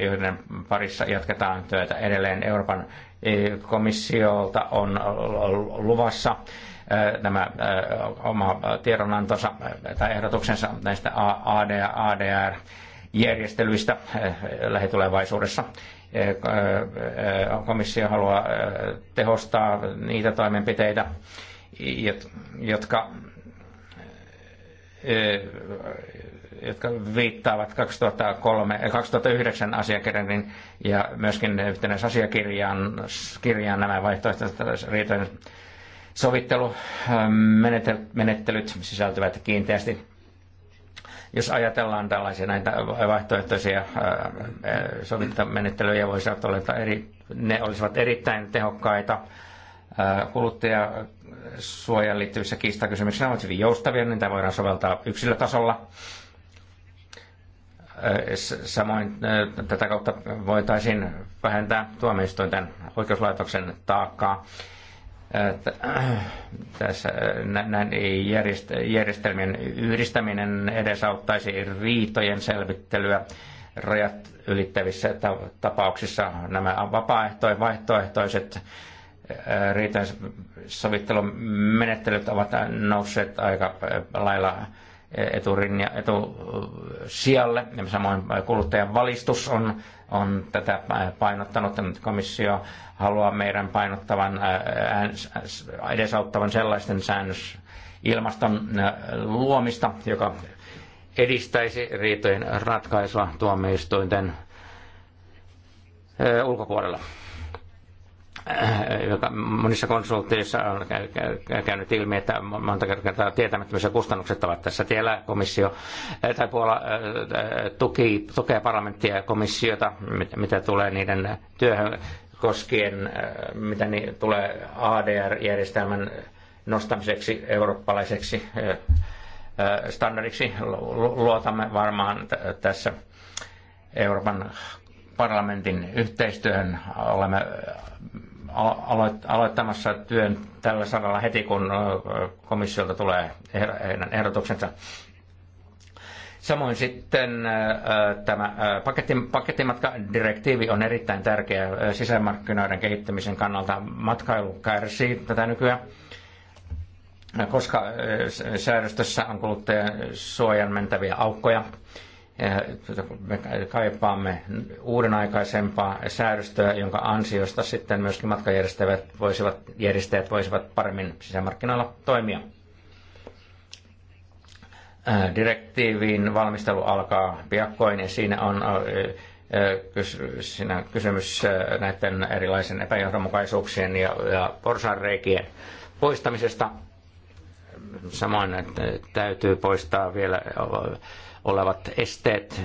joiden parissa jatketaan työtä edelleen. Euroopan e, komissiolta on luvassa tämä oma tiedonantonsa tai ehdotuksensa näistä ADR-järjestelyistä lähitulevaisuudessa. Komissio haluaa tehostaa niitä toimenpiteitä, jotka jotka viittaavat 2003, 2009 asiakirjan ja myöskin asiakirjaan kirjaan nämä vaihtoehtoiset riitojen sovittelumenettelyt sisältyvät kiinteästi jos ajatellaan tällaisia näitä vaihtoehtoisia sovintamenettelyjä, voisi olla, että eri, ne olisivat erittäin tehokkaita kuluttajasuojan liittyvissä kiistakysymyksissä. Ne ovat hyvin joustavia, niin niitä voidaan soveltaa yksilötasolla. Samoin tätä kautta voitaisiin vähentää tuomioistuinten oikeuslaitoksen taakkaa että äh, tässä äh, näin järjestelmien yhdistäminen edesauttaisi riitojen selvittelyä rajat ylittävissä tapauksissa. Nämä vapaaehtoiset äh, riitojen sovittelumenettelyt menettelyt ovat nousseet aika lailla eturin ja etusijalle. Samoin kuluttajan valistus on on tätä äh, painottanut. että Komissio haluaa meidän painottavan, äh, edesauttavan sellaisten säännös ilmaston äh, luomista, joka edistäisi riitojen ratkaisua tuomioistuinten ulkopuolella. Äh, joka monissa konsultteissa on käynyt ilmi, että monta kertaa tietämättömissä kustannukset ovat tässä tiellä. Komissio äh, tai Puola äh, tuki, tukee parlamenttia ja komissiota, mitä tulee niiden työhön koskien, mitä niin tulee ADR-järjestelmän nostamiseksi eurooppalaiseksi standardiksi. Luotamme varmaan tässä Euroopan parlamentin yhteistyöhön. Olemme aloittamassa työn tällä saralla heti, kun komissiolta tulee ehdotuksensa. Samoin sitten tämä pakettimatkadirektiivi on erittäin tärkeä sisämarkkinoiden kehittämisen kannalta. Matkailu kärsii tätä nykyään, koska säädöstössä on kuluttajan suojan mentäviä aukkoja me eh, kaipaamme uuden aikaisempaa säädöstöä, jonka ansiosta sitten myöskin matkajärjestäjät voisivat, järjestäjät voisivat paremmin sisämarkkinoilla toimia. Eh, Direktiivin valmistelu alkaa piakkoin ja siinä on eh, siinä kysymys näiden erilaisen epäjohdonmukaisuuksien ja, ja porsanreikien poistamisesta. Samoin täytyy poistaa vielä olevat esteet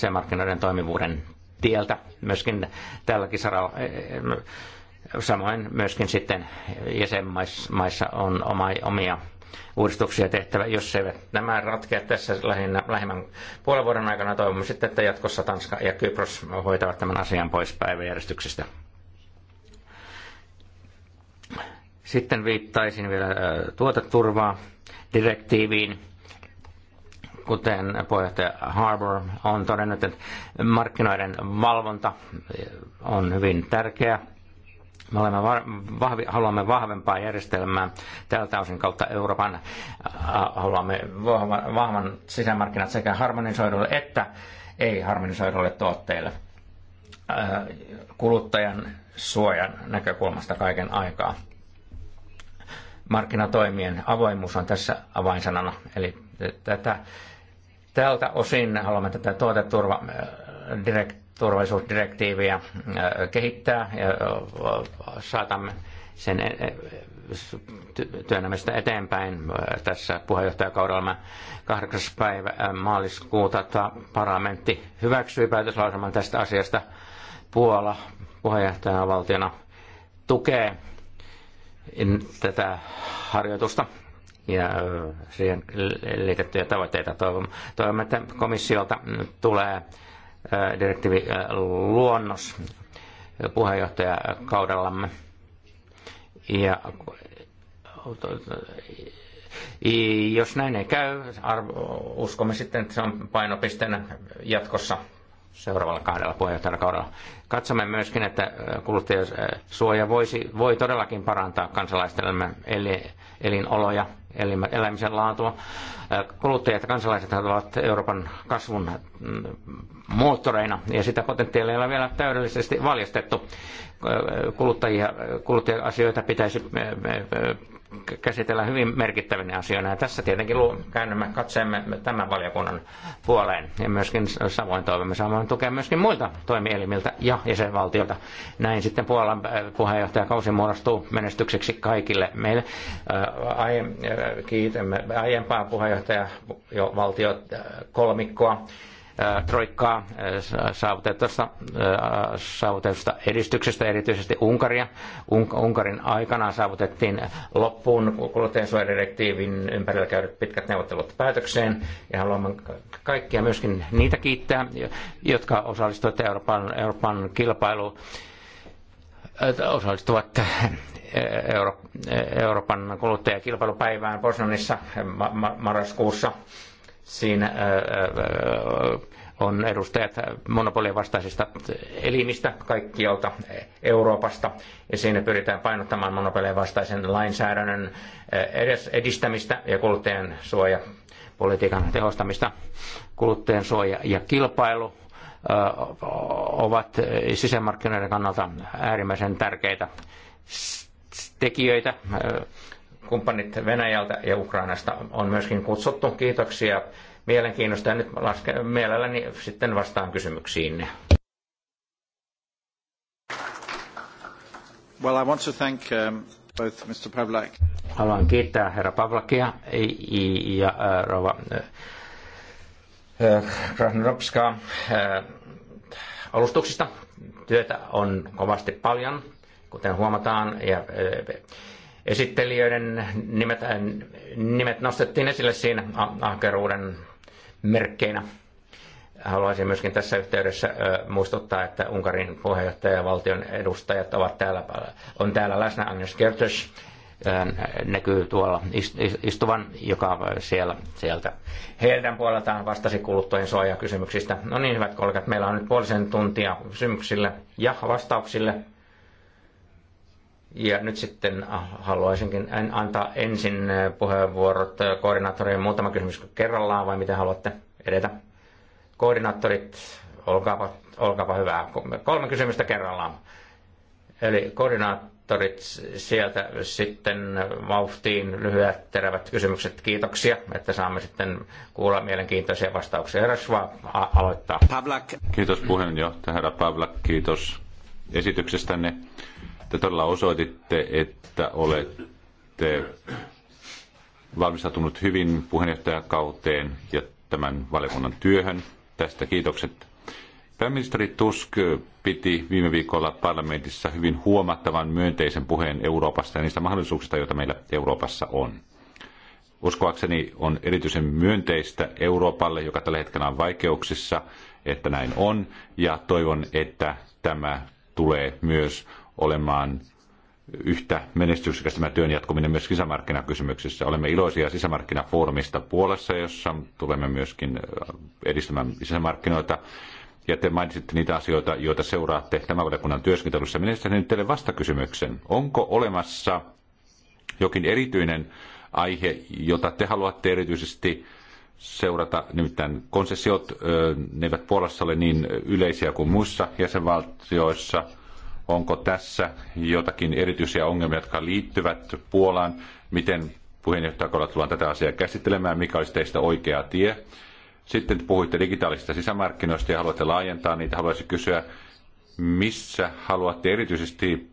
eh, markkinoiden toimivuuden tieltä myöskin tälläkin saralla. Eh, samoin myöskin sitten jäsenmaissa on omia uudistuksia tehtävä, jos eivät nämä ratkea tässä lähinnä, lähimmän puolen vuoden aikana. Toivomme sitten, että jatkossa Tanska ja Kypros hoitavat tämän asian pois päiväjärjestyksestä. Sitten viittaisin vielä eh, tuoteturvaa direktiiviin kuten puheenjohtaja Harbour on todennut, että markkinoiden valvonta on hyvin tärkeä. Me olemme var, vahvi, haluamme vahvempaa järjestelmää tältä osin kautta Euroopan. Haluamme vahvan sisämarkkinat sekä harmonisoidulle että ei-harmonisoidulle tuotteille kuluttajan suojan näkökulmasta kaiken aikaa. Markkinatoimien avoimuus on tässä avainsanana, eli tätä Tältä osin haluamme tätä tuoteturvallisuusdirektiiviä äh, äh, kehittää ja äh, saatamme sen työnnämistä eteenpäin tässä puheenjohtajakaudella. 8. päivä maaliskuuta parlamentti hyväksyi päätöslauselman tästä asiasta. Puola puheenjohtajavaltiona tukee tätä harjoitusta ja siihen liitettyjä tavoitteita. Toivomme, että komissiolta tulee direktiiviluonnos puheenjohtajakaudellamme. Ja jos näin ei käy, uskomme sitten, että se on painopisteenä jatkossa seuraavalla kahdella puheenjohtajakaudella. Katsomme myöskin, että kuluttajasuoja voisi, voi todellakin parantaa kansalaistelemme elinoloja elämisen laatua. Äh, kuluttajat ja kansalaiset ovat Euroopan kasvun äh, moottoreina ja sitä potentiaalia ei ole vielä täydellisesti valjastettu. Äh, kuluttajia, kuluttaja-asioita pitäisi käsitellään hyvin merkittävinä asioina. Ja tässä tietenkin käännymme katseemme tämän valiokunnan puoleen ja myöskin samoin toivomme saamaan tukea myöskin muilta toimielimiltä ja jäsenvaltiolta. Näin sitten Puolan äh, puheenjohtajakausi muodostuu menestykseksi kaikille meille. Äh, aie, äh, kiitämme aiempaa valtiot kolmikkoa troikkaa saavutetusta, saavutetusta edistyksestä, erityisesti Unkaria. Unkarin aikana saavutettiin loppuun kuluttajansuojadirektiivin ympärillä käydyt pitkät neuvottelut päätökseen. Ja haluamme kaikkia myöskin niitä kiittää, jotka osallistuivat Euroopan, Euroopan kilpailuun osallistuvat Euro- Euroopan kuluttajakilpailupäivään Bosnanissa marraskuussa Siinä on edustajat monopolien vastaisista elimistä kaikkialta Euroopasta. Ja siinä pyritään painottamaan monopolien vastaisen lainsäädännön edistämistä ja kuluttajan suoja politiikan tehostamista. Kuluttajan suoja ja kilpailu ovat sisämarkkinoiden kannalta äärimmäisen tärkeitä tekijöitä kumppanit Venäjältä ja Ukrainasta on myöskin kutsuttu. Kiitoksia mielenkiinnosta ja nyt laske, mielelläni sitten vastaan kysymyksiinne. Well, I want to thank um, both Mr. Pavlak. Haluan kiittää herra Pavlakia ja rouva äh, Krasnodopskaa alustuksista. Työtä on kovasti paljon, kuten huomataan, ja äh, Esittelijöiden nimet, nimet nostettiin esille siinä ahkeruuden merkkeinä. Haluaisin myöskin tässä yhteydessä muistuttaa, että Unkarin valtion edustajat ovat täällä, on täällä läsnä Agnes Kertes, näkyy tuolla istuvan, joka siellä, sieltä heidän puoleltaan vastasi kuluttojen suojakysymyksistä. No niin, hyvät kollegat, meillä on nyt puolisen tuntia kysymyksille ja vastauksille. Ja nyt sitten äh, haluaisinkin antaa ensin äh, puheenvuorot äh, koordinaattoreille muutama kysymys kerrallaan, vai miten haluatte edetä? Koordinaattorit, olkaapa, olkaapa hyvää Kolme kysymystä kerrallaan. Eli koordinaattorit sieltä sitten vauhtiin lyhyet terävät kysymykset. Kiitoksia, että saamme sitten kuulla mielenkiintoisia vastauksia. Herra Schwab aloittaa. Pavlak. Kiitos puheenjohtaja, herra Pavlak. Kiitos esityksestänne. Te todella osoititte, että olette valmistautunut hyvin puheenjohtajakauteen ja tämän valiokunnan työhön. Tästä kiitokset. Pääministeri Tusk piti viime viikolla parlamentissa hyvin huomattavan myönteisen puheen Euroopasta ja niistä mahdollisuuksista, joita meillä Euroopassa on. Uskoakseni on erityisen myönteistä Euroopalle, joka tällä hetkellä on vaikeuksissa, että näin on, ja toivon, että tämä tulee myös olemaan yhtä menestyksekäs tämä työn jatkuminen myös sisämarkkinakysymyksissä. Olemme iloisia sisämarkkinafoorumista Puolassa, jossa tulemme myöskin äh, edistämään sisämarkkinoita. Ja te mainitsitte niitä asioita, joita seuraatte tämän valiokunnan työskentelyssä. Minä esitän nyt teille vastakysymyksen. Onko olemassa jokin erityinen aihe, jota te haluatte erityisesti seurata. Nimittäin konsessiot, äh, ne eivät Puolassa ole niin yleisiä kuin muissa jäsenvaltioissa – Onko tässä jotakin erityisiä ongelmia, jotka liittyvät Puolaan? Miten puheenjohtajakaudella tullaan tätä asiaa käsittelemään? Mikä olisi teistä oikea tie? Sitten puhuitte digitaalisista sisämarkkinoista ja haluatte laajentaa niitä. Haluaisin kysyä, missä haluatte erityisesti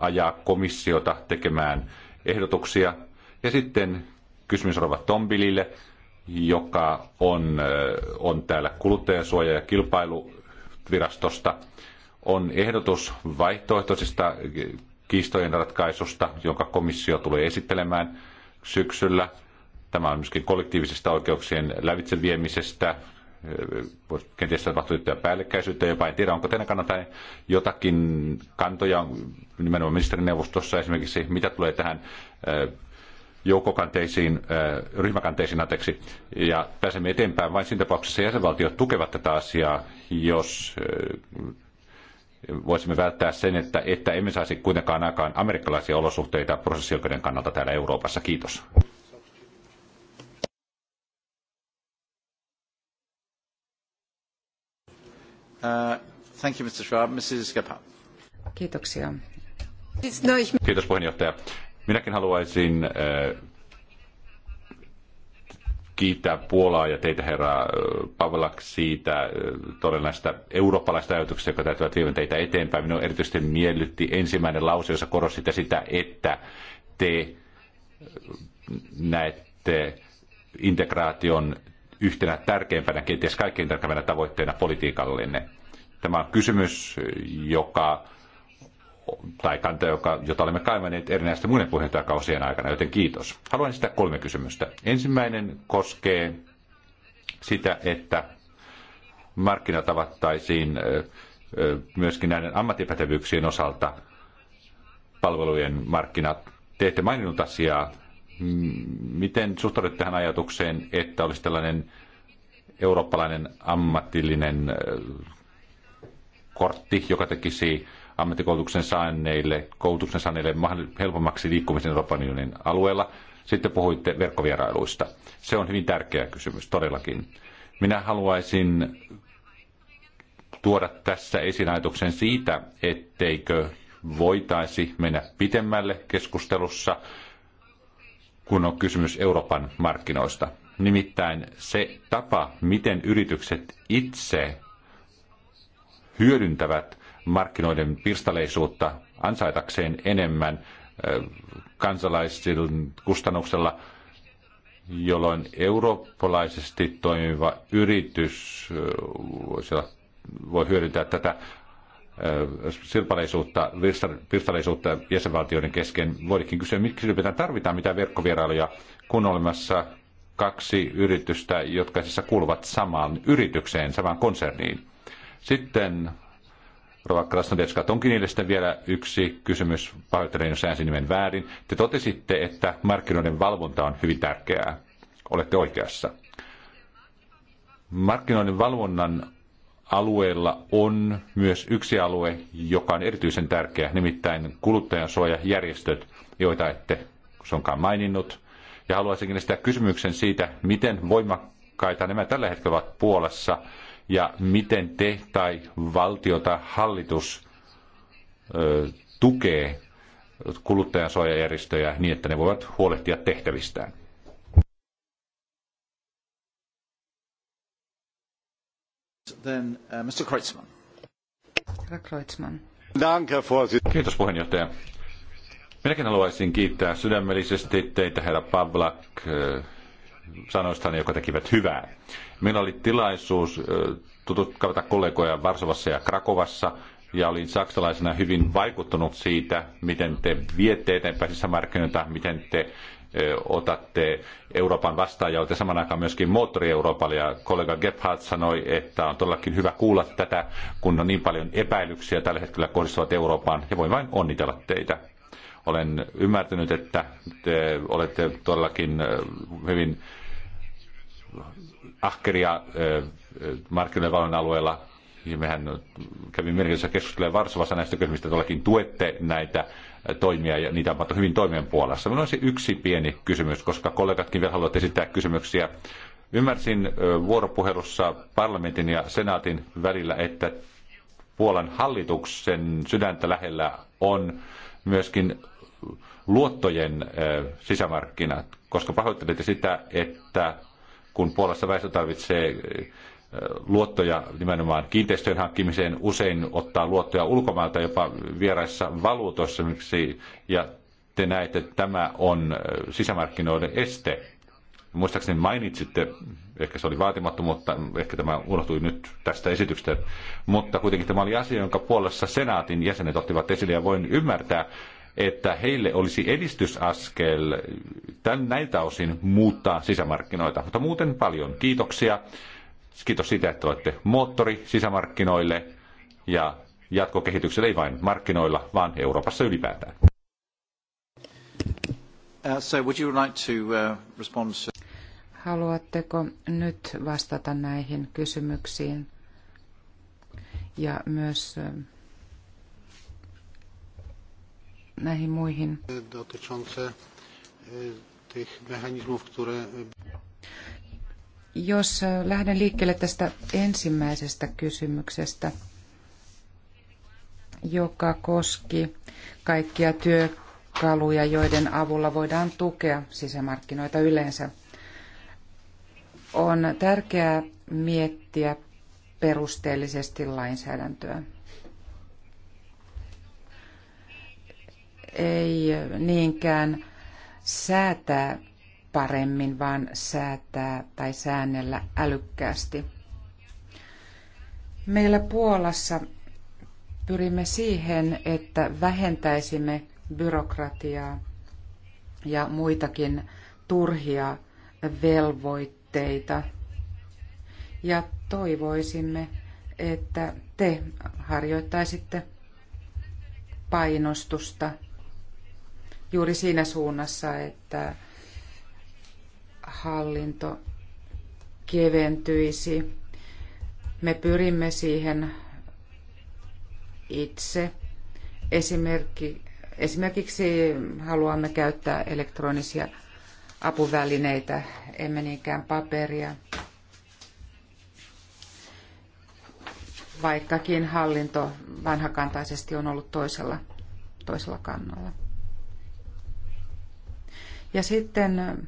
ajaa komissiota tekemään ehdotuksia? Ja sitten kysymys Rova Tombilille, joka on, on täällä kuluttajasuoja- ja kilpailuvirastosta on ehdotus vaihtoehtoisesta kiistojen ratkaisusta, jonka komissio tulee esittelemään syksyllä. Tämä on myöskin kollektiivisesta oikeuksien lävitseviemisestä, kenties tiettyä päällekkäisyyttä jopa. En tiedä, onko teidän kannalta jotakin kantoja nimenomaan ministerineuvostossa esimerkiksi, mitä tulee tähän äh, joukkokanteisiin, äh, ryhmäkanteisiin anteeksi, ja pääsemme eteenpäin vain siinä tapauksessa jäsenvaltiot tukevat tätä asiaa, jos äh, voisimme välttää sen, että, että emme saisi kuitenkaan aikaan amerikkalaisia olosuhteita prosessioikeuden kannalta täällä Euroopassa. Kiitos. Uh, thank you, Mr. Schwab. Mrs. Gephardt. Kiitoksia. Kiitos puheenjohtaja. Minäkin haluaisin uh, kiittää Puolaa ja teitä herra äh, Pavlak siitä äh, todennäköistä eurooppalaista ajatuksesta, joka täytyvät viemään teitä eteenpäin. Minun erityisesti miellytti ensimmäinen lause, jossa korostitte sitä, että te äh, näette integraation yhtenä tärkeimpänä, kenties kaikkein tärkeimpänä tavoitteena politiikallinen. Tämä on kysymys, joka tai kanta, joka, jota olemme kaivaneet erinäisten muiden puheenjohtajakausien aikana, joten kiitos. Haluan sitä kolme kysymystä. Ensimmäinen koskee sitä, että markkinat avattaisiin myöskin näiden ammattipätevyyksien osalta palvelujen markkinat. Te ette maininnut asiaa. Miten suhtaudut tähän ajatukseen, että olisi tällainen eurooppalainen ammatillinen kortti, joka tekisi ammattikoulutuksen saaneille, koulutuksen saaneille helpommaksi liikkumisen Euroopan unionin alueella. Sitten puhuitte verkkovierailuista. Se on hyvin tärkeä kysymys, todellakin. Minä haluaisin tuoda tässä esiin ajatuksen siitä, etteikö voitaisi mennä pitemmälle keskustelussa, kun on kysymys Euroopan markkinoista. Nimittäin se tapa, miten yritykset itse hyödyntävät markkinoiden pirstaleisuutta ansaitakseen enemmän kansalaisten kustannuksella, jolloin eurooppalaisesti toimiva yritys voi hyödyntää tätä sirpaleisuutta, pirstaleisuutta jäsenvaltioiden kesken. Voidaankin kysyä, miksi ylipäätään tarvitaan mitään verkkovierailuja, kun olemassa kaksi yritystä, jotka siis kuuluvat samaan yritykseen, samaan konserniin. Sitten Rova Krasnodevska sitten vielä yksi kysymys, pahoittelen jos äänsin nimen väärin. Te totesitte, että markkinoiden valvonta on hyvin tärkeää. Olette oikeassa. Markkinoiden valvonnan alueella on myös yksi alue, joka on erityisen tärkeä, nimittäin kuluttajansuojajärjestöt, joita ette sunkaan maininnut. Ja haluaisinkin esittää kysymyksen siitä, miten voimakkaita nämä tällä hetkellä ovat Puolassa – ja miten te tai valtio tai hallitus ö, tukee kuluttajansuojajärjestöjä niin, että ne voivat huolehtia tehtävistään. Then, uh, Mr. Kreutzmann. Danke, Kiitos puheenjohtaja. Minäkin haluaisin kiittää sydämellisesti teitä, herra Pavlak, sanoistani, jotka tekivät hyvää. Meillä oli tilaisuus tutustua kollegoja Varsovassa ja Krakovassa, ja olin saksalaisena hyvin vaikuttunut siitä, miten te viette eteenpäin sisämarkkinoita, miten te otatte Euroopan vastaan ja olette saman aikaan myöskin moottori Euroopalle. Ja kollega Gebhardt sanoi, että on todellakin hyvä kuulla tätä, kun on niin paljon epäilyksiä tällä hetkellä kohdistuvat Euroopan Ja voin vain onnitella teitä. Olen ymmärtänyt, että te olette todellakin hyvin ahkeria markkinoiden alueella. Ja mehän kävin merkityksessä keskustelua Varsovassa näistä kysymyksistä. Todellakin tuette näitä toimia ja niitä on pantu hyvin toimien Puolassa. Minulla olisi yksi pieni kysymys, koska kollegatkin vielä haluavat esittää kysymyksiä. Ymmärsin vuoropuhelussa parlamentin ja senaatin välillä, että Puolan hallituksen sydäntä lähellä on myöskin luottojen sisämarkkinat, koska pahoittelette sitä, että kun Puolassa väestö tarvitsee luottoja nimenomaan kiinteistöjen hankkimiseen, usein ottaa luottoja ulkomailta jopa vieraissa valuutoissa, ja te näette, että tämä on sisämarkkinoiden este. Muistaakseni mainitsitte, ehkä se oli vaatimattomuutta, ehkä tämä unohtui nyt tästä esityksestä, mutta kuitenkin tämä oli asia, jonka puolessa senaatin jäsenet ottivat esille, ja voin ymmärtää, että heille olisi edistysaskel tämän, näiltä osin muuttaa sisämarkkinoita. Mutta muuten paljon kiitoksia. Kiitos siitä, että olette moottori sisämarkkinoille ja jatkokehitykselle ei vain markkinoilla, vaan Euroopassa ylipäätään. Uh, so would you like to, uh, respond to... Haluatteko nyt vastata näihin kysymyksiin ja myös uh, näihin muihin. E, e, Jos e, lähden liikkeelle tästä ensimmäisestä kysymyksestä, joka koski kaikkia työkaluja, joiden avulla voidaan tukea sisämarkkinoita yleensä, on tärkeää miettiä perusteellisesti lainsäädäntöä. ei niinkään säätää paremmin, vaan säätää tai säännellä älykkäästi. Meillä Puolassa pyrimme siihen, että vähentäisimme byrokratiaa ja muitakin turhia velvoitteita. Ja toivoisimme, että te harjoittaisitte painostusta juuri siinä suunnassa, että hallinto keventyisi. Me pyrimme siihen itse. Esimerkki, esimerkiksi haluamme käyttää elektronisia apuvälineitä, emme niinkään paperia. Vaikkakin hallinto vanhakantaisesti on ollut toisella, toisella kannalla. Ja sitten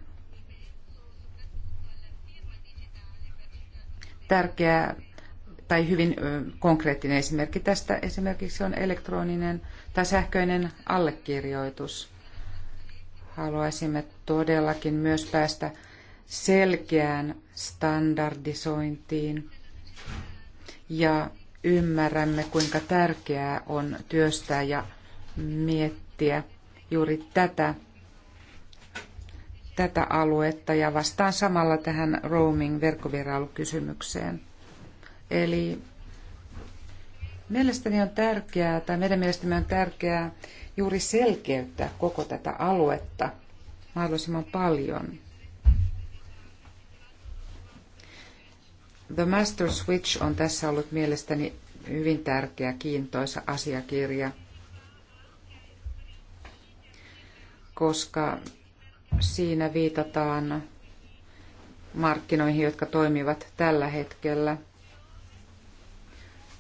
tärkeä tai hyvin konkreettinen esimerkki tästä esimerkiksi on elektroninen tai sähköinen allekirjoitus. Haluaisimme todellakin myös päästä selkeään standardisointiin ja ymmärrämme, kuinka tärkeää on työstää ja miettiä juuri tätä tätä aluetta ja vastaan samalla tähän roaming-verkkovierailukysymykseen. Eli mielestäni on tärkeää, tai meidän mielestämme on tärkeää juuri selkeyttää koko tätä aluetta mahdollisimman paljon. The Master Switch on tässä ollut mielestäni hyvin tärkeä, kiintoisa asiakirja, koska Siinä viitataan markkinoihin, jotka toimivat tällä hetkellä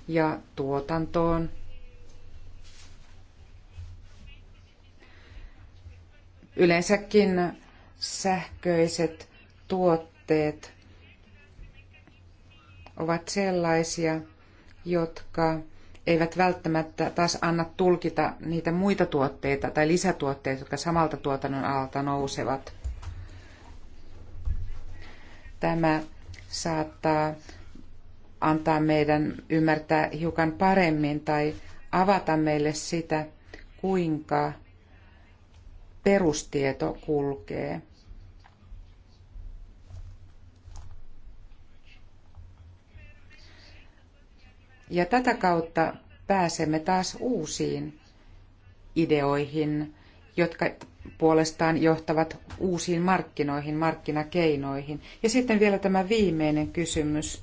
ja tuotantoon. Yleensäkin sähköiset tuotteet ovat sellaisia, jotka eivät välttämättä taas anna tulkita niitä muita tuotteita tai lisätuotteita, jotka samalta tuotannon alalta nousevat. Tämä saattaa antaa meidän ymmärtää hiukan paremmin tai avata meille sitä, kuinka perustieto kulkee. Ja tätä kautta pääsemme taas uusiin ideoihin, jotka puolestaan johtavat uusiin markkinoihin, markkinakeinoihin. Ja sitten vielä tämä viimeinen kysymys.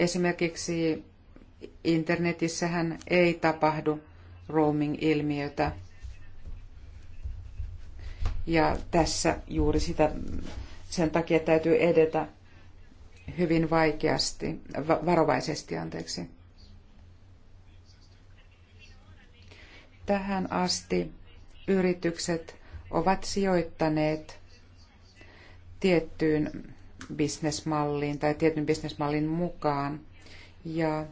Esimerkiksi internetissähän ei tapahdu roaming-ilmiötä. Ja tässä juuri sitä sen takia täytyy edetä hyvin vaikeasti, varovaisesti, anteeksi. Tähän asti yritykset ovat sijoittaneet tiettyyn bisnesmalliin tai tietyn bisnesmallin mukaan. Ja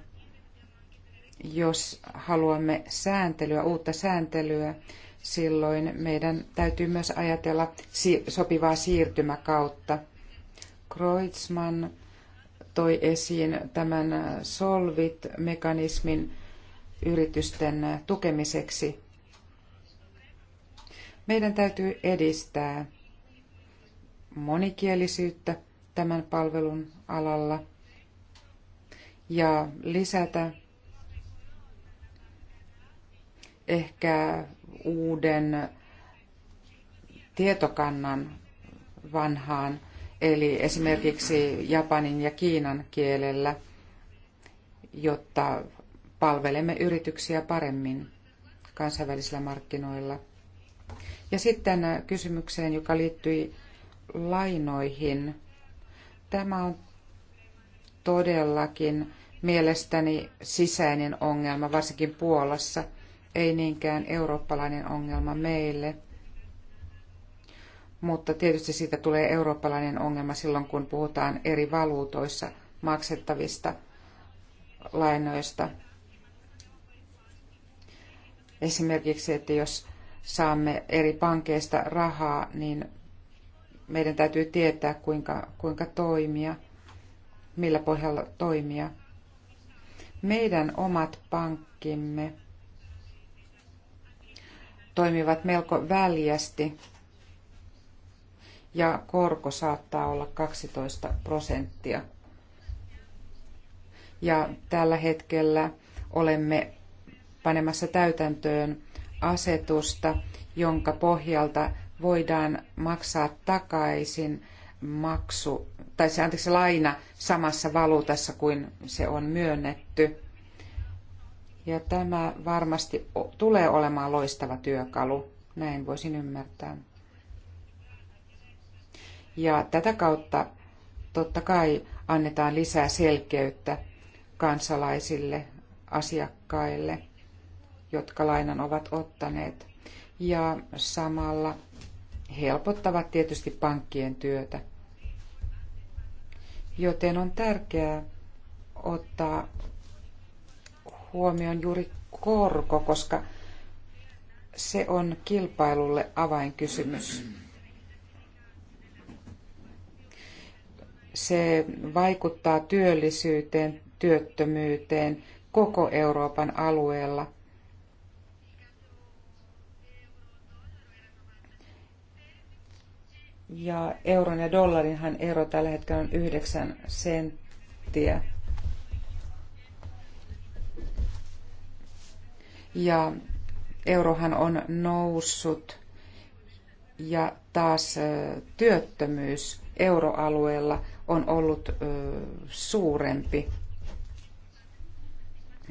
jos haluamme sääntelyä, uutta sääntelyä, silloin meidän täytyy myös ajatella sopivaa siirtymäkautta. Kreutzmann toi esiin tämän Solvit-mekanismin yritysten tukemiseksi. Meidän täytyy edistää monikielisyyttä tämän palvelun alalla ja lisätä ehkä uuden tietokannan vanhaan eli esimerkiksi japanin ja kiinan kielellä, jotta palvelemme yrityksiä paremmin kansainvälisillä markkinoilla. Ja sitten äh, kysymykseen, joka liittyi lainoihin. Tämä on todellakin mielestäni sisäinen ongelma, varsinkin Puolassa, ei niinkään eurooppalainen ongelma meille – mutta tietysti siitä tulee eurooppalainen ongelma silloin, kun puhutaan eri valuutoissa maksettavista lainoista. Esimerkiksi, että jos saamme eri pankeista rahaa, niin meidän täytyy tietää, kuinka, kuinka toimia, millä pohjalla toimia. Meidän omat pankkimme toimivat melko väljästi ja korko saattaa olla 12 prosenttia. Ja tällä hetkellä olemme panemassa täytäntöön asetusta, jonka pohjalta voidaan maksaa takaisin maksu, tai se, anteeksi, laina samassa valuutassa kuin se on myönnetty. Ja tämä varmasti tulee olemaan loistava työkalu, näin voisin ymmärtää. Ja tätä kautta totta kai annetaan lisää selkeyttä kansalaisille, asiakkaille, jotka lainan ovat ottaneet. Ja samalla helpottavat tietysti pankkien työtä. Joten on tärkeää ottaa huomioon juuri korko, koska se on kilpailulle avainkysymys. Se vaikuttaa työllisyyteen, työttömyyteen koko Euroopan alueella. Ja euron ja dollarinhan ero tällä hetkellä on 9 senttiä. Ja eurohan on noussut ja taas työttömyys euroalueella on ollut suurempi.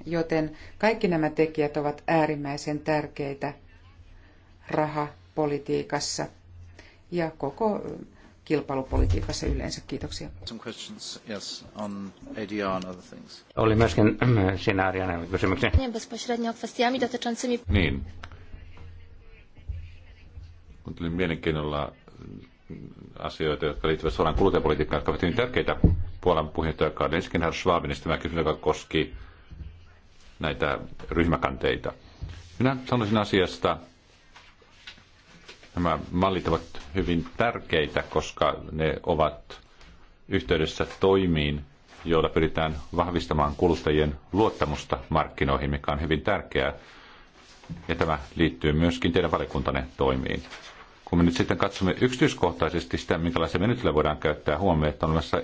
Joten kaikki nämä tekijät ovat äärimmäisen tärkeitä rahapolitiikassa ja koko kilpailupolitiikassa yleensä. Kiitoksia. Yes, Oli myöskin äh, sinä Arjana kysymyksiä. Niin. Kuuntelin mielenkiinnolla asioita, jotka liittyvät suoraan kuluttajapolitiikkaan, jotka ovat hyvin tärkeitä Puolan puheenjohtajakauden. Ensinnäkin herra Schwabin tämä kysymys, joka koski näitä ryhmäkanteita. Minä sanoisin asiasta, nämä mallit ovat hyvin tärkeitä, koska ne ovat yhteydessä toimiin, joilla pyritään vahvistamaan kuluttajien luottamusta markkinoihin, mikä on hyvin tärkeää. Ja tämä liittyy myöskin teidän valikuntanne toimiin. Kun me nyt sitten katsomme yksityiskohtaisesti sitä, minkälaisia menetelmiä voidaan käyttää, huomioon, että on olemassa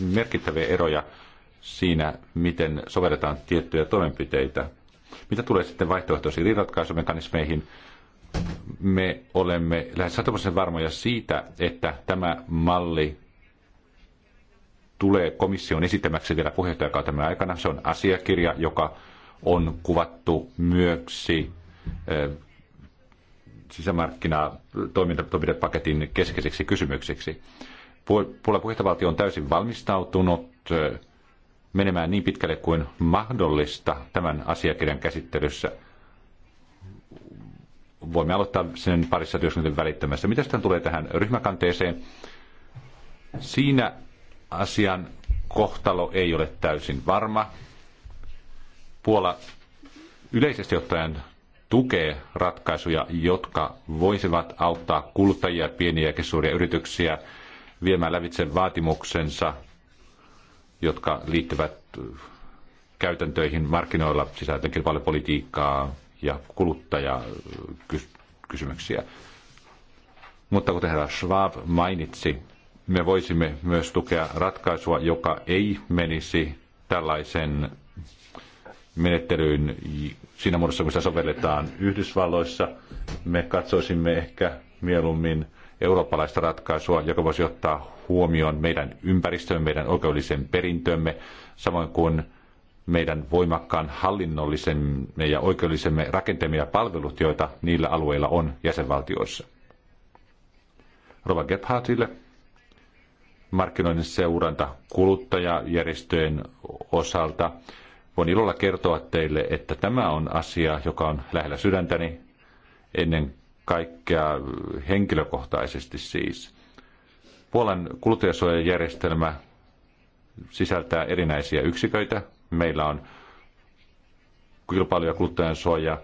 merkittäviä eroja siinä, miten sovelletaan tiettyjä toimenpiteitä. Mitä tulee sitten vaihtoehtoisiin riidatkaisumekanismeihin, me olemme lähes sataprosenttisen varmoja siitä, että tämä malli tulee komission esittämäksi vielä puheenjohtajakautemme aikana. Se on asiakirja, joka on kuvattu myöksi eh, sisämarkkinatoimintapaketin keskeiseksi kysymykseksi. Puolen puheenjohtajavaltio on täysin valmistautunut menemään niin pitkälle kuin mahdollista tämän asiakirjan käsittelyssä. Voimme aloittaa sen parissa työskentelyn välittömässä. Mitä sitten tulee tähän ryhmäkanteeseen? Siinä asian kohtalo ei ole täysin varma. Puola yleisesti ottaen tukee ratkaisuja, jotka voisivat auttaa kuluttajia, pieniä ja keskisuuria yrityksiä viemään lävitse vaatimuksensa, jotka liittyvät käytäntöihin markkinoilla sisältöön kilpailupolitiikkaa ja kuluttajakysymyksiä. Mutta kuten herra Schwab mainitsi, me voisimme myös tukea ratkaisua, joka ei menisi tällaisen menettelyyn, siinä muodossa, kun sitä sovelletaan Yhdysvalloissa. Me katsoisimme ehkä mieluummin eurooppalaista ratkaisua, joka voisi ottaa huomioon meidän ympäristömme, meidän oikeudellisen perintömme, samoin kuin meidän voimakkaan hallinnollisemme ja oikeudellisemme rakenteemme ja palvelut, joita niillä alueilla on jäsenvaltioissa. Rova Gebhardille markkinoinnin seuranta kuluttajajärjestöjen osalta – Voin ilolla kertoa teille, että tämä on asia, joka on lähellä sydäntäni ennen kaikkea henkilökohtaisesti siis. Puolan kuluttajasuojajärjestelmä sisältää erinäisiä yksiköitä. Meillä on kilpailu- ja kuluttajansuoja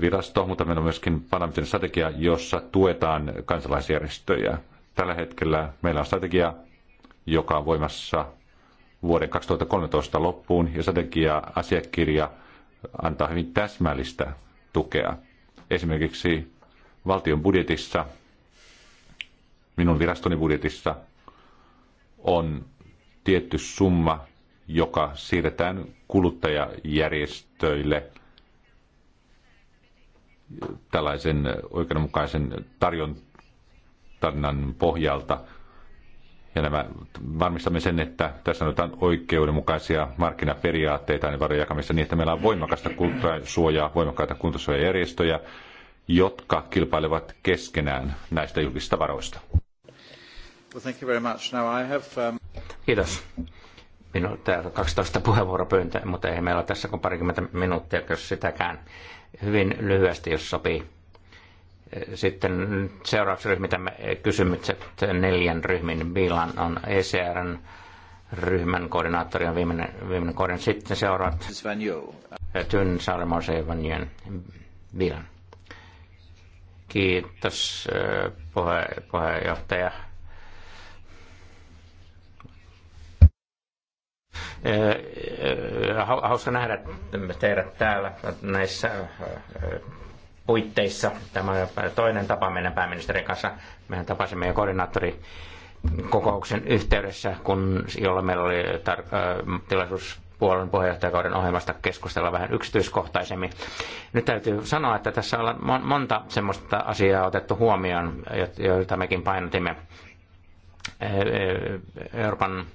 virasto, mutta meillä on myöskin parlamentin strategia, jossa tuetaan kansalaisjärjestöjä. Tällä hetkellä meillä on strategia, joka on voimassa vuoden 2013 loppuun ja strategia-asiakirja antaa hyvin täsmällistä tukea. Esimerkiksi valtion budjetissa, minun virastoni budjetissa, on tietty summa, joka siirretään kuluttajajärjestöille tällaisen oikeudenmukaisen tarjonnan pohjalta – ja nämä varmistamme sen, että tässä on oikeudenmukaisia markkinaperiaatteita niin varojen jakamista niin, että meillä on voimakasta kulttuurisuojaa, voimakkaita kuntosuojajärjestöjä, jotka kilpailevat keskenään näistä julkisista varoista. Well, thank you very much. Now I have, um... Kiitos. Minulla täällä on 12 puheenvuoropyyntöä, mutta ei meillä ole tässä kuin parikymmentä minuuttia, jos sitäkään. Hyvin lyhyesti, jos sopii. Sitten seuraavaksi ryhmitämme kysymykset neljän ryhmin. Biilan on ECRn ryhmän koordinaattori on viimeinen, viimeinen koordinaattori. Sitten seuraavat Tyn Saaremoseivanjen Biilan. Kiitos eh, puhe, puheenjohtaja. Eh, eh, hauska nähdä teidät täällä näissä puitteissa. Tämä on toinen tapa meidän pääministerin kanssa. Mehän tapasimme jo koordinaattori kokouksen yhteydessä, kun, jolloin meillä oli tar- tilaisuus puolen puheenjohtajakauden ohjelmasta keskustella vähän yksityiskohtaisemmin. Nyt täytyy sanoa, että tässä on monta semmoista asiaa otettu huomioon, joita mekin painotimme Euroopan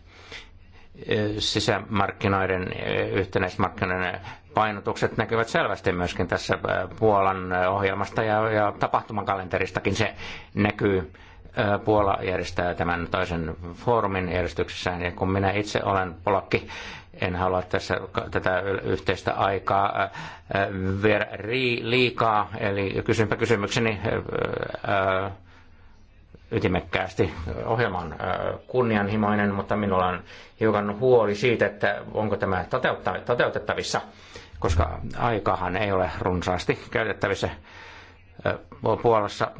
sisämarkkinoiden, yhtenäismarkkinoiden painotukset näkyvät selvästi myöskin tässä äh, Puolan äh, ohjelmasta ja, ja tapahtumakalenteristakin se näkyy. Äh, Puola järjestää tämän toisen foorumin järjestyksessään ja kun minä itse olen polakki, en halua tässä tätä yhteistä aikaa viedä liikaa, eli kysynpä kysymykseni ytimekkäästi. Ohjelma on kunnianhimoinen, mutta minulla on hiukan huoli siitä, että onko tämä toteutettavissa koska aikahan ei ole runsaasti käytettävissä. Puolassa,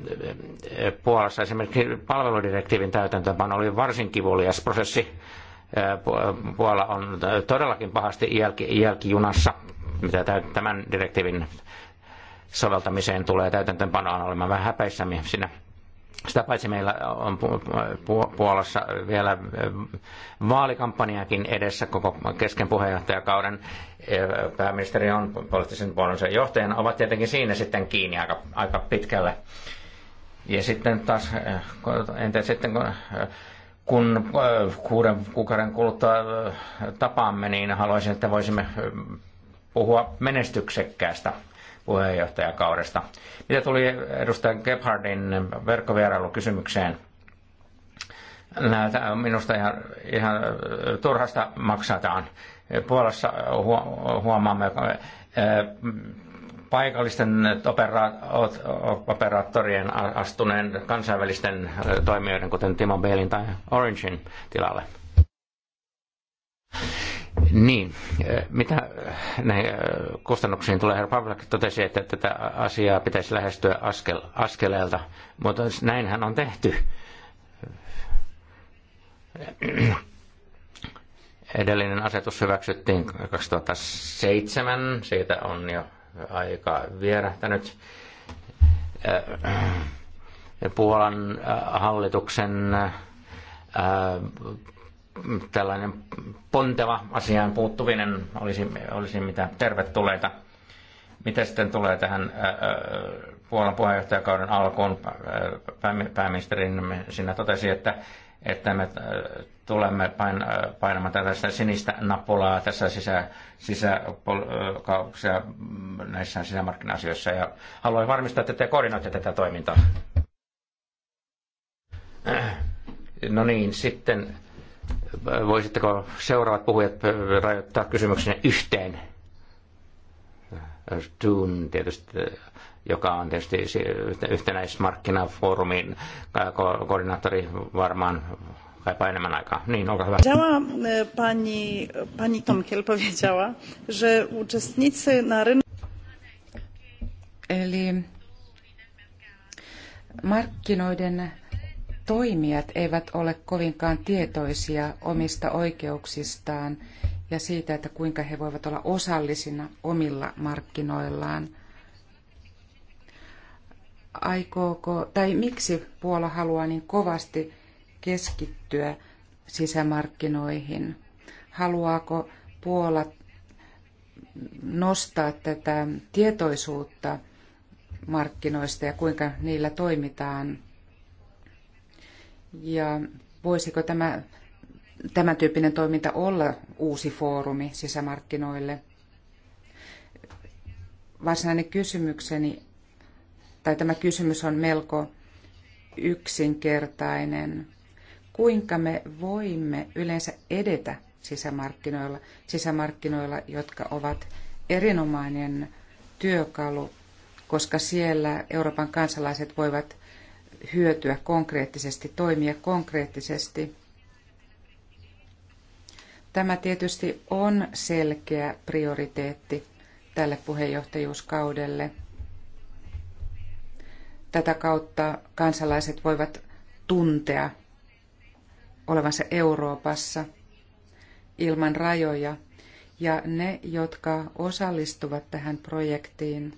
Puolassa esimerkiksi palveludirektiivin täytäntöpano oli varsin kivulias prosessi. Puola on todellakin pahasti jälki, jälkijunassa, mitä tämän direktiivin soveltamiseen tulee täytäntöönpanoon olemaan vähän häpäissämme siinä sitä paitsi meillä on Puolassa vielä vaalikampanjakin edessä koko kesken puheenjohtajakauden. Pääministeri on poliittisen puolensa johtajan ovat tietenkin siinä sitten kiinni aika, aika pitkälle. Ja sitten taas, entä sitten kun, kun kuuden kuukauden kuluttua tapaamme, niin haluaisin, että voisimme puhua menestyksekkäästä puheenjohtajakaudesta. Mitä tuli edustaja Gebhardin verkkovierailukysymykseen? Näitä minusta ihan, ihan turhasta maksataan. Puolassa huomaamme eh, paikallisten operaattorien astuneen kansainvälisten eh, toimijoiden, kuten Timo Beelin tai Orangein tilalle. Niin, äh, mitä äh, näihin äh, kustannuksiin tulee, herra Pavlak totesi, että tätä asiaa pitäisi lähestyä askel, askeleelta, mutta näinhän on tehty. Edellinen asetus hyväksyttiin 2007, siitä on jo aika vierähtänyt. Puolan hallituksen tällainen ponteva asiaan puuttuvinen olisi, olisi mitä tervetulleita. Mitä sitten tulee tähän Puolan puheenjohtajakauden alkuun, pääministerin sinä totesi, että, että me tulemme pain, painamaan tällaista sinistä napulaa tässä sisä, sisä, kauksia, näissä sisämarkkina-asioissa ja haluan varmistaa, että te koordinoitte tätä toimintaa. No niin, sitten Voisitteko seuraavat puhujat rajoittaa kysymyksen yhteen? Tun tietysti, joka on tietysti yhtenäismarkkinafoorumin ko- koordinaattori varmaan kaipaa enemmän aikaa. Niin, olkaa hyvä. Działa, e, pani, pani Tomkel powiedziała, że uczestnicy na rynku... Eli markkinoiden toimijat eivät ole kovinkaan tietoisia omista oikeuksistaan ja siitä, että kuinka he voivat olla osallisina omilla markkinoillaan. Aikooko, tai miksi Puola haluaa niin kovasti keskittyä sisämarkkinoihin? Haluaako Puola nostaa tätä tietoisuutta markkinoista ja kuinka niillä toimitaan ja voisiko tämä, tämän tyyppinen toiminta olla uusi foorumi sisämarkkinoille? Varsinainen kysymykseni, tai tämä kysymys on melko yksinkertainen. Kuinka me voimme yleensä edetä sisämarkkinoilla, sisämarkkinoilla, jotka ovat erinomainen työkalu, koska siellä Euroopan kansalaiset voivat hyötyä konkreettisesti, toimia konkreettisesti. Tämä tietysti on selkeä prioriteetti tälle puheenjohtajuuskaudelle. Tätä kautta kansalaiset voivat tuntea olevansa Euroopassa ilman rajoja. Ja ne, jotka osallistuvat tähän projektiin,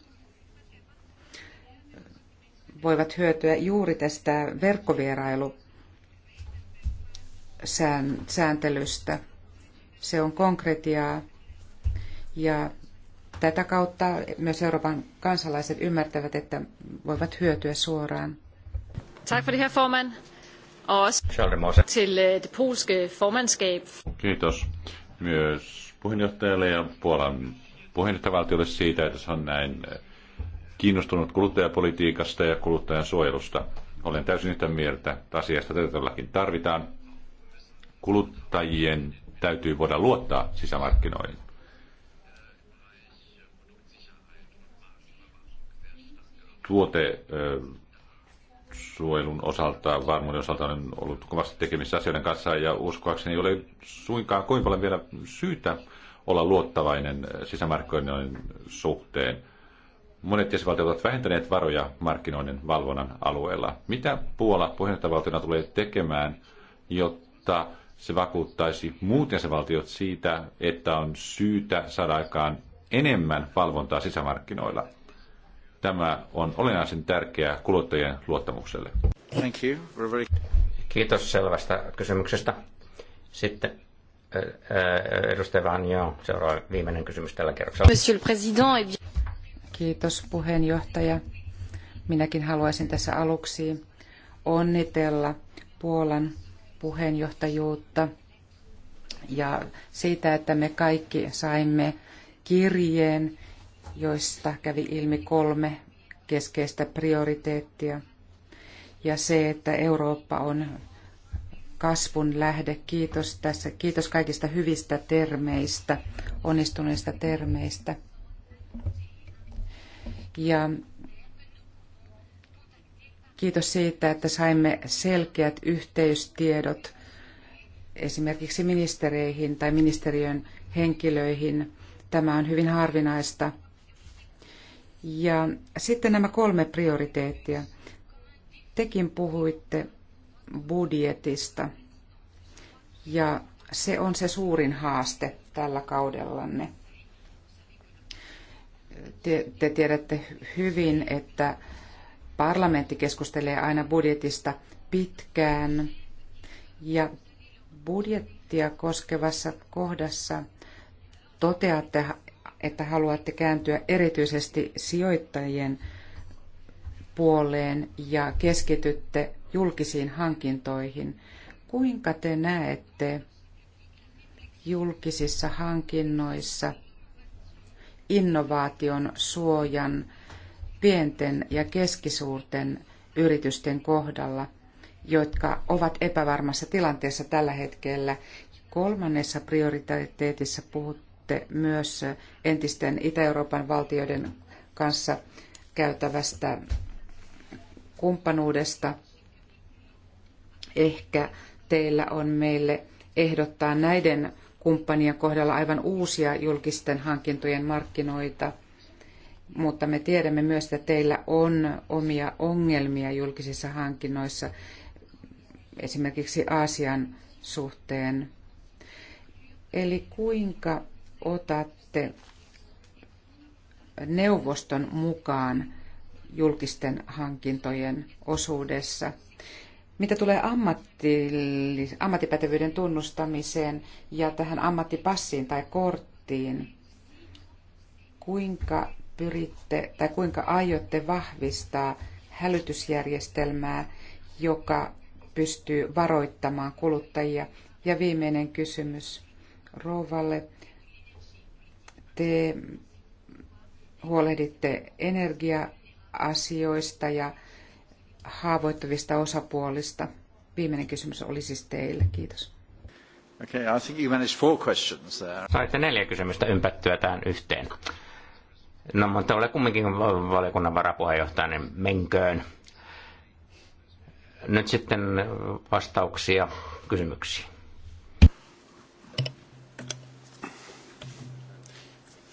voivat hyötyä juuri tästä verkkovierailusääntelystä. Se on konkretiaa ja tätä kautta myös Euroopan kansalaiset ymmärtävät, että voivat hyötyä suoraan. Tack för det här formen. Till det polske formandskab. Kiitos myös puheenjohtajalle ja Puolan puheenjohtajavaltiolle siitä, että se on näin kiinnostunut kuluttajapolitiikasta ja kuluttajan suojelusta. Olen täysin yhtä mieltä, että asiasta todellakin tarvitaan. Kuluttajien täytyy voida luottaa sisämarkkinoihin. Tuote suojelun osalta, varmuuden osalta olen ollut kovasti tekemissä asioiden kanssa ja uskoakseni ei ole suinkaan kovin paljon vielä syytä olla luottavainen sisämarkkinoiden suhteen monet jäsenvaltiot ovat vähentäneet varoja markkinoiden valvonnan alueella. Mitä Puola puheenjohtajavaltiona tulee tekemään, jotta se vakuuttaisi muut jäsenvaltiot siitä, että on syytä saada aikaan enemmän valvontaa sisämarkkinoilla? Tämä on olennaisen tärkeää kuluttajien luottamukselle. Thank you. Very... Kiitos selvästä kysymyksestä. Sitten edustaja Vanjo, seuraava viimeinen kysymys tällä kerroksella. Monsieur le Président, eh Kiitos puheenjohtaja. Minäkin haluaisin tässä aluksi onnitella Puolan puheenjohtajuutta ja siitä, että me kaikki saimme kirjeen, joista kävi ilmi kolme keskeistä prioriteettia. Ja se, että Eurooppa on kasvun lähde. Kiitos, tässä, kiitos kaikista hyvistä termeistä, onnistuneista termeistä. Ja kiitos siitä, että saimme selkeät yhteystiedot esimerkiksi ministereihin tai ministeriön henkilöihin. Tämä on hyvin harvinaista. Ja sitten nämä kolme prioriteettia. Tekin puhuitte budjetista ja se on se suurin haaste tällä kaudellanne te, te tiedätte hyvin, että parlamentti keskustelee aina budjetista pitkään ja budjettia koskevassa kohdassa toteatte, että haluatte kääntyä erityisesti sijoittajien puoleen ja keskitytte julkisiin hankintoihin. Kuinka te näette julkisissa hankinnoissa – innovaation suojan pienten ja keskisuurten yritysten kohdalla, jotka ovat epävarmassa tilanteessa tällä hetkellä. Kolmannessa prioriteetissa puhutte myös entisten Itä-Euroopan valtioiden kanssa käytävästä kumppanuudesta. Ehkä teillä on meille ehdottaa näiden kumppania kohdalla aivan uusia julkisten hankintojen markkinoita, mutta me tiedämme myös, että teillä on omia ongelmia julkisissa hankinnoissa, esimerkiksi Aasian suhteen. Eli kuinka otatte neuvoston mukaan julkisten hankintojen osuudessa – mitä tulee ammattipätevyyden tunnustamiseen ja tähän ammattipassiin tai korttiin, kuinka pyritte tai kuinka aiotte vahvistaa hälytysjärjestelmää, joka pystyy varoittamaan kuluttajia? Ja viimeinen kysymys Rouvalle. Te huolehditte energia-asioista ja haavoittuvista osapuolista. Viimeinen kysymys oli siis teille. Kiitos. Okay, I think you managed four questions there. Saitte neljä kysymystä ympättyä tähän yhteen. No, mutta olen kumminkin valiokunnan varapuheenjohtaja, niin menköön. Nyt sitten vastauksia kysymyksiin.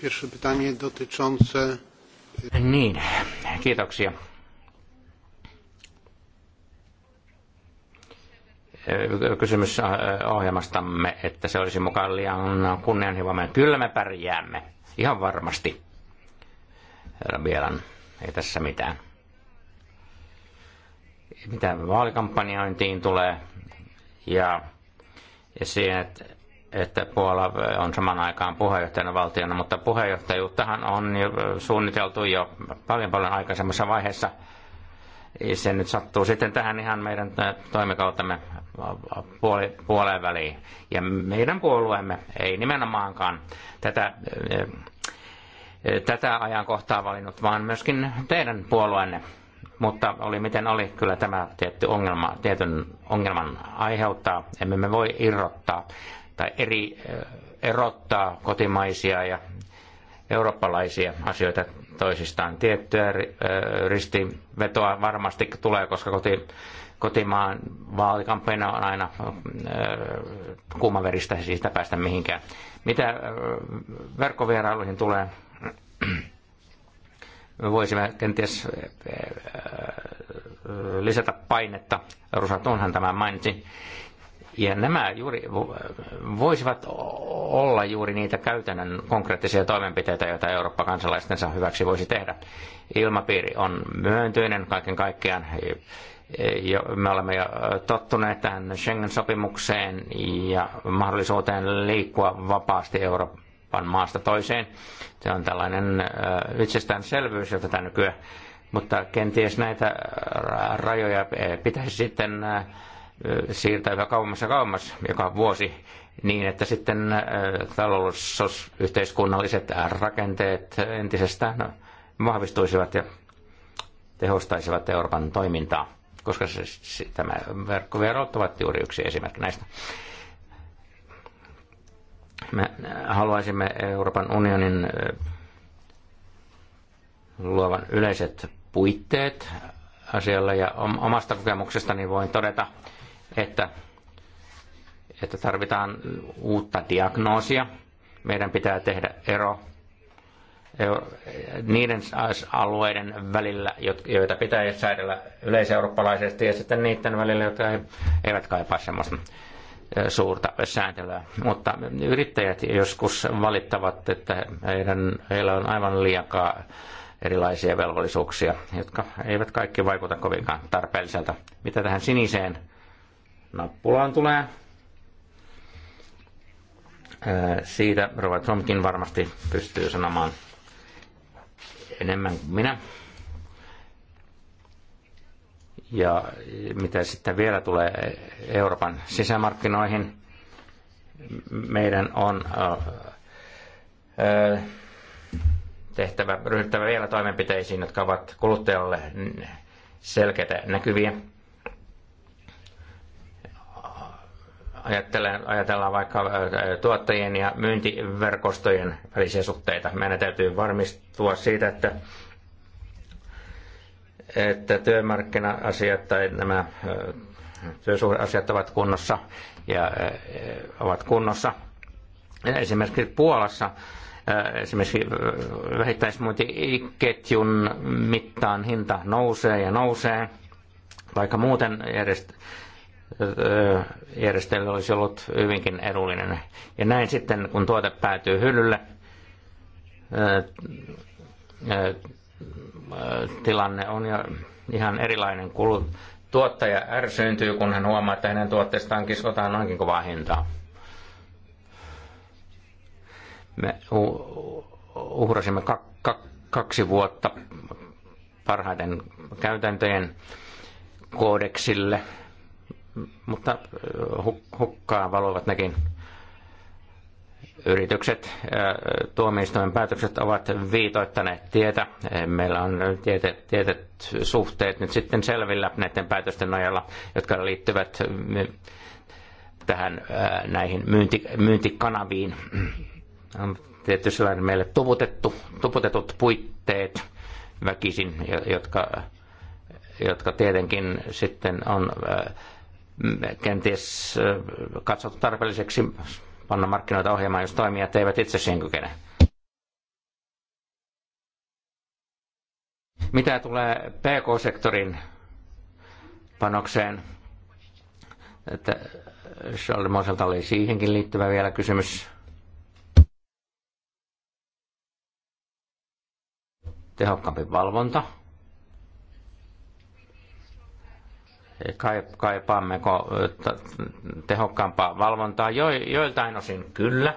Pierwsze pytanie dotyczące... Niin, kiitoksia. kysymys äh, ohjelmastamme, että se olisi mukaan liian kunnianhimoinen. Kyllä me pärjäämme, ihan varmasti. Herra Bielan, ei tässä mitään. Mitä vaalikampanjointiin tulee ja, ja siihen, että, että Puola on saman aikaan puheenjohtajana valtiona, mutta puheenjohtajuuttahan on jo suunniteltu jo paljon paljon aikaisemmassa vaiheessa – se nyt sattuu sitten tähän ihan meidän toimikautemme puoli, puoleen väliin. Ja meidän puolueemme ei nimenomaankaan tätä, tätä ajankohtaa valinnut, vaan myöskin teidän puolueenne. Mutta oli miten oli, kyllä tämä tietty ongelma, tietyn ongelman aiheuttaa. Emme me voi irrottaa tai eri, erottaa kotimaisia ja eurooppalaisia asioita toisistaan. Tiettyä ristivetoa varmasti tulee, koska koti, kotimaan vaalikampeina on aina kuumaveristä, siis päästä mihinkään. Mitä verkkovierailuihin tulee, voisimme kenties lisätä painetta. Rusat onhan tämä mainitsi ja nämä juuri voisivat olla juuri niitä käytännön konkreettisia toimenpiteitä, joita Eurooppa kansalaistensa hyväksi voisi tehdä. Ilmapiiri on myöntyinen kaiken kaikkiaan. Me olemme jo tottuneet tähän Schengen-sopimukseen ja mahdollisuuteen liikkua vapaasti Euroopan maasta toiseen. Se on tällainen itsestäänselvyys, jota tämä nykyään, mutta kenties näitä rajoja eh, pitäisi sitten siirtää yhä kauemmas ja kauemmas joka vuosi niin, että sitten talousyhteiskunnalliset rakenteet entisestään vahvistuisivat ja tehostaisivat Euroopan toimintaa, koska se, se, tämä verkkoverot ovat juuri yksi esimerkki näistä. Me haluaisimme Euroopan unionin luovan yleiset puitteet asialle ja omasta kokemuksestani voin todeta, että, että tarvitaan uutta diagnoosia. Meidän pitää tehdä ero niiden alueiden välillä, joita pitää säädellä yleiseurooppalaisesti, ja sitten niiden välillä, jotka eivät kaipaa semmoista suurta sääntelyä. Mutta yrittäjät joskus valittavat, että heidän, heillä on aivan liikaa erilaisia velvollisuuksia, jotka eivät kaikki vaikuta kovinkaan tarpeelliselta. Mitä tähän siniseen nappulaan tulee. Siitä Robert Tromkin varmasti pystyy sanomaan enemmän kuin minä. Ja mitä sitten vielä tulee Euroopan sisämarkkinoihin, meidän on tehtävä, ryhdyttävä vielä toimenpiteisiin, jotka ovat kuluttajalle selkeitä näkyviä Ajattelen, ajatellaan vaikka tuottajien ja myyntiverkostojen välisiä suhteita. Meidän täytyy varmistua siitä, että, että työmarkkina-asiat tai nämä työsuhdeasiat ovat kunnossa ja ovat kunnossa. Esimerkiksi Puolassa esimerkiksi vähittäismuotiketjun mittaan hinta nousee ja nousee, vaikka muuten järjest- järjestelmä olisi ollut hyvinkin edullinen. Ja näin sitten, kun tuote päätyy hyllylle, tilanne on jo ihan erilainen. Kulut, tuottaja ärsyyntyy, kun hän huomaa, että hänen tuotteestaan kiskotaan noinkin kovaa hintaa. Me uhrasimme kaksi vuotta parhaiten käytäntöjen koodeksille – mutta äh, hukkaa valovat nekin yritykset. Äh, tuomioistuimen päätökset ovat viitoittaneet tietä. Äh, meillä on tietet, tietet suhteet nyt sitten selvillä näiden päätösten nojalla, jotka liittyvät tähän näihin myynti, myyntikanaviin. On tietysti meille tuputettu, tuputetut puitteet väkisin, jotka, jotka tietenkin sitten on äh, kenties katsottu tarpeelliseksi panna markkinoita ohjelmaan, jos toimijat eivät itse siihen kykene. Mitä tulee PK-sektorin panokseen, että oli siihenkin liittyvä vielä kysymys. Tehokkaampi valvonta. kaipaammeko tehokkaampaa valvontaa? Jo, joiltain osin kyllä,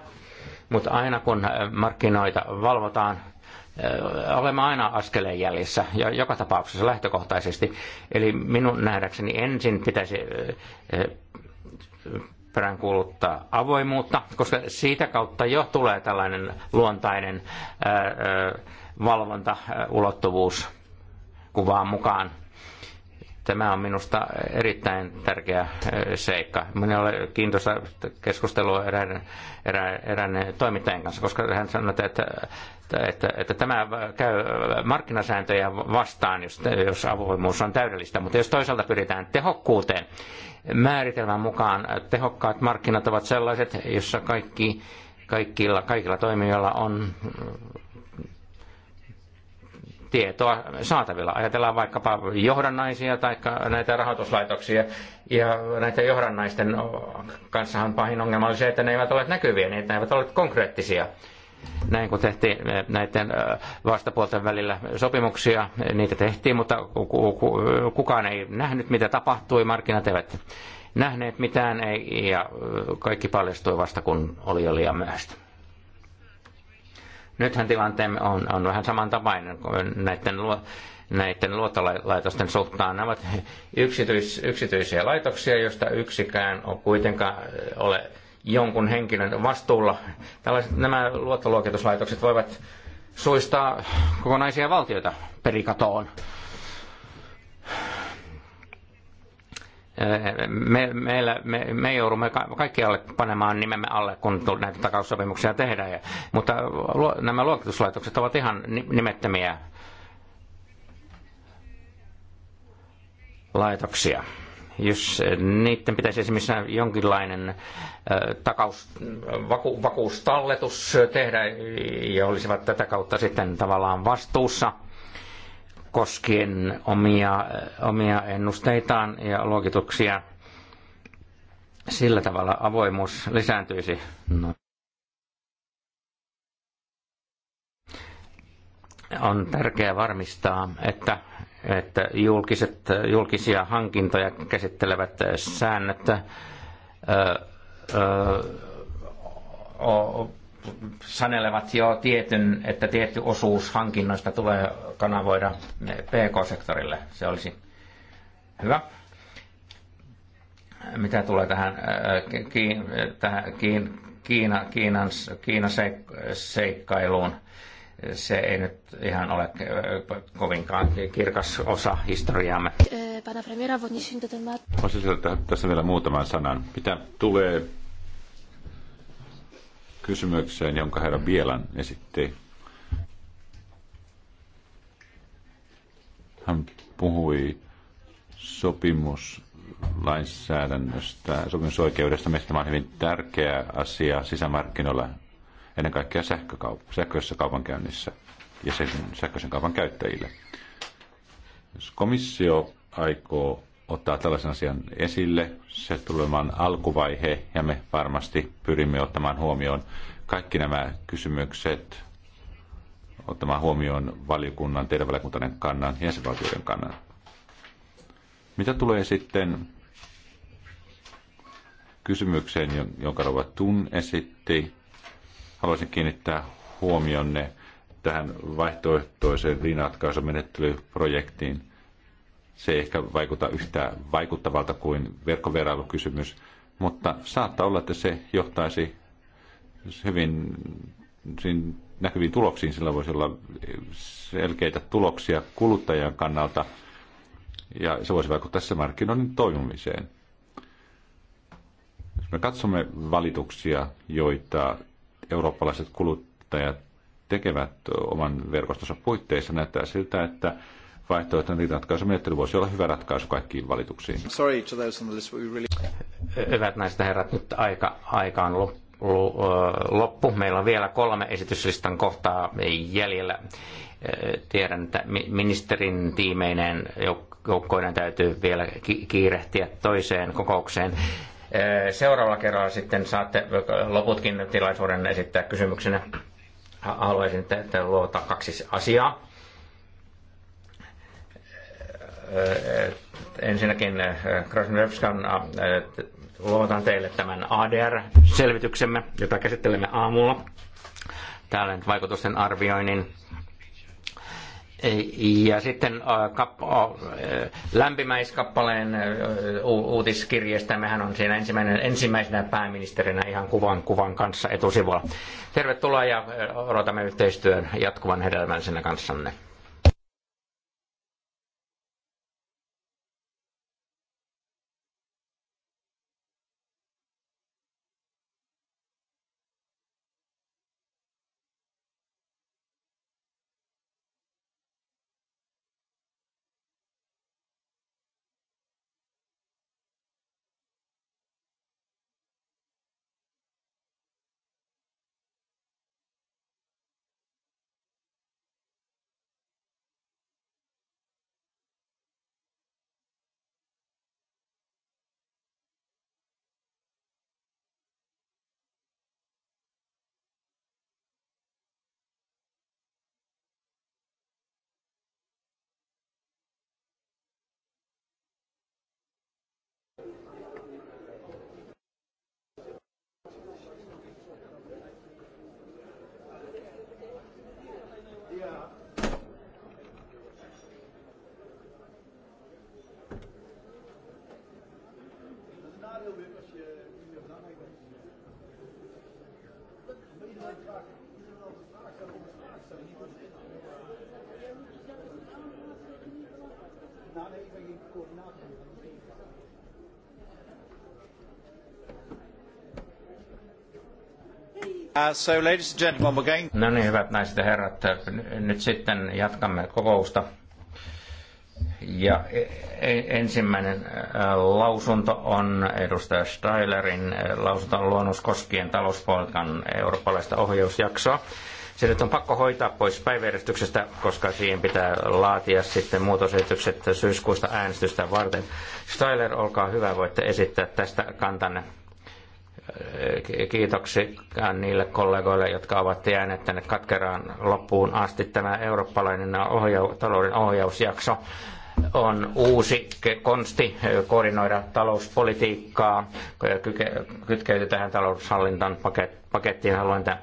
mutta aina kun markkinoita valvotaan, olemme aina askeleen jäljessä, ja joka tapauksessa lähtökohtaisesti. Eli minun nähdäkseni ensin pitäisi peräänkuuluttaa avoimuutta, koska siitä kautta jo tulee tällainen luontainen valvontaulottuvuus kuvaan mukaan Tämä on minusta erittäin tärkeä seikka. Minulla olen kiintoista keskustelua erään, erään, erään toimittajan kanssa, koska hän sanoi, että, että, että, että tämä käy markkinasääntöjä vastaan, jos, jos avoimuus on täydellistä. Mutta jos toisaalta pyritään tehokkuuteen, määritelmän mukaan tehokkaat markkinat ovat sellaiset, jossa kaikki, kaikilla, kaikilla toimijoilla on tietoa saatavilla. Ajatellaan vaikkapa johdannaisia tai näitä rahoituslaitoksia. Ja näitä johdannaisten kanssahan pahin ongelma oli se, että ne eivät ole näkyviä, niitä eivät ole konkreettisia. Näin kun tehtiin eh, näiden eh, vastapuolten välillä sopimuksia, niitä tehtiin, mutta kukaan ei nähnyt, mitä tapahtui, markkinat eivät nähneet mitään ei, ja eh, kaikki paljastui vasta, kun oli jo liian myöhäistä. Nythän tilanteemme on, on vähän samantapainen kuin näiden, luo, näiden luottolaitosten suhtaan. Nämä ovat yksityis, yksityisiä laitoksia, joista yksikään on kuitenkaan ole jonkun henkilön vastuulla. Tällaiset, nämä luottoluokituslaitokset voivat suistaa kokonaisia valtioita perikatoon me, meillä, me, me joudumme alle panemaan nimemme alle, kun näitä takaussopimuksia tehdään. Ja, mutta luo, nämä luokituslaitokset ovat ihan nimettömiä laitoksia. Jos niiden pitäisi esimerkiksi jonkinlainen takaus, vaku, vakuustalletus tehdä ja olisivat tätä kautta sitten tavallaan vastuussa – koskien omia, omia ennusteitaan ja luokituksia. Sillä tavalla avoimuus lisääntyisi. No. On tärkeää varmistaa, että, että julkiset, julkisia hankintoja käsittelevät säännöt ö, ö, o, sanelevat jo tietyn, että tietty osuus hankinnoista tulee kanavoida PK-sektorille. Se olisi hyvä. Mitä tulee tähän, äh, tähän Kiina, Kiinan, Kiinan seikkailuun, se ei nyt ihan ole äh, kovinkaan kirkas osa historiaamme. Äh, pana premiera, tässä vielä muutaman sanan. Mitä tulee kysymykseen, jonka herra Bielan esitti. Hän puhui sopimuslainsäädännöstä, sopimusoikeudesta. Mielestäni tämä on hyvin tärkeä asia sisämarkkinoilla, ennen kaikkea sähkökaup- sähköisessä kaupankäynnissä ja sen sähköisen kaupan käyttäjille. Jos komissio aikoo ottaa tällaisen asian esille. Se tulee olemaan alkuvaihe ja me varmasti pyrimme ottamaan huomioon kaikki nämä kysymykset, ottamaan huomioon valiokunnan, teidän valiokuntainen kannan ja jäsenvaltioiden kannan. Mitä tulee sitten kysymykseen, jonka Rova Tun esitti, haluaisin kiinnittää huomionne tähän vaihtoehtoiseen riinatkaisumenettelyprojektiin. Se ei ehkä vaikuta yhtä vaikuttavalta kuin verkkoverailukysymys, mutta saattaa olla, että se johtaisi hyvin näkyviin tuloksiin. Sillä voisi olla selkeitä tuloksia kuluttajan kannalta ja se voisi vaikuttaa se markkinoinnin toimimiseen. Jos me katsomme valituksia, joita eurooppalaiset kuluttajat tekevät oman verkostonsa puitteissa, näyttää siltä, että vaihtoehtoinen ratkaisumenettely voisi olla hyvä ratkaisu kaikkiin valituksiin. Sorry to those on the list, we really... Hyvät naiset herrat, nyt aika, aika on loppu loppu. Meillä on vielä kolme esityslistan kohtaa jäljellä. Tiedän, että ministerin tiimeinen joukkoinen täytyy vielä kiirehtiä toiseen kokoukseen. Seuraavalla kerralla sitten saatte loputkin tilaisuuden esittää kysymyksenä. Haluaisin, että luota kaksi asiaa ensinnäkin Krasnodevskan luovutan teille tämän ADR-selvityksemme, jota käsittelemme aamulla. Täällä nyt vaikutusten arvioinnin e, ja sitten lämpimäiskappaleen uutiskirjeestä, mehän on siinä ensimmäinen, ensimmäisenä pääministerinä ihan kuvan, kuvan kanssa etusivulla. Tervetuloa ja odotamme yhteistyön jatkuvan hedelmällisenä kanssanne. Uh, no niin, hyvät naiset ja herrat, äh, nyt sitten jatkamme kokousta. Ja e- e- ensimmäinen äh, lausunto on edustaja Steilerin äh, lausunton luonnos koskien talouspolitiikan eurooppalaista ohjausjaksoa. Se nyt on pakko hoitaa pois päiväjärjestyksestä, koska siihen pitää laatia sitten muutosesitykset syyskuusta äänestystä varten. Steiler, olkaa hyvä, voitte esittää tästä kantanne. Kiitoksia niille kollegoille, jotka ovat jääneet tänne katkeraan loppuun asti. Tämä eurooppalainen ohja- talouden ohjausjakso on uusi konsti koordinoida talouspolitiikkaa, kytkeyty tähän taloushallintan pakettiin. Haluan tämän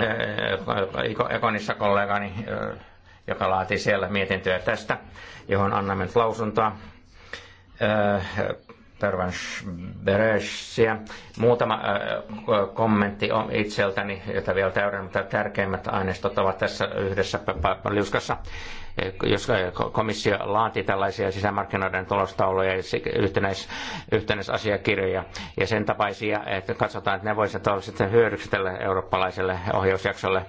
eh, Ekonissa kollegani, eh, joka laati siellä mietintöä tästä, johon annamme lausuntoa eh, Pervans Muutama Muutama kommentti on itseltäni, jota vielä täydennän, mutta tärkeimmät aineistot ovat tässä yhdessä liuskassa. E, jos komissio laatii tällaisia sisämarkkinoiden tulostauluja ja yhtenäis, yhtenäisasiakirjoja ja sen tapaisia, että katsotaan, että ne voisivat olla sitten hyödyksi tälle eurooppalaiselle ohjausjaksolle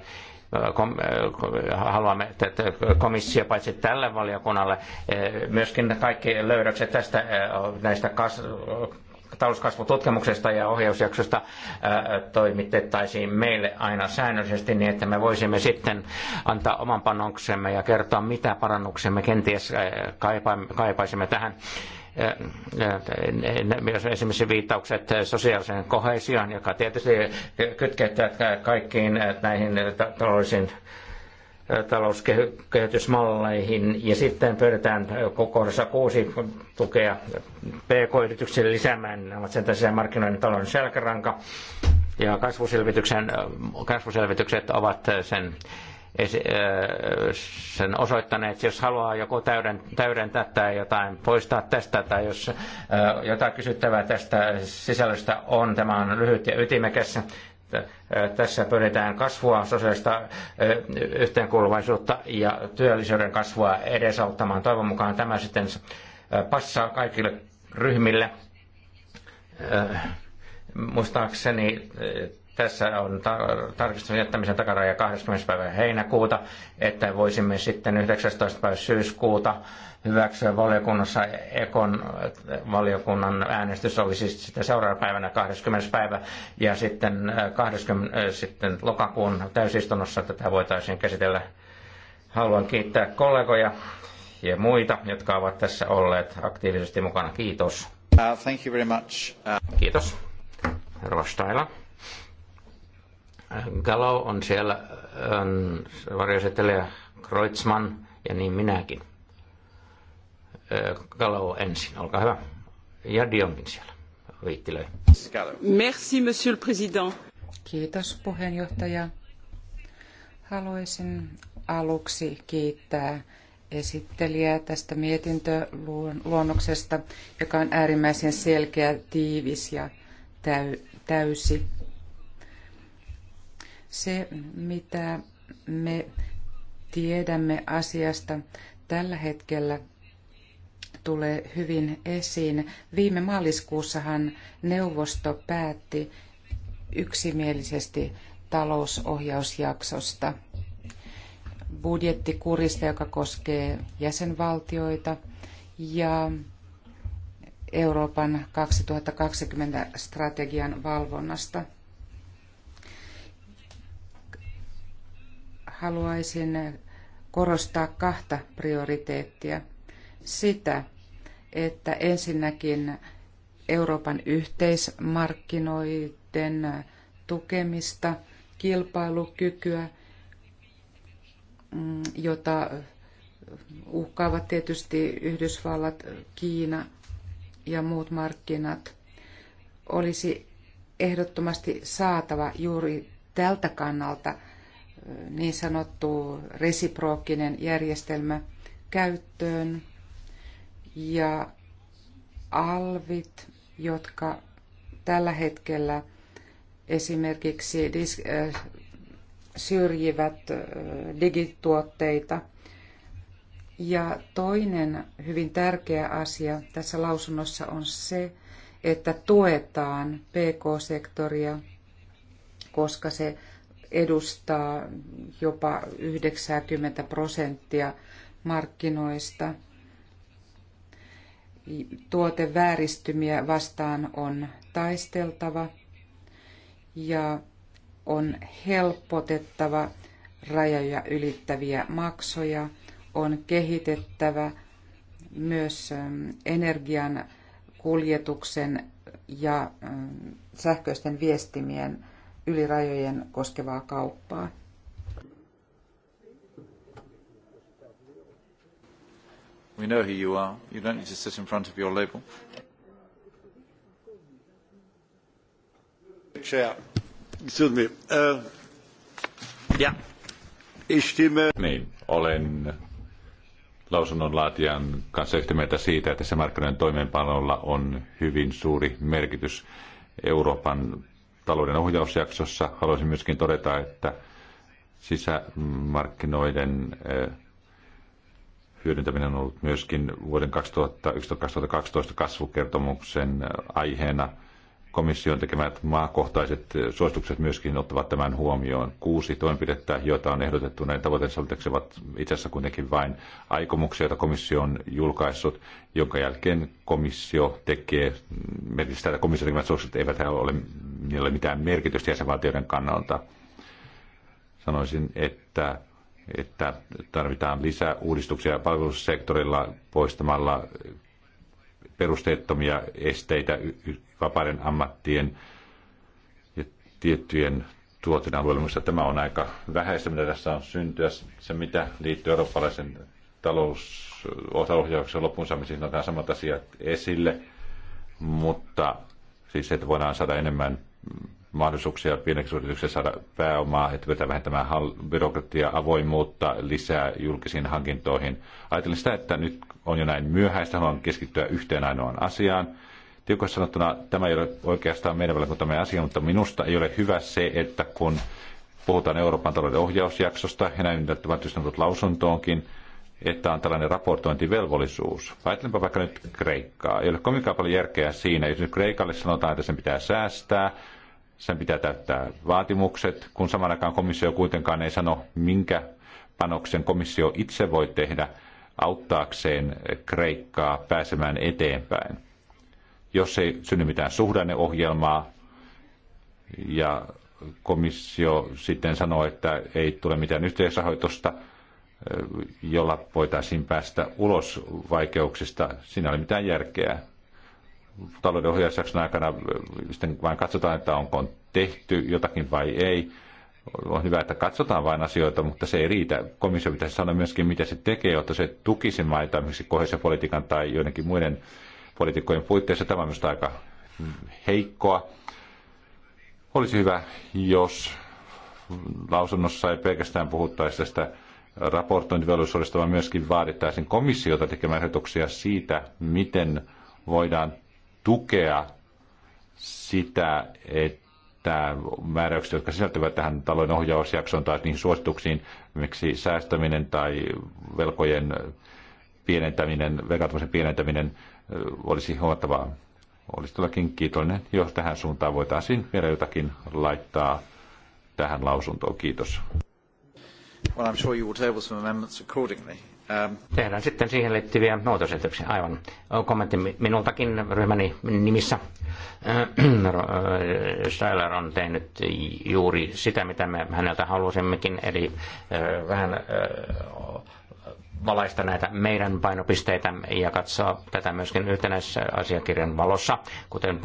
Äh, haluamme, että komissio paitsi tälle valiokunnalle äh, myöskin kaikki löydökset tästä äh, näistä kas, talouskasvututkimuksesta ja ohjausjaksosta toimitettaisiin meille aina säännöllisesti niin, että me voisimme sitten antaa oman panoksemme ja kertoa, mitä parannuksemme kenties kaipaisimme tähän myös esimerkiksi viittaukset sosiaaliseen kohesioon, joka tietysti kytkeytyy kaikkiin näihin taloudellisiin talouskehitysmalleihin ja sitten pyydetään kohdassa kuusi tukea PK-yrityksille lisäämään, ne ovat sen tässä markkinoiden talouden selkäranka ja kasvuselvitykset ovat sen sen osoittaneet, jos haluaa joko täydentää tai jotain poistaa tästä, tai jos jotain kysyttävää tästä sisällöstä on, tämä on lyhyt ja ytimekäs. Tässä pyritään kasvua, sosiaalista yhteenkuuluvaisuutta ja työllisyyden kasvua edesauttamaan. Toivon mukaan tämä sitten passaa kaikille ryhmille muistaakseni tässä on ta- tarkistuksen jättämisen takaraja 20. päivä heinäkuuta, että voisimme sitten 19. päivä syyskuuta hyväksyä valiokunnassa Ekon valiokunnan äänestys oli siis sitten seuraavana päivänä 20. päivä ja sitten, 20, äh, äh, sitten lokakuun täysistunnossa tätä voitaisiin käsitellä. Haluan kiittää kollegoja ja muita, jotka ovat tässä olleet aktiivisesti mukana. Kiitos. Uh, thank you very much. Uh... Kiitos. Herra Galo on siellä on ähm, varjosetelijä Kreutzmann ja niin minäkin. Äh, Galo ensin, olkaa hyvä. Ja Dionkin siellä. Viittilöi. Merci, monsieur le président. Kiitos puheenjohtaja. Haluaisin aluksi kiittää esittelijää tästä mietintöluonnoksesta, joka on äärimmäisen selkeä, tiivis ja täysi se, mitä me tiedämme asiasta tällä hetkellä, tulee hyvin esiin. Viime maaliskuussahan neuvosto päätti yksimielisesti talousohjausjaksosta budjettikurista, joka koskee jäsenvaltioita ja Euroopan 2020 strategian valvonnasta – haluaisin korostaa kahta prioriteettia. Sitä, että ensinnäkin Euroopan yhteismarkkinoiden tukemista, kilpailukykyä, mm, jota uhkaavat tietysti Yhdysvallat, Kiina ja muut markkinat, olisi ehdottomasti saatava juuri tältä kannalta – niin sanottu resiprookkinen järjestelmä käyttöön ja alvit, jotka tällä hetkellä esimerkiksi äh, syrjivät äh, digituotteita. Ja toinen hyvin tärkeä asia tässä lausunnossa on se, että tuetaan PK-sektoria, koska se edustaa jopa 90 prosenttia markkinoista. Tuotevääristymiä vastaan on taisteltava ja on helpotettava rajoja ylittäviä maksoja, on kehitettävä myös ähm, energian kuljetuksen ja ähm, sähköisten viestimien yli rajojen koskevaa kauppaa. We know who you are. You don't need to sit in front of your label. Chair, excuse me. Uh, yeah. Ich stimme... Niin, olen lausunnonlaatijan kanssa yhtä mieltä siitä, että se markkinoiden toimeenpanolla on hyvin suuri merkitys Euroopan talouden ohjausjaksossa. Haluaisin myöskin todeta, että sisämarkkinoiden eh, hyödyntäminen on ollut myöskin vuoden 2011-2012 kasvukertomuksen eh, aiheena – komission tekemät maakohtaiset suositukset myöskin ottavat tämän huomioon. Kuusi toimenpidettä, joita on ehdotettu näin tavoitteessa, ovat itse asiassa kuitenkin vain aikomuksia, joita komissio on julkaissut, jonka jälkeen komissio tekee, merkitys tätä komission tekemät suositukset eivät ole, ole mitään merkitystä jäsenvaltioiden kannalta. Sanoisin, että että tarvitaan lisää uudistuksia palvelussektorilla poistamalla perusteettomia esteitä vapaiden ammattien ja tiettyjen tuotin alueella. tämä on aika vähäistä, mitä tässä on syntyä. Se, mitä liittyy eurooppalaisen talous, talousohjauksen loppuun saamiseen, otetaan samat asiat esille, mutta siis että voidaan saada enemmän mahdollisuuksia pieneksi yrityksessä saada pääomaa, että pitää vähentämään byrokratiaa, avoimuutta lisää julkisiin hankintoihin. Ajattelin sitä, että nyt on jo näin myöhäistä, haluan keskittyä yhteen ainoaan asiaan. Tiukasti sanottuna tämä ei ole oikeastaan meidän valiokuntamme asia, mutta minusta ei ole hyvä se, että kun puhutaan Euroopan talouden ohjausjaksosta, ja näin yllättävän lausuntoonkin, että on tällainen raportointivelvollisuus. Ajattelenpa vaikka nyt Kreikkaa. Ei ole kovinkaan paljon järkeä siinä, jos nyt Kreikalle sanotaan, että sen pitää säästää, sen pitää täyttää vaatimukset, kun samaan aikaan komissio kuitenkaan ei sano, minkä panoksen komissio itse voi tehdä auttaakseen Kreikkaa pääsemään eteenpäin. Jos ei synny mitään suhdanneohjelmaa ja komissio sitten sanoo, että ei tule mitään yhteisrahoitusta, eh, jolla voitaisiin päästä ulos vaikeuksista, siinä ei ole mitään järkeä talouden ohjausjakson aikana sitten vain katsotaan, että onko tehty jotakin vai ei. On hyvä, että katsotaan vain asioita, mutta se ei riitä. Komissio pitäisi sanoa myöskin, mitä se tekee, jotta se tukisi maita esimerkiksi kohesiopolitiikan tai joidenkin muiden poliitikkojen puitteissa. Tämä on myös aika heikkoa. Olisi hyvä, jos lausunnossa ei pelkästään puhuttaisi tästä raportointivelvollisuudesta, vaan myöskin vaadittaisiin komissiota tekemään ehdotuksia siitä, miten voidaan tukea sitä, että määräykset, jotka sisältyvät tähän talouden ohjausjaksoon tai niihin suosituksiin, miksi säästäminen tai velkojen pienentäminen, velkaantumisen pienentäminen olisi huomattavaa. Olisi todellakin kiitollinen, jos tähän suuntaan voitaisiin vielä jotakin laittaa tähän lausuntoon. Kiitos. Well, I'm sure you will table some amendments accordingly. Ähm, Tehdään sitten siihen liittyviä muutosesityksiä. Aivan. Kommentti minultakin ryhmäni nimissä. Äh, Styler äh, on tehnyt juuri sitä, mitä me häneltä halusimmekin, eli äh, vähän valaista näitä meidän painopisteitä ja katsoa tätä myöskin yhtenäisessä asiakirjan valossa, kuten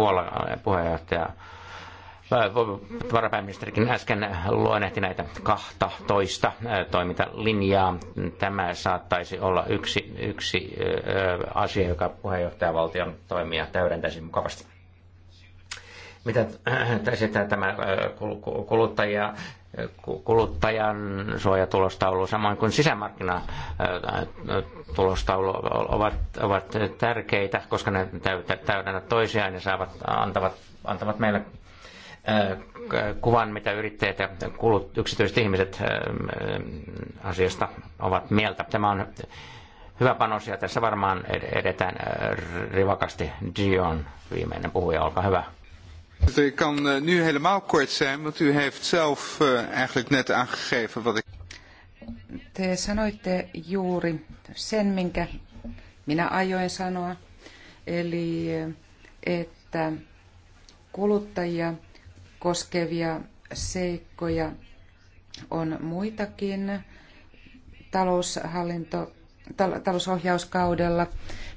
puheenjohtaja varapääministerikin äsken luonnehti näitä 12 toimintalinjaa. Tämä saattaisi olla yksi, yksi asia, joka puheenjohtajavaltion toimia täydentäisi mukavasti. Mitä tässä äh, tämä kuluttajia kuluttajan suojatulostaulu samoin kuin sisämarkkinatulostaulu ovat, ovat tärkeitä, koska ne täydennät toisiaan ja saavat, antavat, antavat meille kuvan, mitä yrittäjät ja kulut, yksityiset ihmiset ähm, ähm, asiasta ovat mieltä. Tämä on hyvä panos ja tässä varmaan edetään äh, rivakasti. Dion, viimeinen puhuja, olkaa hyvä. Ik kan eh, nu helemaal kort zijn, want u heeft zelf eh, eigenlijk net aangegeven wat ik... Te sanoitte juuri sen, minkä minä ajoin sanoa, eli eh, että kuluttajia koskevia seikkoja on muitakin taloushallinto, tal- talousohjauskaudella.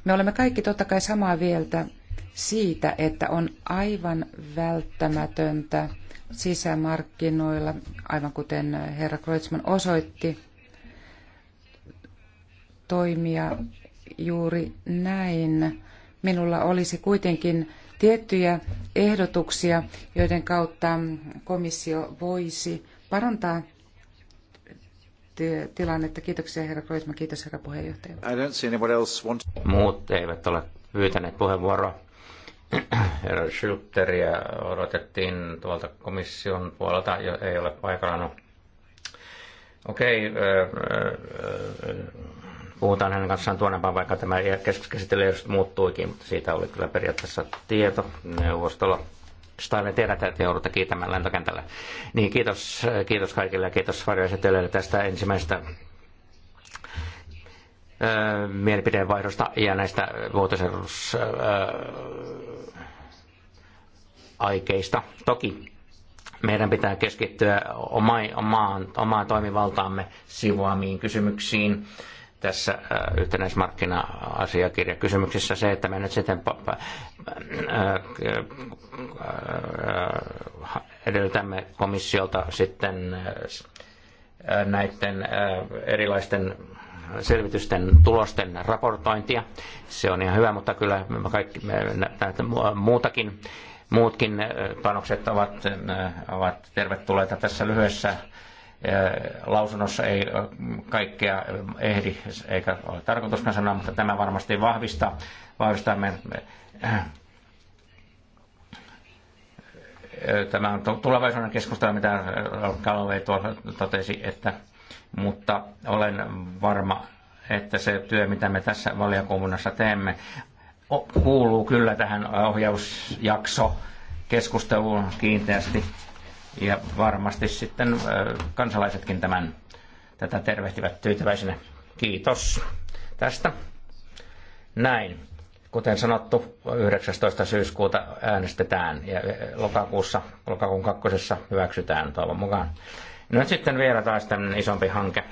Me olemme kaikki totta kai samaa mieltä siitä, että on aivan välttämätöntä sisämarkkinoilla, aivan kuten herra Kreutzmann osoitti, toimia juuri näin. Minulla olisi kuitenkin tiettyjä ehdotuksia, joiden kautta komissio voisi parantaa tilannetta. Kiitoksia herra Kroisma, kiitos herra puheenjohtaja. Muut eivät ole pyytäneet puheenvuoroa. Herra Schulteria odotettiin tuolta komission puolelta, ei ole paikalla. No. Okei, okay, puhutaan hänen kanssaan tuonempaan, vaikka tämä käsittely muuttuikin, mutta siitä oli kyllä periaatteessa tieto neuvostolla. Stalin tiedätte, että joudutte kiitämään lentokentällä. Niin kiitos, kiitos kaikille ja kiitos varjoesittelijöille tästä ensimmäisestä ö, mielipideenvaihdosta ja näistä vuotoisuusaikeista. Toki meidän pitää keskittyä oma, omaan, omaan toimivaltaamme sivuamiin kysymyksiin tässä äh, yhtenäismarkkina-asiakirjakysymyksessä se, että me nyt sitten äh, äh, edellytämme komissiolta sitten näiden erilaisten selvitysten tulosten raportointia. Se on ihan hyvä, mutta kyllä kaikki muutakin, muutkin panokset ovat, ovat tervetulleita tässä lyhyessä lausunnossa ei kaikkea ehdi, eikä ole tarkoituskaan sanoa, mutta tämä varmasti vahvistaa, vahvistaa me, tämä on tulevaisuuden keskustelu, mitä Galloway tuossa totesi, että, mutta olen varma, että se työ, mitä me tässä valiokunnassa teemme, kuuluu kyllä tähän ohjausjakso keskusteluun kiinteästi ja varmasti sitten kansalaisetkin tämän, tätä tervehtivät tyytyväisenä. Kiitos tästä. Näin. Kuten sanottu, 19. syyskuuta äänestetään ja lokakuussa, lokakuun kakkosessa hyväksytään toivon mukaan. Nyt sitten vielä taas tämmöinen isompi hanke.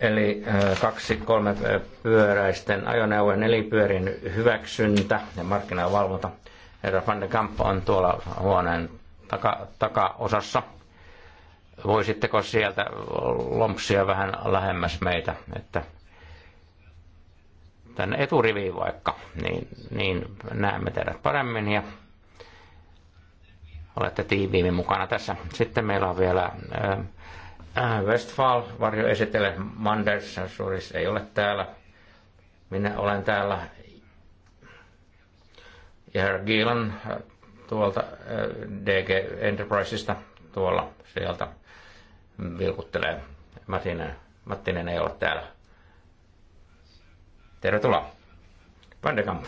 Eli kaksi, kolme pyöräisten ajoneuvojen nelipyörin hyväksyntä ja markkinavalvonta. Herra Van de Kamp on tuolla huoneen taka, takaosassa. Voisitteko sieltä lompsia vähän lähemmäs meitä, että tänne eturiviin vaikka, niin, niin näemme teidät paremmin ja olette tiiviimmin mukana tässä. Sitten meillä on vielä äh, äh Westfall, varjo esitelle Manders, Suris ei ole täällä. Minä olen täällä. Ja Gilan tuolta eh, DG Enterprisesta tuolla sieltä vilkuttelee. Mattinen, eh, Mattinen ei ole täällä. Tervetuloa. Vandekamp.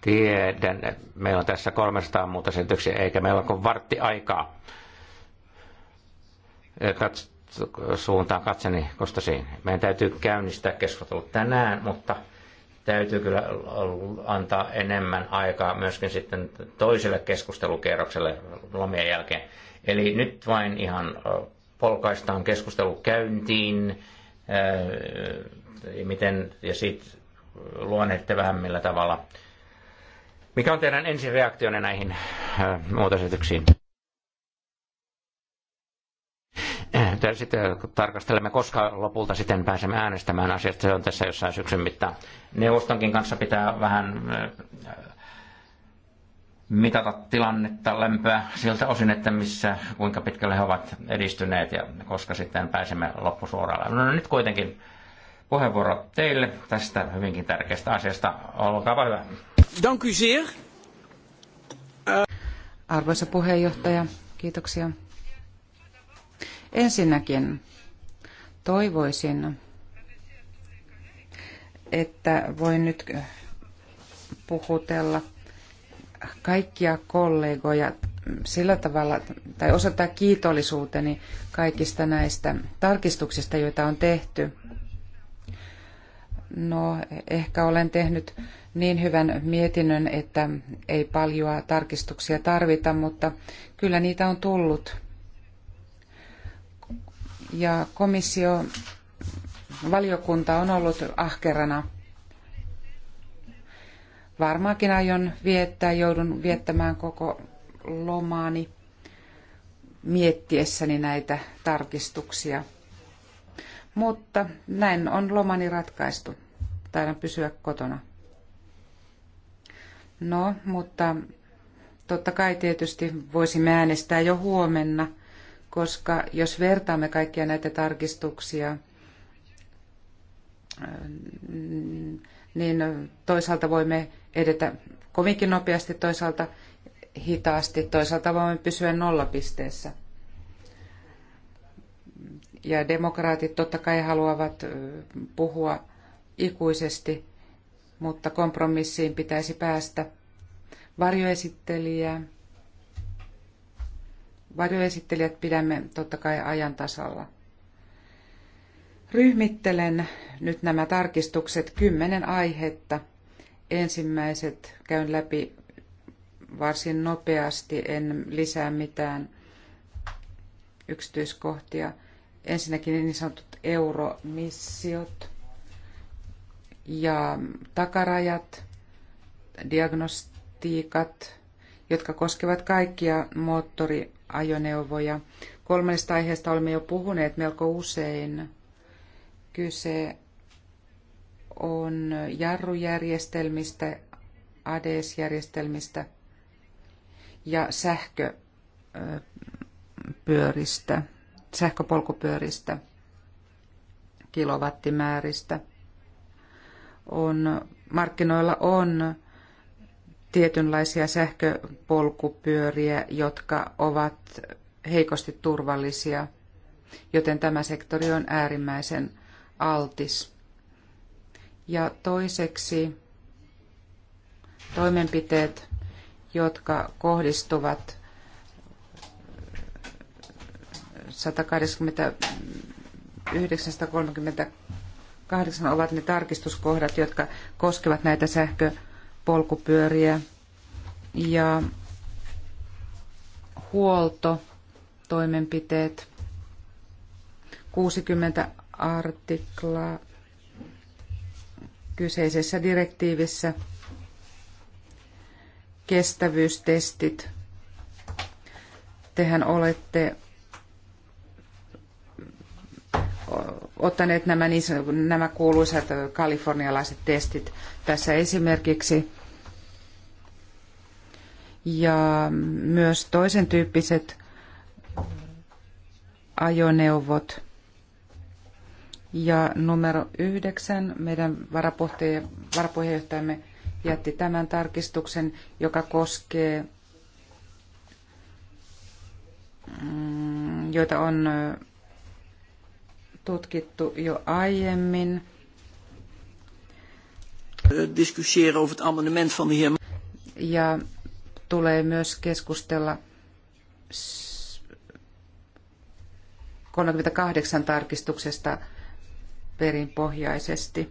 Tiedän, meillä on tässä 300 muuta selityksiä, eikä meillä ole kuin vartti aikaa. Eh, Kats, suuntaan katseni kostasiin. Meidän täytyy käynnistää keskustelu tänään, mutta – täytyy kyllä antaa enemmän aikaa myöskin sitten toiselle keskustelukierrokselle lomien jälkeen. Eli nyt vain ihan polkaistaan keskustelu käyntiin, ja miten, ja sitten luonnehditte vähän millä tavalla. Mikä on teidän ensireaktionne näihin muutosesityksiin? sitten tarkastelemme, koska lopulta sitten pääsemme äänestämään asiasta. Se on tässä jossain syksyn mittaan. Neuvostonkin kanssa pitää vähän äh, mitata tilannetta lämpöä siltä osin, että missä, kuinka pitkälle he ovat edistyneet ja koska sitten pääsemme loppusuoralle. No nyt kuitenkin puheenvuoro teille tästä hyvinkin tärkeästä asiasta. Olkaa hyvä. Dank u zeer. Arvoisa puheenjohtaja, kiitoksia Ensinnäkin toivoisin, että voin nyt puhutella kaikkia kollegoja sillä tavalla, tai osoittaa kiitollisuuteni kaikista näistä tarkistuksista, joita on tehty. No, ehkä olen tehnyt niin hyvän mietinnön, että ei paljoa tarkistuksia tarvita, mutta kyllä niitä on tullut ja komissio, valiokunta on ollut ahkerana. Varmaankin aion viettää, joudun viettämään koko lomaani miettiessäni näitä tarkistuksia. Mutta näin on lomani ratkaistu. Taidan pysyä kotona. No, mutta totta kai tietysti voisimme äänestää jo huomenna – koska jos vertaamme kaikkia näitä tarkistuksia, niin toisaalta voimme edetä kovinkin nopeasti, toisaalta hitaasti, toisaalta voimme pysyä nollapisteessä. Ja demokraatit totta kai haluavat puhua ikuisesti, mutta kompromissiin pitäisi päästä. Varjoesittelijä varjoesittelijät pidämme totta kai ajan tasalla. Ryhmittelen nyt nämä tarkistukset kymmenen aihetta. Ensimmäiset käyn läpi varsin nopeasti, en lisää mitään yksityiskohtia. Ensinnäkin niin sanotut euromissiot ja takarajat, diagnostiikat, jotka koskevat kaikkia moottori ajoneuvoja. Kolmannesta aiheesta olemme jo puhuneet melko usein. Kyse on jarrujärjestelmistä, ADS-järjestelmistä ja sähköpyöristä, sähköpolkupyöristä, kilowattimääristä. On, markkinoilla on tietynlaisia sähköpolkupyöriä, jotka ovat heikosti turvallisia, joten tämä sektori on äärimmäisen altis. Ja toiseksi toimenpiteet, jotka kohdistuvat 189 ovat ne tarkistuskohdat, jotka koskevat näitä sähköpolkupyöriä polkupyöriä ja huolto toimenpiteet, 60 artiklaa kyseisessä direktiivissä kestävyystestit. Tehän olette ottaneet nämä, niin nämä kuuluisat kalifornialaiset testit tässä esimerkiksi. Ja myös toisen tyyppiset ajoneuvot. Ja numero yhdeksän, meidän varapuheenjohtajamme jätti tämän tarkistuksen, joka koskee, mm, joita on tutkittu jo aiemmin. Discussiëren over het amendement van de heer... Ja tulee myös keskustella 38 tarkistuksesta perinpohjaisesti.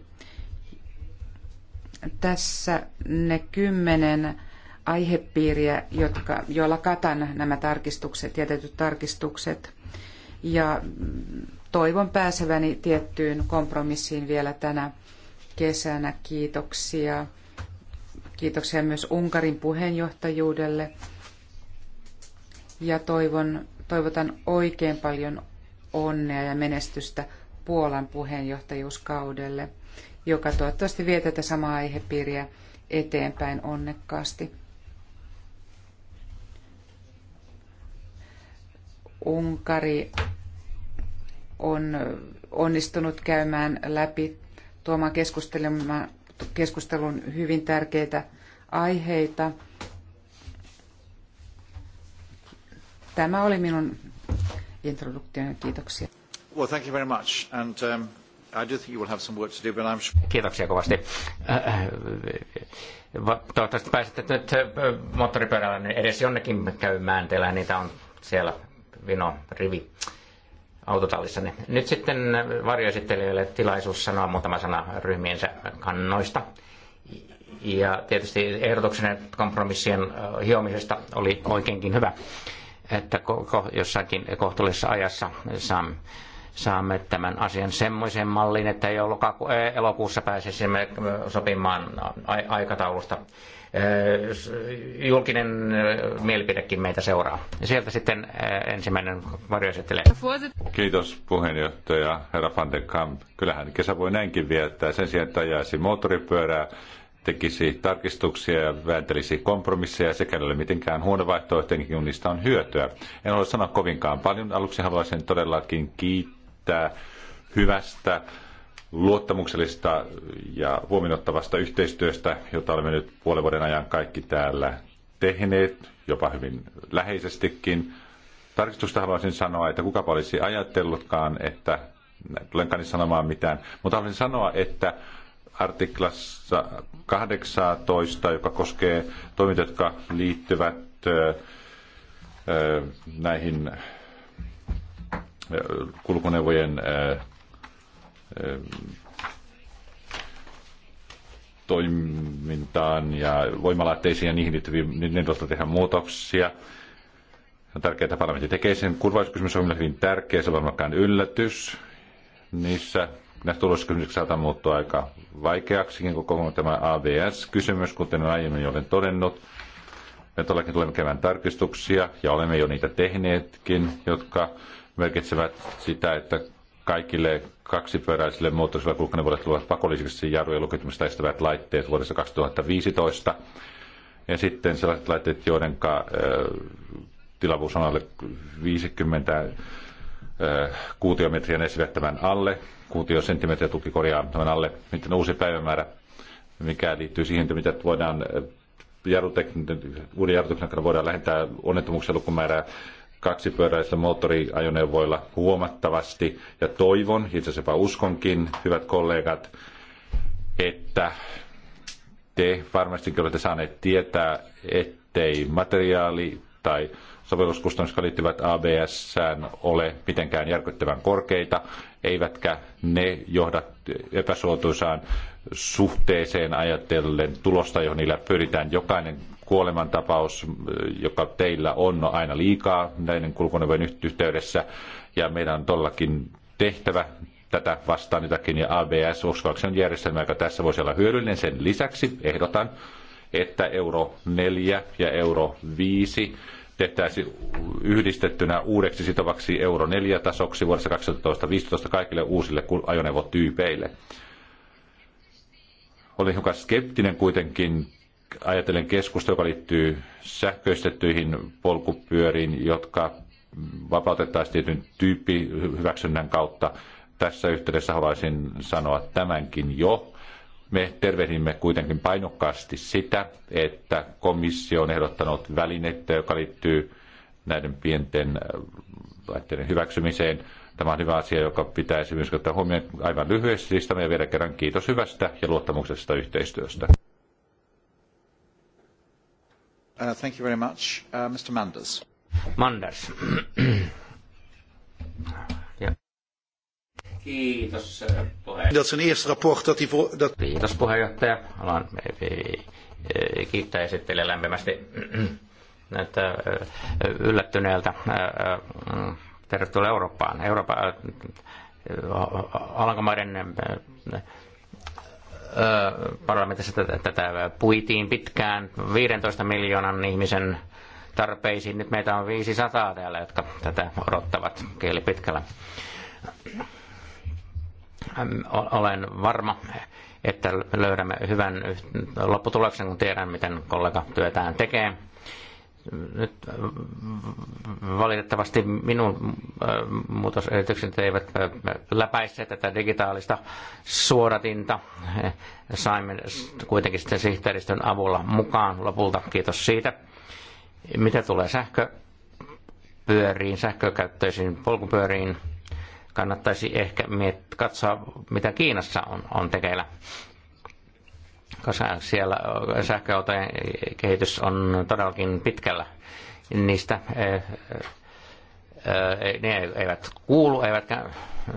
Tässä ne kymmenen aihepiiriä, jotka, joilla katan nämä tarkistukset, jätetyt tarkistukset. Ja toivon pääseväni tiettyyn kompromissiin vielä tänä kesänä. Kiitoksia. Kiitoksia myös Unkarin puheenjohtajuudelle. Ja toivon, toivotan oikein paljon onnea ja menestystä Puolan puheenjohtajuuskaudelle, joka toivottavasti vie tätä samaa aihepiiriä eteenpäin onnekkaasti. Unkari on onnistunut käymään läpi, tuomaan keskustelun hyvin tärkeitä aiheita. Tämä oli minun introduktioni. Kiitoksia. Well, thank you very much. And, um... I do think you will have some work to do, but I'm sure... Kiitoksia kovasti. Äh, äh, toivottavasti pääsette nyt äh, moottoripyörällä edes jonnekin käymään. Teillä niitä on siellä vino rivi autotallissani. Niin nyt sitten varjoesittelijöille tilaisuus sanoa muutama sana ryhmiensä kannoista. Ja tietysti ehdotuksen kompromissien hiomisesta oli oikeinkin hyvä, että jossakin kohtuullisessa ajassa saamme saamme tämän asian semmoisen malliin, että jo lokaku- e-, elokuussa pääsisimme sopimaan aikataulusta julkinen mielipidekin meitä seuraa. Ja sieltä sitten ensimmäinen varjoesittelee. Kiitos puheenjohtaja herra Van de Kamp. Kyllähän kesä voi näinkin viettää. Sen sijaan, että ajaisi moottoripyörää, tekisi tarkistuksia ja vääntelisi kompromisseja sekä ei ole mitenkään huono vaihtoehto, kun niistä on hyötyä. En ole sanoa kovinkaan paljon. Aluksi haluaisin todellakin kiittää hyvästä luottamuksellista ja huomioittavasta yhteistyöstä, jota olemme nyt puolen vuoden ajan kaikki täällä tehneet, jopa hyvin läheisestikin. Tarkistusta haluaisin sanoa, että kukapa olisi ajatellutkaan, että tulenkaan sanomaan mitään, mutta haluaisin sanoa, että artiklassa 18, joka koskee toimintoja, jotka liittyvät näihin kulkuneuvojen toimintaan ja voimalaitteisiin ja niihin liittyviin, niin osalta tehdään muutoksia. On tärkeää, että parlamentti tekee sen. Kurvauskysymys on hyvin tärkeä, se on varmaankaan yllätys. Niissä näissä tuloskysymyksissä saattaa muuttua aika vaikeaksikin, koko tämä AVS-kysymys, kuten aiemmin olen todennut. Me todellakin tulemme kevään tarkistuksia, ja olemme jo niitä tehneetkin, jotka merkitsevät sitä, että kaikille kaksipyöräisille moottorisilla kulkuneuvoille tulevat pakollisiksi jarrujen lukitumista estävät laitteet vuodessa 2015. Ja sitten sellaiset laitteet, joiden tilavuus on alle 50 kuutiometriä ne tämän alle, kuutiosenttimetriä tuki korjaa tämän alle, miten uusi päivämäärä, mikä liittyy siihen, että mitä voidaan jarrutekn... uuden jarrutekniikan voidaan lähentää onnettomuuksien lukumäärää kaksipyöräisillä moottoriajoneuvoilla huomattavasti. Ja toivon, itse asiassa jopa uskonkin, hyvät kollegat, että te varmastikin olette saaneet tietää, ettei materiaali tai sovelluskustannukset, jotka liittyvät abs ole mitenkään järkyttävän korkeita, eivätkä ne johda epäsuotuisaan suhteeseen ajatellen tulosta, johon niillä pyritään. Jokainen kuolemantapaus, joka teillä on aina liikaa näiden kulkuneuvojen yhteydessä. Ja meidän on todellakin tehtävä tätä vastaan jotakin, ja ABS uskoakseni järjestelmä, joka tässä voisi olla hyödyllinen. Sen lisäksi ehdotan, että euro 4 ja euro 5 tehtäisiin yhdistettynä uudeksi sitovaksi euro 4 tasoksi vuodessa 2015 kaikille uusille ajoneuvotyypeille. Olin hiukan skeptinen kuitenkin ajatellen keskusta, joka liittyy sähköistettyihin polkupyöriin, jotka vapautettaisiin tietyn tyyppihyväksynnän kautta. Tässä yhteydessä haluaisin sanoa tämänkin jo. Me tervehdimme kuitenkin painokkaasti sitä, että komissio on ehdottanut välinettä, joka liittyy näiden pienten äh, laitteiden hyväksymiseen. Tämä on hyvä asia, joka pitäisi myös ottaa huomioon aivan lyhyesti listamme ja vielä kerran kiitos hyvästä ja luottamuksesta yhteistyöstä. Uh, thank you very much. Uh, Mr. Manders. Manders. Äh, Kiitos puheenjohtaja. Kiitos puheenjohtaja. Haluan kiittää esittelijä lämpimästi että äh, yllättyneeltä. Äh, tervetuloa Eurooppaan. Euroopan Alankomaiden parlamentissa tätä, puitiin pitkään 15 miljoonan ihmisen tarpeisiin. Nyt meitä on 500 täällä, jotka tätä odottavat kieli pitkällä. Olen varma, että löydämme hyvän lopputuloksen, kun tiedän, miten kollega työtään tekee nyt äh, valitettavasti minun äh, muutosyritykset eivät äh, läpäisseet tätä digitaalista suodatinta. Saimme kuitenkin sitten sihteeristön avulla mukaan lopulta. Kiitos siitä. Mitä tulee sähköpyöriin, sähkökäyttöisiin polkupyöriin, kannattaisi ehkä katsoa, mitä Kiinassa on, on tekeillä koska siellä sähköautojen kehitys on todellakin pitkällä. Niistä eh, eh, ne eivät kuulu, eivätkä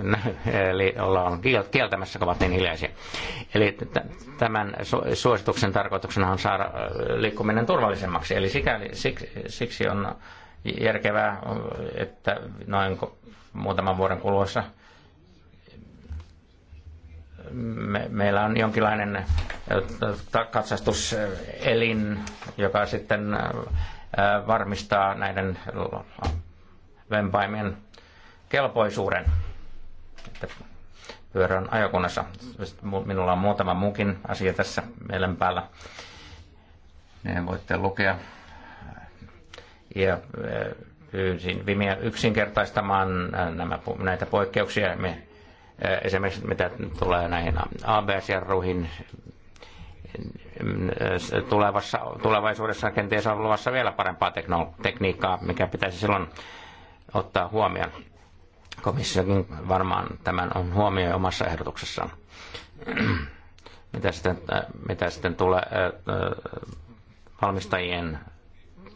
eh, eli ollaan kieltämässä, kun ovat niin hiljaisia. Eli tämän suosituksen tarkoituksena on saada liikkuminen turvallisemmaksi. Eli sikäli, siksi on järkevää, että noin muutaman vuoden kuluessa – me, meillä on jonkinlainen äh, katsastuselin, joka sitten äh, varmistaa näiden vempaimien kelpoisuuden pyörän ajokunnassa. Minulla on muutama muukin asia tässä mielen päällä. Ne voitte lukea. Ja äh, pyysin Vimiä yksinkertaistamaan nämä, näitä poikkeuksia. Me Äh, esimerkiksi mitä tulee näihin ABS-jarruihin äh, tulevassa, tulevaisuudessa kenties on luvassa vielä parempaa tekniikkaa, mikä pitäisi silloin ottaa huomioon. Komissiokin varmaan tämän on huomioi omassa ehdotuksessaan. mitä, sitten, äh, mitä sitten tulee valmistajien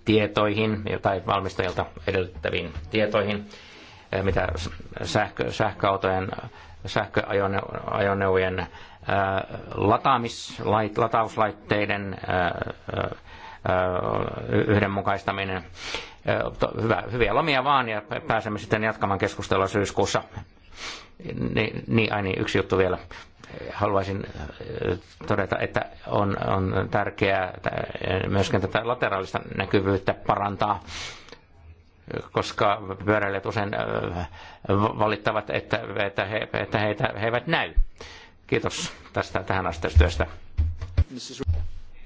tietoihin tai valmistajilta edellyttäviin tietoihin, mitä sähkö, sähköautojen sähköajoneuvojen äh, latauslaitteiden äh, äh, yhdenmukaistaminen. Hyvä, hyviä lomia vaan ja pääsemme sitten jatkamaan keskustelua syyskuussa. Niin, niin, niin, yksi juttu vielä. Haluaisin todeta, että on, on tärkeää myöskin tätä lateraalista näkyvyyttä parantaa koska pyöräilijät usein valittavat, että, että, he, että heitä, he eivät näy. Kiitos tästä tähän asti työstä.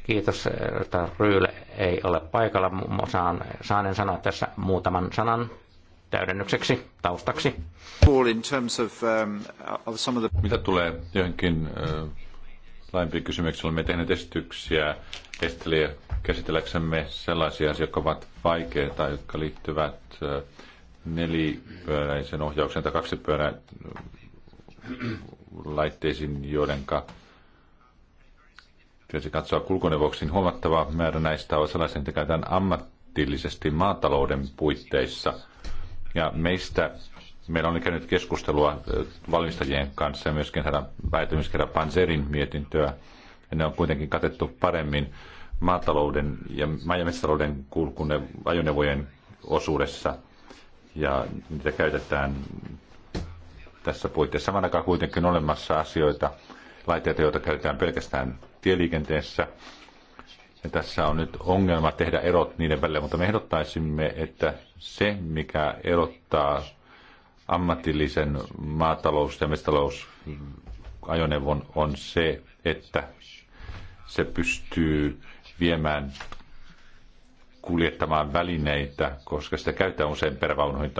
Kiitos, että Ryyle ei ole paikalla. Saan, saanen sanoa tässä muutaman sanan täydennykseksi, taustaksi. Um, Mitä tulee johonkin äh, laajempiin kysymyksiin, olemme tehneet esityksiä esittelijä käsitelläksemme sellaisia asioita, jotka ovat vaikeita, jotka liittyvät nelipyöräisen ohjauksen tai kaksipyörän laitteisiin, joiden tietysti katsoa kulkuneuvoksiin huomattava määrä näistä on sellaisia, että käytetään ammattillisesti maatalouden puitteissa. Ja meistä meillä on käynyt keskustelua valmistajien kanssa ja myöskin herra, väitymiskerran Panzerin mietintöä. Ja ne on kuitenkin katettu paremmin maatalouden ja maa- ja metsätalouden kulkune, ajoneuvojen osuudessa. Ja niitä käytetään tässä puitteissa. Samaan aikaan kuitenkin olemassa asioita, laitteita, joita käytetään pelkästään tieliikenteessä. Ja tässä on nyt ongelma tehdä erot niiden välillä, mutta me ehdottaisimme, että se, mikä erottaa ammatillisen maatalous- ja metsätalousajoneuvon, on se, että se pystyy viemään kuljettamaan välineitä, koska sitä käytetään usein perävaunuihin.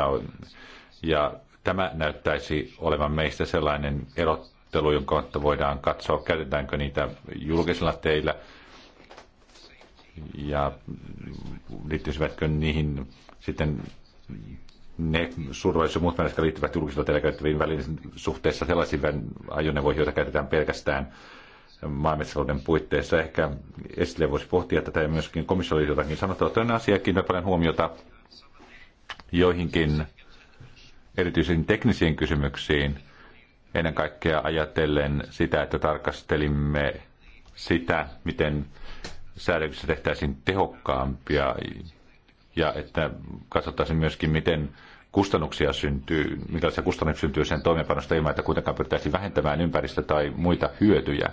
Ja tämä näyttäisi olevan meistä sellainen erottelu, jonka kautta voidaan katsoa, käytetäänkö niitä julkisilla teillä ja liittyisivätkö niihin sitten ne survallisuus ja muut välineet, jotka liittyvät julkisilla teillä käyttäviin välineisiin suhteessa sellaisiin ajoneuvoihin, joita käytetään pelkästään maametsätalouden puitteissa. Ehkä esille voisi pohtia tätä ja myöskin komissiolla oli jotakin sanottua. Toinen asia kiinnittää paljon huomiota joihinkin erityisiin teknisiin kysymyksiin, ennen kaikkea ajatellen sitä, että tarkastelimme sitä, miten säädöksissä tehtäisiin tehokkaampia ja että katsottaisiin myöskin, miten kustannuksia syntyy, millaisia kustannuksia syntyy sen toimeenpanosta ilman, että kuitenkaan pyrittäisiin vähentämään ympäristö- tai muita hyötyjä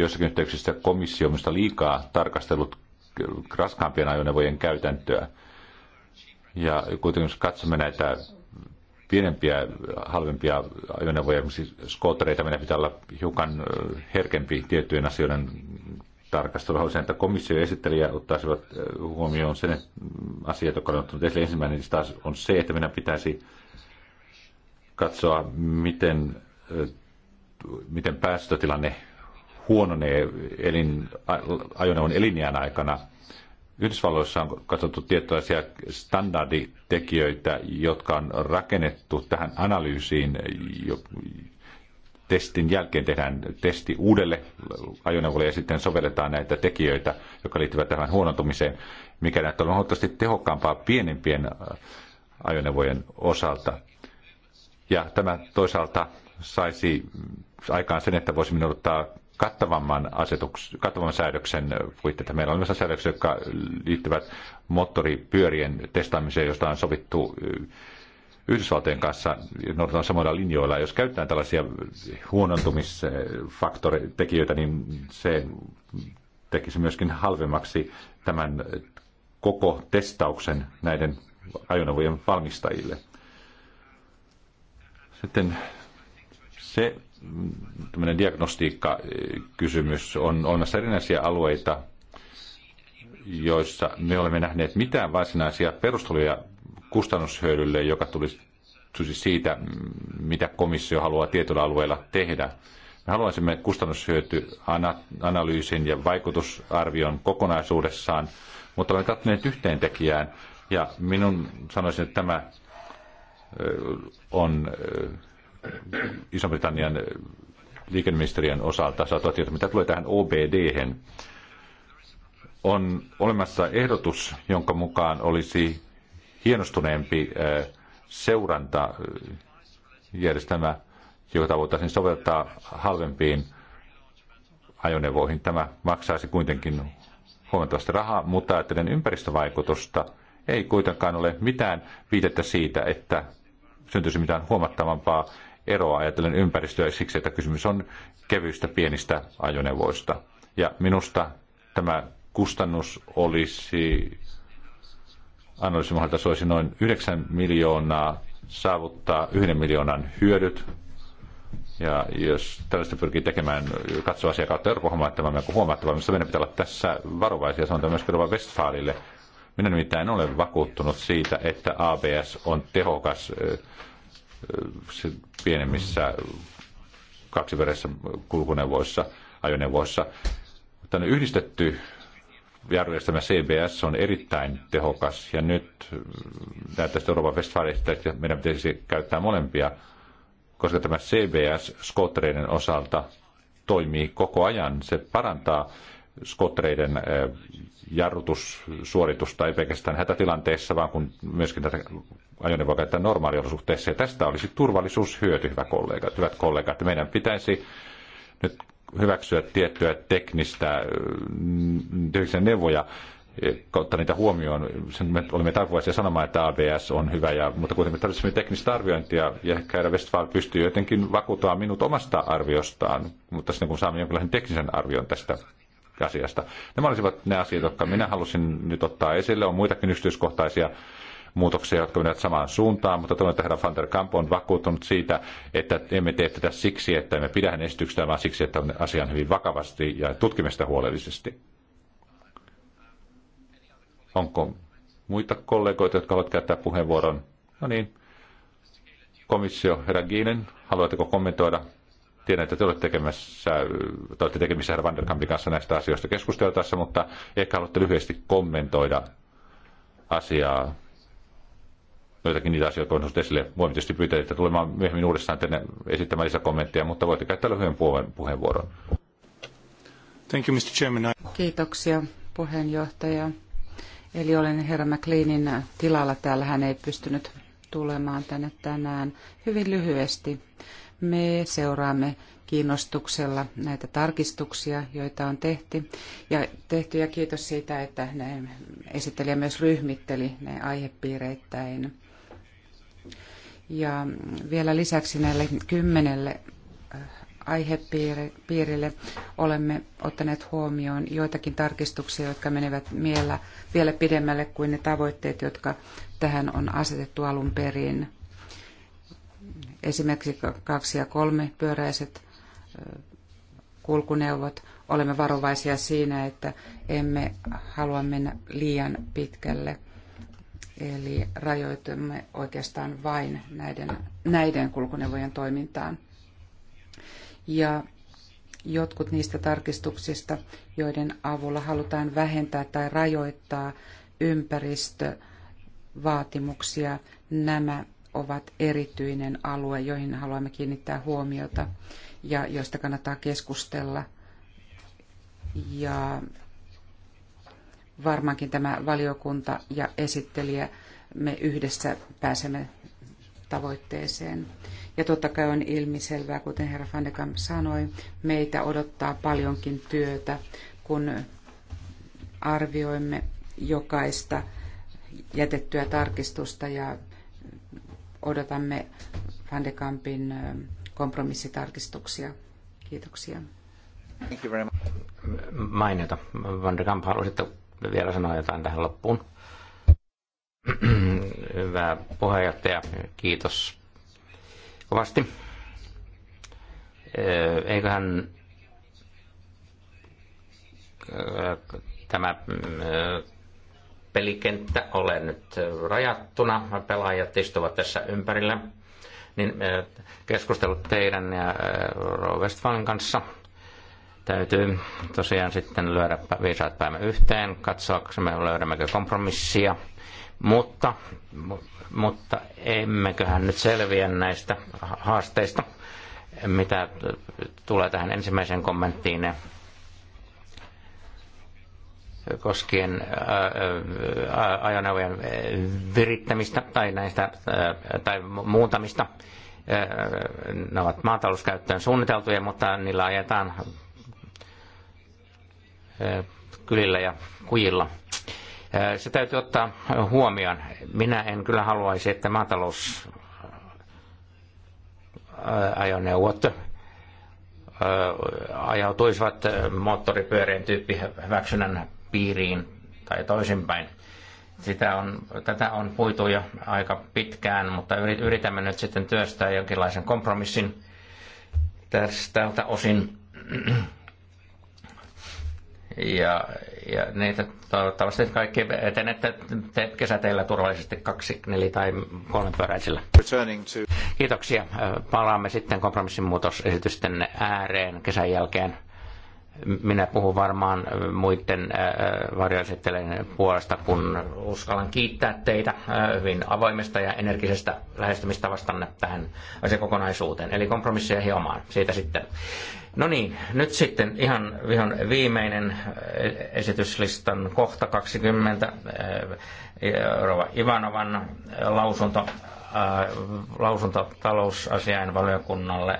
joissakin yhteyksissä komissio on liikaa tarkastellut raskaampien ajoneuvojen käytäntöä. Ja kuitenkin jos katsomme näitä pienempiä, halvempia ajoneuvoja, esimerkiksi skootereita, meidän pitää olla hiukan herkempi tiettyjen asioiden tarkastelu. Haluaisin, että komissio ja esittelijä ottaisivat huomioon sen asiat, jotka on ottanut esille. Ensimmäinen niin taas on se, että meidän pitäisi katsoa, miten, miten päästötilanne huononee elin, ajoneuvon elinjään aikana. Yhdysvalloissa on katsottu tiettyjä standarditekijöitä, jotka on rakennettu tähän analyysiin. Jo, testin jälkeen tehdään testi uudelle ajoneuvolle ja sitten sovelletaan näitä tekijöitä, jotka liittyvät tähän huonontumiseen, mikä näyttää olevan huomattavasti tehokkaampaa pienempien ajoneuvojen osalta. Ja tämä toisaalta saisi aikaan sen, että voisimme odottaa kattavamman, asetuks, kattavamman säädöksen puitteita. Meillä on myös säädöksiä, jotka liittyvät moottoripyörien testaamiseen, josta on sovittu Yhdysvaltojen kanssa noudatetaan samoilla linjoilla. Jos käytetään tällaisia huonontumisfaktoritekijöitä, niin se tekisi myöskin halvemmaksi tämän koko testauksen näiden ajoneuvojen valmistajille. Sitten se, tämmöinen diagnostiikkakysymys. On olemassa erinäisiä alueita, joissa me olemme nähneet mitään varsinaisia perusteluja kustannushyödylle, joka tulisi siitä, mitä komissio haluaa tietyllä alueella tehdä. Me haluaisimme kustannushyötyanalyysin ja vaikutusarvion kokonaisuudessaan, mutta olemme tarttuneet yhteen tekijään. Ja minun sanoisin, että tämä on Iso-Britannian liikenneministeriön osalta saatua tietoa, mitä tulee tähän obd -hen. on olemassa ehdotus, jonka mukaan olisi hienostuneempi seurantajärjestelmä, jota voitaisiin soveltaa halvempiin ajoneuvoihin. Tämä maksaisi kuitenkin huomattavasti rahaa, mutta ajattelen ympäristövaikutusta ei kuitenkaan ole mitään viitettä siitä, että syntyisi mitään huomattavampaa eroa ajatellen ympäristöä siksi, että kysymys on kevyistä pienistä ajoneuvoista. Ja minusta tämä kustannus olisi analyysin mahdollista se olisi noin 9 miljoonaa saavuttaa yhden miljoonan hyödyt. Ja jos tällaista pyrkii tekemään, katsoa asiaa kautta Euroopan että tämä on huomattava, mutta meidän pitää olla tässä varovaisia, sanotaan myös Rova Westfalille. Minä nimittäin ole vakuuttunut siitä, että ABS on tehokas pienemmissä kaksiveressä kulkuneuvoissa, ajoneuvoissa. Tänne yhdistetty järjestelmä CBS on erittäin tehokas ja nyt näyttäisi Euroopan Westfalista, että meidän pitäisi käyttää molempia, koska tämä CBS skottereiden osalta toimii koko ajan. Se parantaa skottereiden eh, jarrutussuoritusta ei pelkästään hätätilanteessa, vaan kun myöskin tätä ajoneuvoa käyttää normaaliolosuhteissa. Ja tästä olisi turvallisuushyöty, hyvä kollegat, hyvät kollegat. Meidän pitäisi nyt hyväksyä tiettyä teknistä mm, teknisiä neuvoja, kautta eh, niitä huomioon. Sen me olemme taipuvaisia sanomaan, että ABS on hyvä, ja, mutta kuitenkin me tarvitsemme teknistä arviointia, ja ehkä Westfall pystyy jotenkin vakuuttamaan minut omasta arviostaan, mutta sitten kun saamme jonkinlaisen teknisen arvion tästä asiasta. Nämä olisivat ne asiat, jotka minä halusin nyt ottaa esille. On muitakin yksityiskohtaisia muutoksia, jotka menevät samaan suuntaan, mutta toinen että herra van der Kamp on vakuuttunut siitä, että emme tee tätä siksi, että emme pidä hänen esityksestään, vaan siksi, että on asian hyvin vakavasti ja tutkimme sitä huolellisesti. Onko muita kollegoita, jotka haluavat käyttää puheenvuoron? No niin, komissio, herra Giinen, haluatteko kommentoida? Tiedän, että te olette, tekemässä, te olette tekemissä herra Vanderkampin kanssa näistä asioista keskusteltaessa, mutta ehkä haluatte lyhyesti kommentoida asiaa joitakin niitä asioita, jotka on esille. Voimme tietysti pyytää, että tulemaan myöhemmin uudestaan tänne esittämään lisäkommentteja, mutta voitte käyttää lyhyen puheenvuoron. Thank you, Mr. Chairman. Kiitoksia puheenjohtaja. Eli olen herra McLeanin tilalla täällä. Hän ei pystynyt tulemaan tänne tänään hyvin lyhyesti. Me seuraamme kiinnostuksella näitä tarkistuksia, joita on tehty. Ja, tehty, ja kiitos siitä, että ne esittelijä myös ryhmitteli ne aihepiireittäin. Ja vielä lisäksi näille kymmenelle äh, aihepiirille olemme ottaneet huomioon joitakin tarkistuksia, jotka menevät vielä pidemmälle kuin ne tavoitteet, jotka tähän on asetettu alun perin. Esimerkiksi kaksi ja kolme pyöräiset äh, kulkuneuvot. Olemme varovaisia siinä, että emme halua mennä liian pitkälle – Eli rajoitumme oikeastaan vain näiden, näiden kulkuneuvojen toimintaan. Ja jotkut niistä tarkistuksista, joiden avulla halutaan vähentää tai rajoittaa ympäristövaatimuksia, nämä ovat erityinen alue, joihin haluamme kiinnittää huomiota ja joista kannattaa keskustella. Ja varmaankin tämä valiokunta ja esittelijä, me yhdessä pääsemme tavoitteeseen. Ja totta kai on ilmiselvää, kuten herra Fandekam sanoi, meitä odottaa paljonkin työtä, kun arvioimme jokaista jätettyä tarkistusta ja odotamme Fandekampin kompromissitarkistuksia. Kiitoksia. Thank you very much. Mainiota. Van de Kamp, haluaisitte vielä sanoa jotain tähän loppuun? Hyvä puheenjohtaja, kiitos kovasti. Eiköhän tämä pelikenttä ole nyt rajattuna, pelaajat istuvat tässä ympärillä, niin keskustelut teidän ja Westfalin kanssa – Täytyy tosiaan sitten lyödä viisaat päämme yhteen, katsoa, me löydämmekö kompromissia. Mutta, mutta emmeköhän nyt selviä näistä haasteista, mitä tulee tähän ensimmäiseen kommenttiin koskien ajoneuvojen virittämistä tai näistä tai muutamista. Ne ovat maatalouskäyttöön suunniteltuja, mutta niillä ajetaan kylillä ja kujilla. Se täytyy ottaa huomioon. Minä en kyllä haluaisi, että maatalous ajoneuvot ajautuisivat moottoripyörien tyyppi hyväksynnän piiriin tai toisinpäin. Sitä on, tätä on puitu jo aika pitkään, mutta yritämme nyt sitten työstää jonkinlaisen kompromissin tästä osin ja, ja niitä toivottavasti kaikki etenette te kesäteillä turvallisesti kaksi, neli tai pyöräisillä. To... Kiitoksia. Palaamme sitten kompromissin muutosesitysten ääreen kesän jälkeen. Minä puhun varmaan muiden varjoesittelijöiden puolesta, kun uskallan kiittää teitä hyvin avoimesta ja energisestä lähestymistavastanne tähän asiakokonaisuuteen, eli kompromisseja hiomaan siitä sitten. No niin, nyt sitten ihan, ihan viimeinen äh, esityslistan kohta 20. Äh, Rova Ivanovan äh, lausunto, lausunto talousasiain valiokunnalle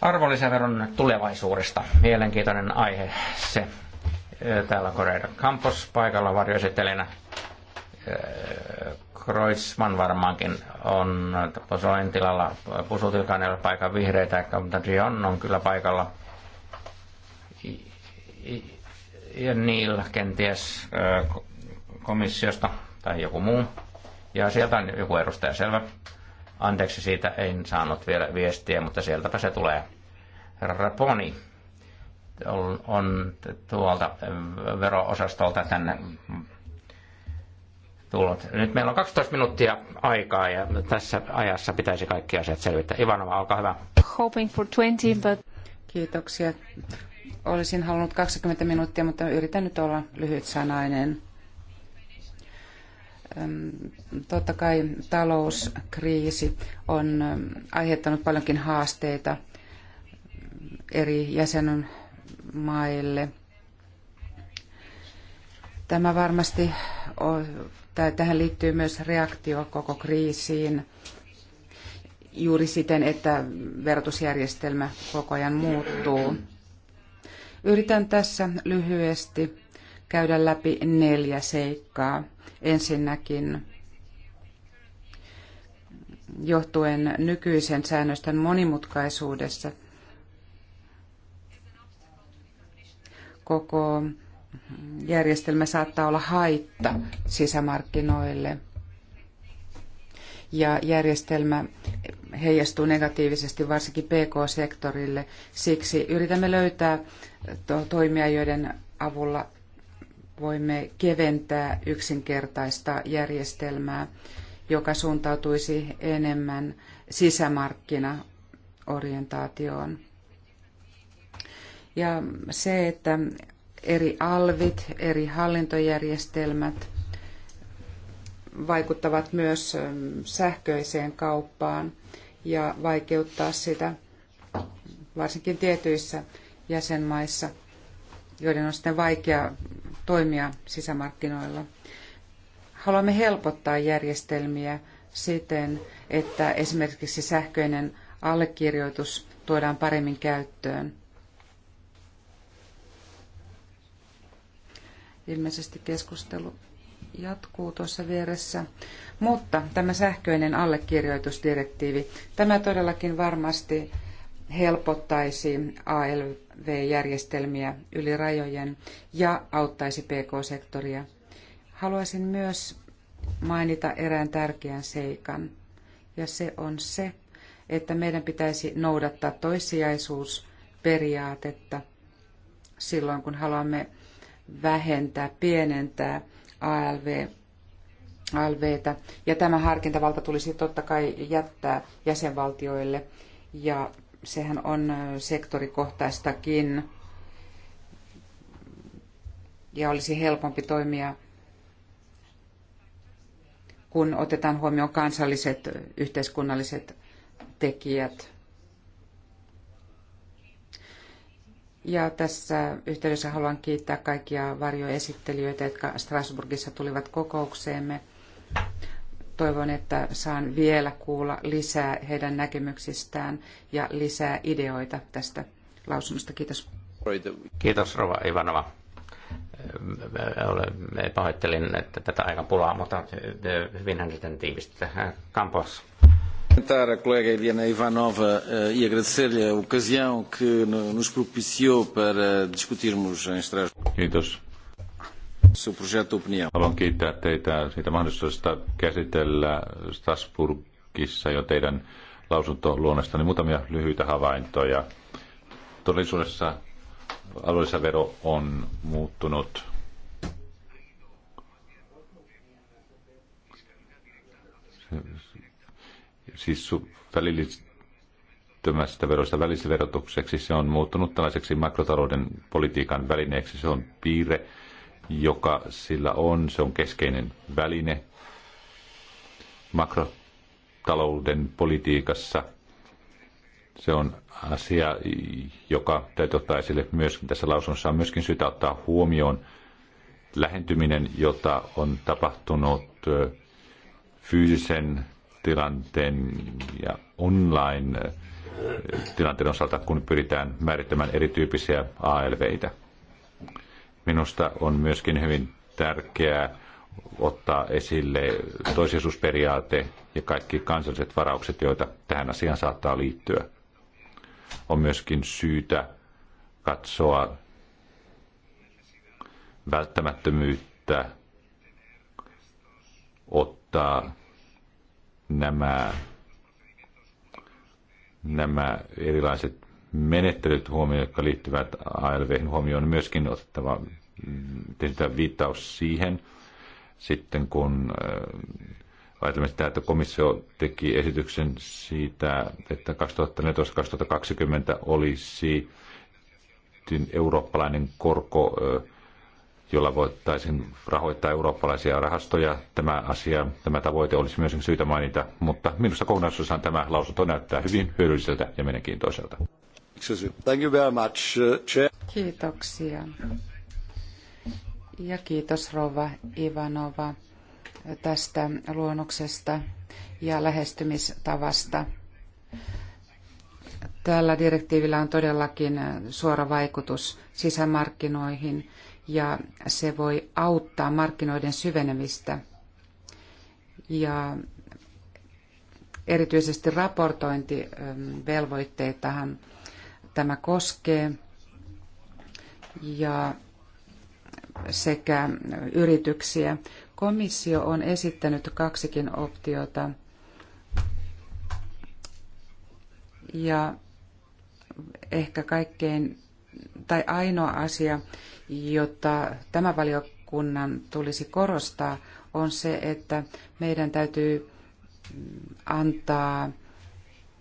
arvonlisäveron tulevaisuudesta. Mielenkiintoinen aihe se. Täällä Koreida Campos paikalla varjoesittelijänä Kreisman varmaankin on Posoin tilalla. Pusutilkaan ei ole paikan vihreitä, mutta Dion on kyllä paikalla. Ja Neil kenties komissiosta tai joku muu. Ja sieltä on joku edustaja selvä. Anteeksi siitä, en saanut vielä viestiä, mutta sieltäpä se tulee. Raponi on, on tuolta vero-osastolta tänne tullut. Nyt meillä on 12 minuuttia aikaa ja tässä ajassa pitäisi kaikki asiat selvittää. Ivanova, olkaa hyvä. Hoping for 20, but... Kiitoksia. Olisin halunnut 20 minuuttia, mutta yritän nyt olla lyhyt sanainen. Totta kai talouskriisi on aiheuttanut paljonkin haasteita eri jäsenmaille. Tämä varmasti Tähän liittyy myös reaktio koko kriisiin juuri siten, että verotusjärjestelmä koko ajan muuttuu. Yritän tässä lyhyesti käydä läpi neljä seikkaa. Ensinnäkin johtuen nykyisen säännösten monimutkaisuudessa koko järjestelmä saattaa olla haitta sisämarkkinoille. Ja järjestelmä heijastuu negatiivisesti varsinkin PK-sektorille. Siksi yritämme löytää toimia, joiden avulla voimme keventää yksinkertaista järjestelmää, joka suuntautuisi enemmän sisämarkkinaorientaatioon. Ja se, että eri alvit, eri hallintojärjestelmät vaikuttavat myös ähm, sähköiseen kauppaan ja vaikeuttaa sitä varsinkin tietyissä jäsenmaissa, joiden on sitten vaikea toimia sisämarkkinoilla. Haluamme helpottaa järjestelmiä siten, että esimerkiksi sähköinen allekirjoitus tuodaan paremmin käyttöön – Ilmeisesti keskustelu jatkuu tuossa vieressä. Mutta tämä sähköinen allekirjoitusdirektiivi, tämä todellakin varmasti helpottaisi ALV-järjestelmiä yli rajojen ja auttaisi PK-sektoria. Haluaisin myös mainita erään tärkeän seikan, ja se on se, että meidän pitäisi noudattaa toissijaisuusperiaatetta silloin, kun haluamme vähentää, pienentää ALV, ALVtä. Ja tämä harkintavalta tulisi totta kai jättää jäsenvaltioille. Ja sehän on sektorikohtaistakin. Ja olisi helpompi toimia, kun otetaan huomioon kansalliset yhteiskunnalliset tekijät – Ja tässä yhteydessä haluan kiittää kaikkia varjoesittelijöitä, jotka Strasbourgissa tulivat kokoukseemme. Toivon, että saan vielä kuulla lisää heidän näkemyksistään ja lisää ideoita tästä lausunnosta. Kiitos. Kiitos Rova Ivanova. Öö, pahoittelin että tätä aika pulaa, mutta hyvinhän sitten tiivistä. Kampos. Cumprimentar a colega Eliana Ivanova eh, e agradecer-lhe a ocasião que no, nos propiciou para discutirmos em Estrasburgo. Kiitos. Seu projeto de opinião. Haluan kiittää teitä siitä mahdollisuudesta käsitellä Strasbourgissa jo teidän lausuntoluonnostani muutamia lyhyitä havaintoja. Todellisuudessa arvonlisävero on muuttunut siis välillistömästä verosta välisverotukseksi, se on muuttunut tällaiseksi makrotalouden politiikan välineeksi. Se on piirre, joka sillä on, se on keskeinen väline makrotalouden politiikassa. Se on asia, joka täytyy ottaa esille myöskin tässä lausunnossa. On myöskin syytä ottaa huomioon lähentyminen, jota on tapahtunut fyysisen tilanteen ja online eh, tilanteen osalta, kun pyritään määrittämään erityyppisiä ALVitä. Minusta on myöskin hyvin tärkeää ottaa esille toisisuusperiaate ja kaikki kansalliset varaukset, joita tähän asiaan saattaa liittyä. On myöskin syytä katsoa välttämättömyyttä ottaa nämä, nämä erilaiset menettelyt huomioon, jotka liittyvät ALV huomioon, myöskin otettava mm, tehdään viittaus siihen, sitten kun äh, ajatellaan sitä, että komissio teki esityksen siitä, että 2014-2020 olisi eurooppalainen korko äh, jolla voitaisiin rahoittaa eurooppalaisia rahastoja. Tämä asia, tämä tavoite olisi myös syytä mainita, mutta minusta kokonaisuudessaan tämä lausunto näyttää hyvin hyödylliseltä ja mielenkiintoiselta. Thank you very much, uh, chair. Kiitoksia. Ja kiitos Rova Ivanova tästä luonnoksesta ja lähestymistavasta. Tällä direktiivillä on todellakin suora vaikutus sisämarkkinoihin ja se voi auttaa markkinoiden syvenemistä. Ja erityisesti raportointivelvoitteitahan tämä koskee ja sekä yrityksiä. Komissio on esittänyt kaksikin optiota ja ehkä kaikkein tai ainoa asia, jota tämä valiokunnan tulisi korostaa, on se, että meidän täytyy antaa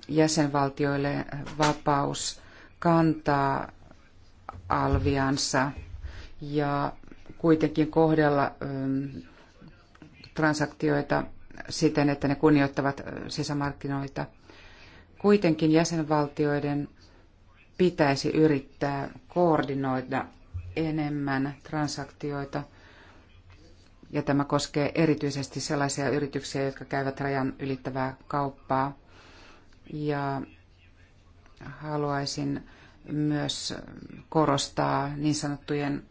jäsenvaltioille vapaus kantaa alviansa ja kuitenkin kohdella ähm, transaktioita siten, että ne kunnioittavat äh, sisämarkkinoita. Kuitenkin jäsenvaltioiden pitäisi yrittää koordinoida enemmän transaktioita. Ja tämä koskee erityisesti sellaisia yrityksiä, jotka käyvät rajan ylittävää kauppaa. Ja haluaisin myös korostaa niin sanottujen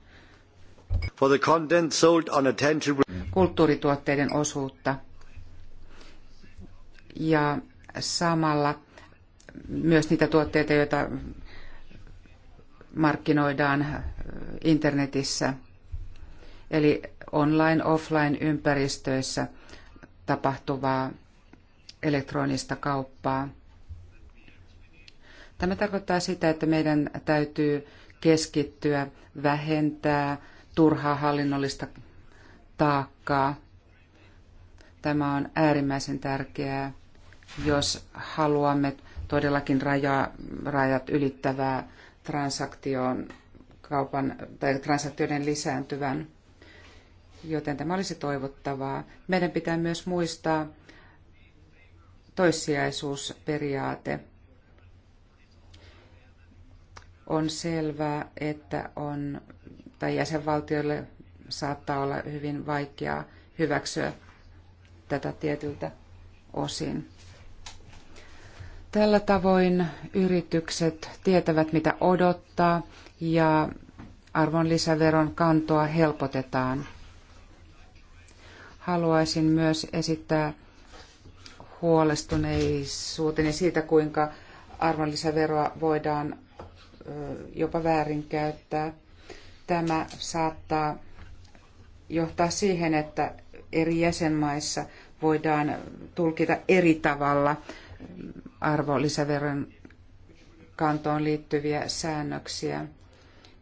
For the content sold on tangible... kulttuurituotteiden osuutta. Ja samalla myös niitä tuotteita, joita markkinoidaan äh, internetissä. Eli online, offline ympäristöissä tapahtuvaa elektronista kauppaa. Tämä tarkoittaa sitä, että meidän täytyy keskittyä, vähentää turhaa hallinnollista taakkaa. Tämä on äärimmäisen tärkeää, jos haluamme todellakin rajat ylittävää Transaktioon kaupan tai transaktioiden lisääntyvän, joten tämä olisi toivottavaa. Meidän pitää myös muistaa toissijaisuusperiaate. On selvää, että on, tai jäsenvaltioille saattaa olla hyvin vaikeaa hyväksyä tätä tietyltä osin. Tällä tavoin yritykset tietävät, mitä odottaa ja arvonlisäveron kantoa helpotetaan. Haluaisin myös esittää huolestuneisuuteni siitä, kuinka arvonlisäveroa voidaan jopa väärinkäyttää. Tämä saattaa johtaa siihen, että eri jäsenmaissa voidaan tulkita eri tavalla arvonlisäveron kantoon liittyviä säännöksiä,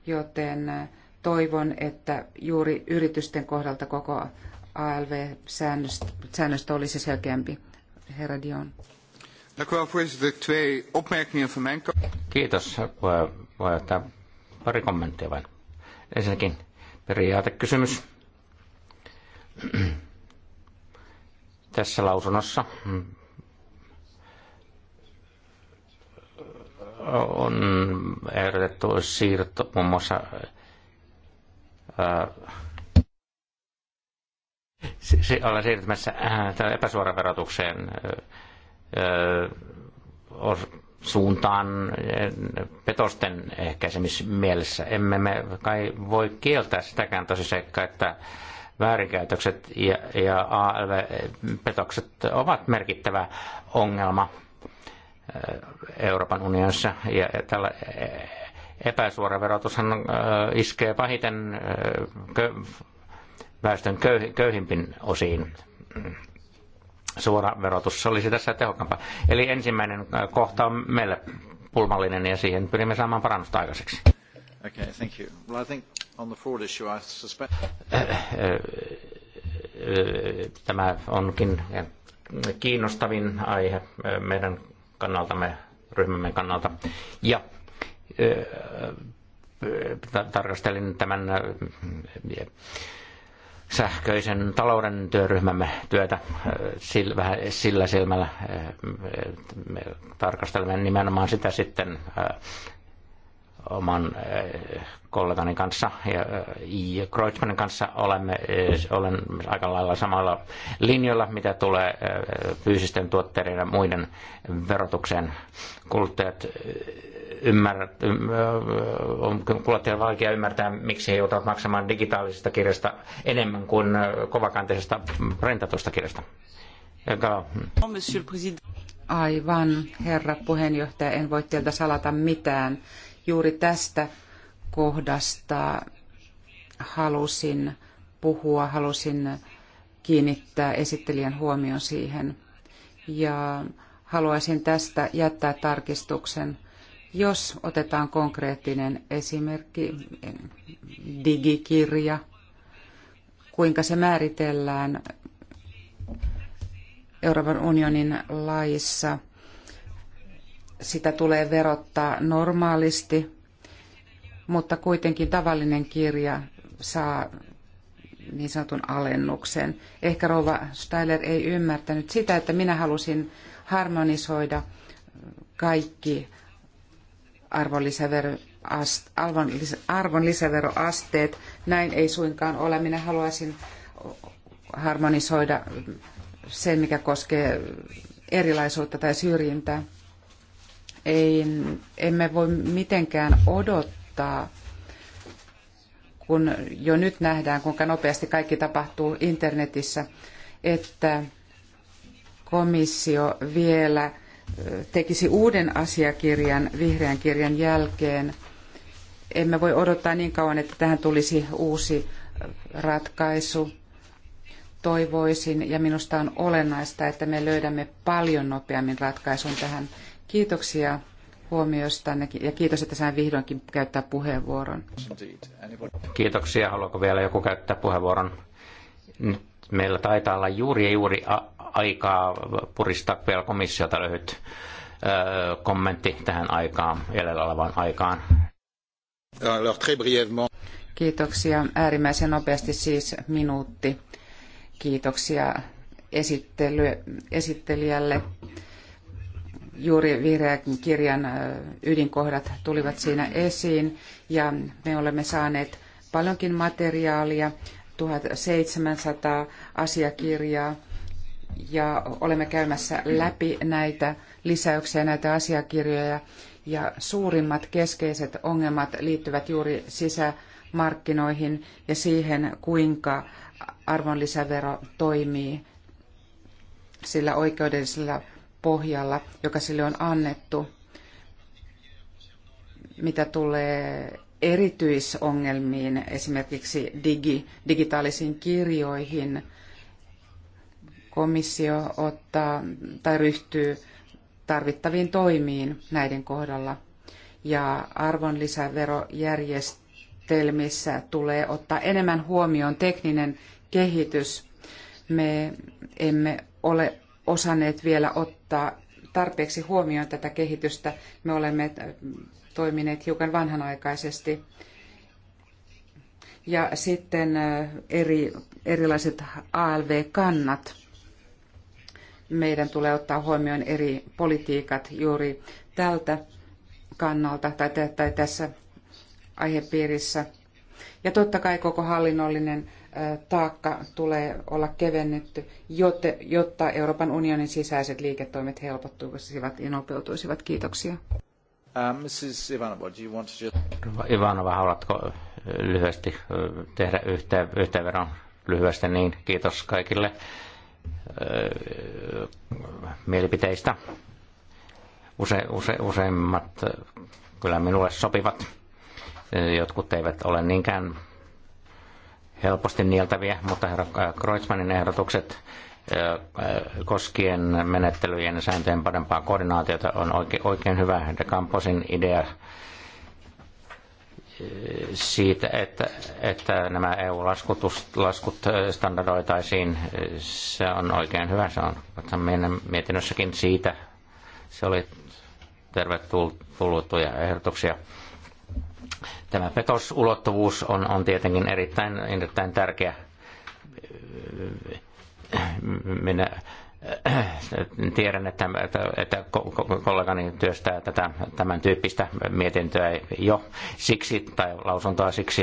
joten toivon, että juuri yritysten kohdalta koko ALV-säännöstö olisi selkeämpi. Herra Dion. Kiitos puheenjohtaja. Pari kommenttia vain. Ensinnäkin periaatekysymys. Tässä lausunnossa mm, on ehdotettu siirto muun muassa ollaan siirtymässä epäsuoran verotukseen suuntaan petosten ehkäisemismielessä. Emme me kai voi kieltää sitäkään seikka, että väärinkäytökset ja, ja ALV-petokset ovat merkittävä ongelma Eh, Euroopan unionissa. Ja eh, tällä eh, epäsuora verotushan iskee pahiten väestön köyhimpin osiin suora verotus. Se olisi tässä tehokkaampaa. Eli ensimmäinen kohta on meille pulmallinen ja siihen pyrimme saamaan parannusta aikaiseksi. Okay, thank you. Well, I think on the fraud issue, I suspect... Tämä onkin kiinnostavin aihe meidän kannaltamme, ryhmämme kannalta. Ja tarkastelin tämän sähköisen talouden työryhmämme työtä sillä, vähän sillä silmällä. Me tarkastelemme nimenomaan sitä sitten oman eh, kollegani kanssa eh, ja Kreutzmannin kanssa olemme, eh, olen aika lailla samalla linjalla, mitä tulee fyysisten tuotteiden ja muiden verotukseen. Kuluttajat ymmärrät, on kuluttajan vaikea ymmärtää, miksi he joutuvat maksamaan digitaalisesta kirjasta enemmän kuin kovakantisesta printatusta kirjasta. Aivan, herra puheenjohtaja, en voi teiltä salata mitään Juuri tästä kohdasta halusin puhua, halusin kiinnittää esittelijän huomion siihen. Ja haluaisin tästä jättää tarkistuksen, jos otetaan konkreettinen esimerkki, digikirja, kuinka se määritellään Euroopan unionin laissa – sitä tulee verottaa normaalisti, mutta kuitenkin tavallinen kirja saa niin sanotun alennuksen. Ehkä Rova Steiler ei ymmärtänyt sitä, että minä halusin harmonisoida kaikki arvonlisäveroasteet. Näin ei suinkaan ole. Minä haluaisin harmonisoida sen, mikä koskee erilaisuutta tai syrjintää. Ei, emme voi mitenkään odottaa, kun jo nyt nähdään, kuinka nopeasti kaikki tapahtuu internetissä, että komissio vielä tekisi uuden asiakirjan vihreän kirjan jälkeen. Emme voi odottaa niin kauan, että tähän tulisi uusi ratkaisu. Toivoisin ja minusta on olennaista, että me löydämme paljon nopeammin ratkaisun tähän Kiitoksia huomiostanne ja kiitos, että sain vihdoinkin käyttää puheenvuoron. Kiitoksia. Haluaako vielä joku käyttää puheenvuoron? Nyt meillä taitaa olla juuri juuri aikaa puristaa vielä komissiota lyhyt öö, kommentti tähän aikaan, jäljellä olevaan aikaan. Kiitoksia. Äärimmäisen nopeasti siis minuutti. Kiitoksia esittely, esittelijälle juuri vihreän kirjan äh, ydinkohdat tulivat siinä esiin ja me olemme saaneet paljonkin materiaalia, 1700 asiakirjaa ja olemme käymässä läpi näitä lisäyksiä, näitä asiakirjoja ja suurimmat keskeiset ongelmat liittyvät juuri sisämarkkinoihin ja siihen, kuinka arvonlisävero toimii sillä oikeudellisella pohjalla, joka sille on annettu, mitä tulee erityisongelmiin, esimerkiksi digi, digitaalisiin kirjoihin, komissio ottaa tai ryhtyy tarvittaviin toimiin näiden kohdalla. Ja arvonlisäverojärjestelmissä tulee ottaa enemmän huomioon tekninen kehitys. Me emme ole osanneet vielä ottaa ottaa tarpeeksi huomioon tätä kehitystä. Me olemme äh, toimineet hiukan vanhanaikaisesti. Ja sitten äh, eri, erilaiset ALV-kannat. Meidän tulee ottaa huomioon eri politiikat juuri tältä kannalta tai, tai tässä aihepiirissä. Ja totta kai koko hallinnollinen taakka tulee olla kevennetty, jotta Euroopan unionin sisäiset liiketoimet helpottuisivat ja nopeutuisivat. Kiitoksia. Uh, Mrs. Ivanova, do you want to just... Ivanova, haluatko lyhyesti tehdä yhteen, yhteenvedon lyhyesti, niin kiitos kaikille mielipiteistä. Use, use, useimmat kyllä minulle sopivat. Jotkut eivät ole niinkään helposti nieltäviä, mutta herra Kreutzmannin ehdotukset koskien menettelyjen ja sääntöjen parempaa koordinaatiota on oikein, oikein hyvä. De Camposin idea siitä, että, että nämä EU-laskut standardoitaisiin, se on oikein hyvä. Se on meidän mietinnössäkin siitä. Se oli tervetullut ja ehdotuksia. Tämä petosulottuvuus on, on tietenkin erittäin, erittäin tärkeä. Äh, minä äh, tiedän, että, että kollegani työstää tätä, tämän tyyppistä mietintöä jo siksi, tai lausuntoa siksi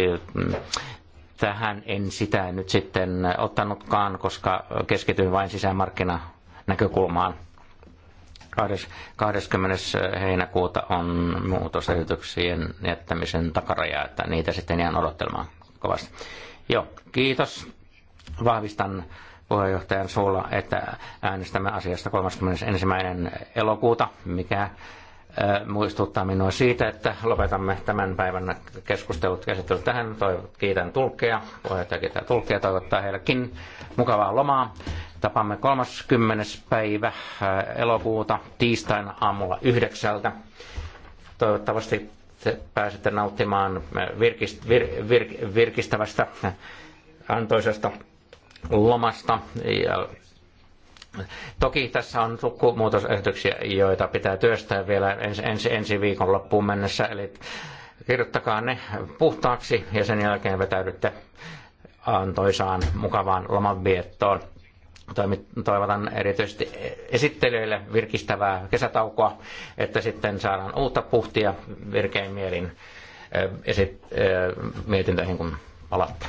tähän en sitä nyt sitten ottanutkaan, koska keskityin vain sisämarkkina näkökulmaan. 20. heinäkuuta on muutosehdotuksien jättämisen takaraja, että niitä sitten jään odottelemaan kovasti. Joo, kiitos. Vahvistan puheenjohtajan suulla, että äänestämme asiasta 31. elokuuta, mikä äh, muistuttaa minua siitä, että lopetamme tämän päivän keskustelut käsittelyt tähän. Toivot, kiitän tulkkeja, puheenjohtaja kiitää tulkkeja, toivottaa heillekin mukavaa lomaa. Tapamme 30. päivä äh, elokuuta tiistaina aamulla yhdeksältä. Toivottavasti pääsette nauttimaan äh, virkist, vir, vir, virkistävästä äh, antoisesta lomasta. Ja toki tässä on muutosehdotuksia, joita pitää työstää vielä ensi, ensi, ensi viikon loppuun mennessä. Eli kirjoittakaa ne puhtaaksi ja sen jälkeen vetäydytte antoisaan mukavaan lomanviettoon toivotan erityisesti esittelijöille virkistävää kesätaukoa, että sitten saadaan uutta puhtia virkein mielin esit- mietintöihin, kun palatte.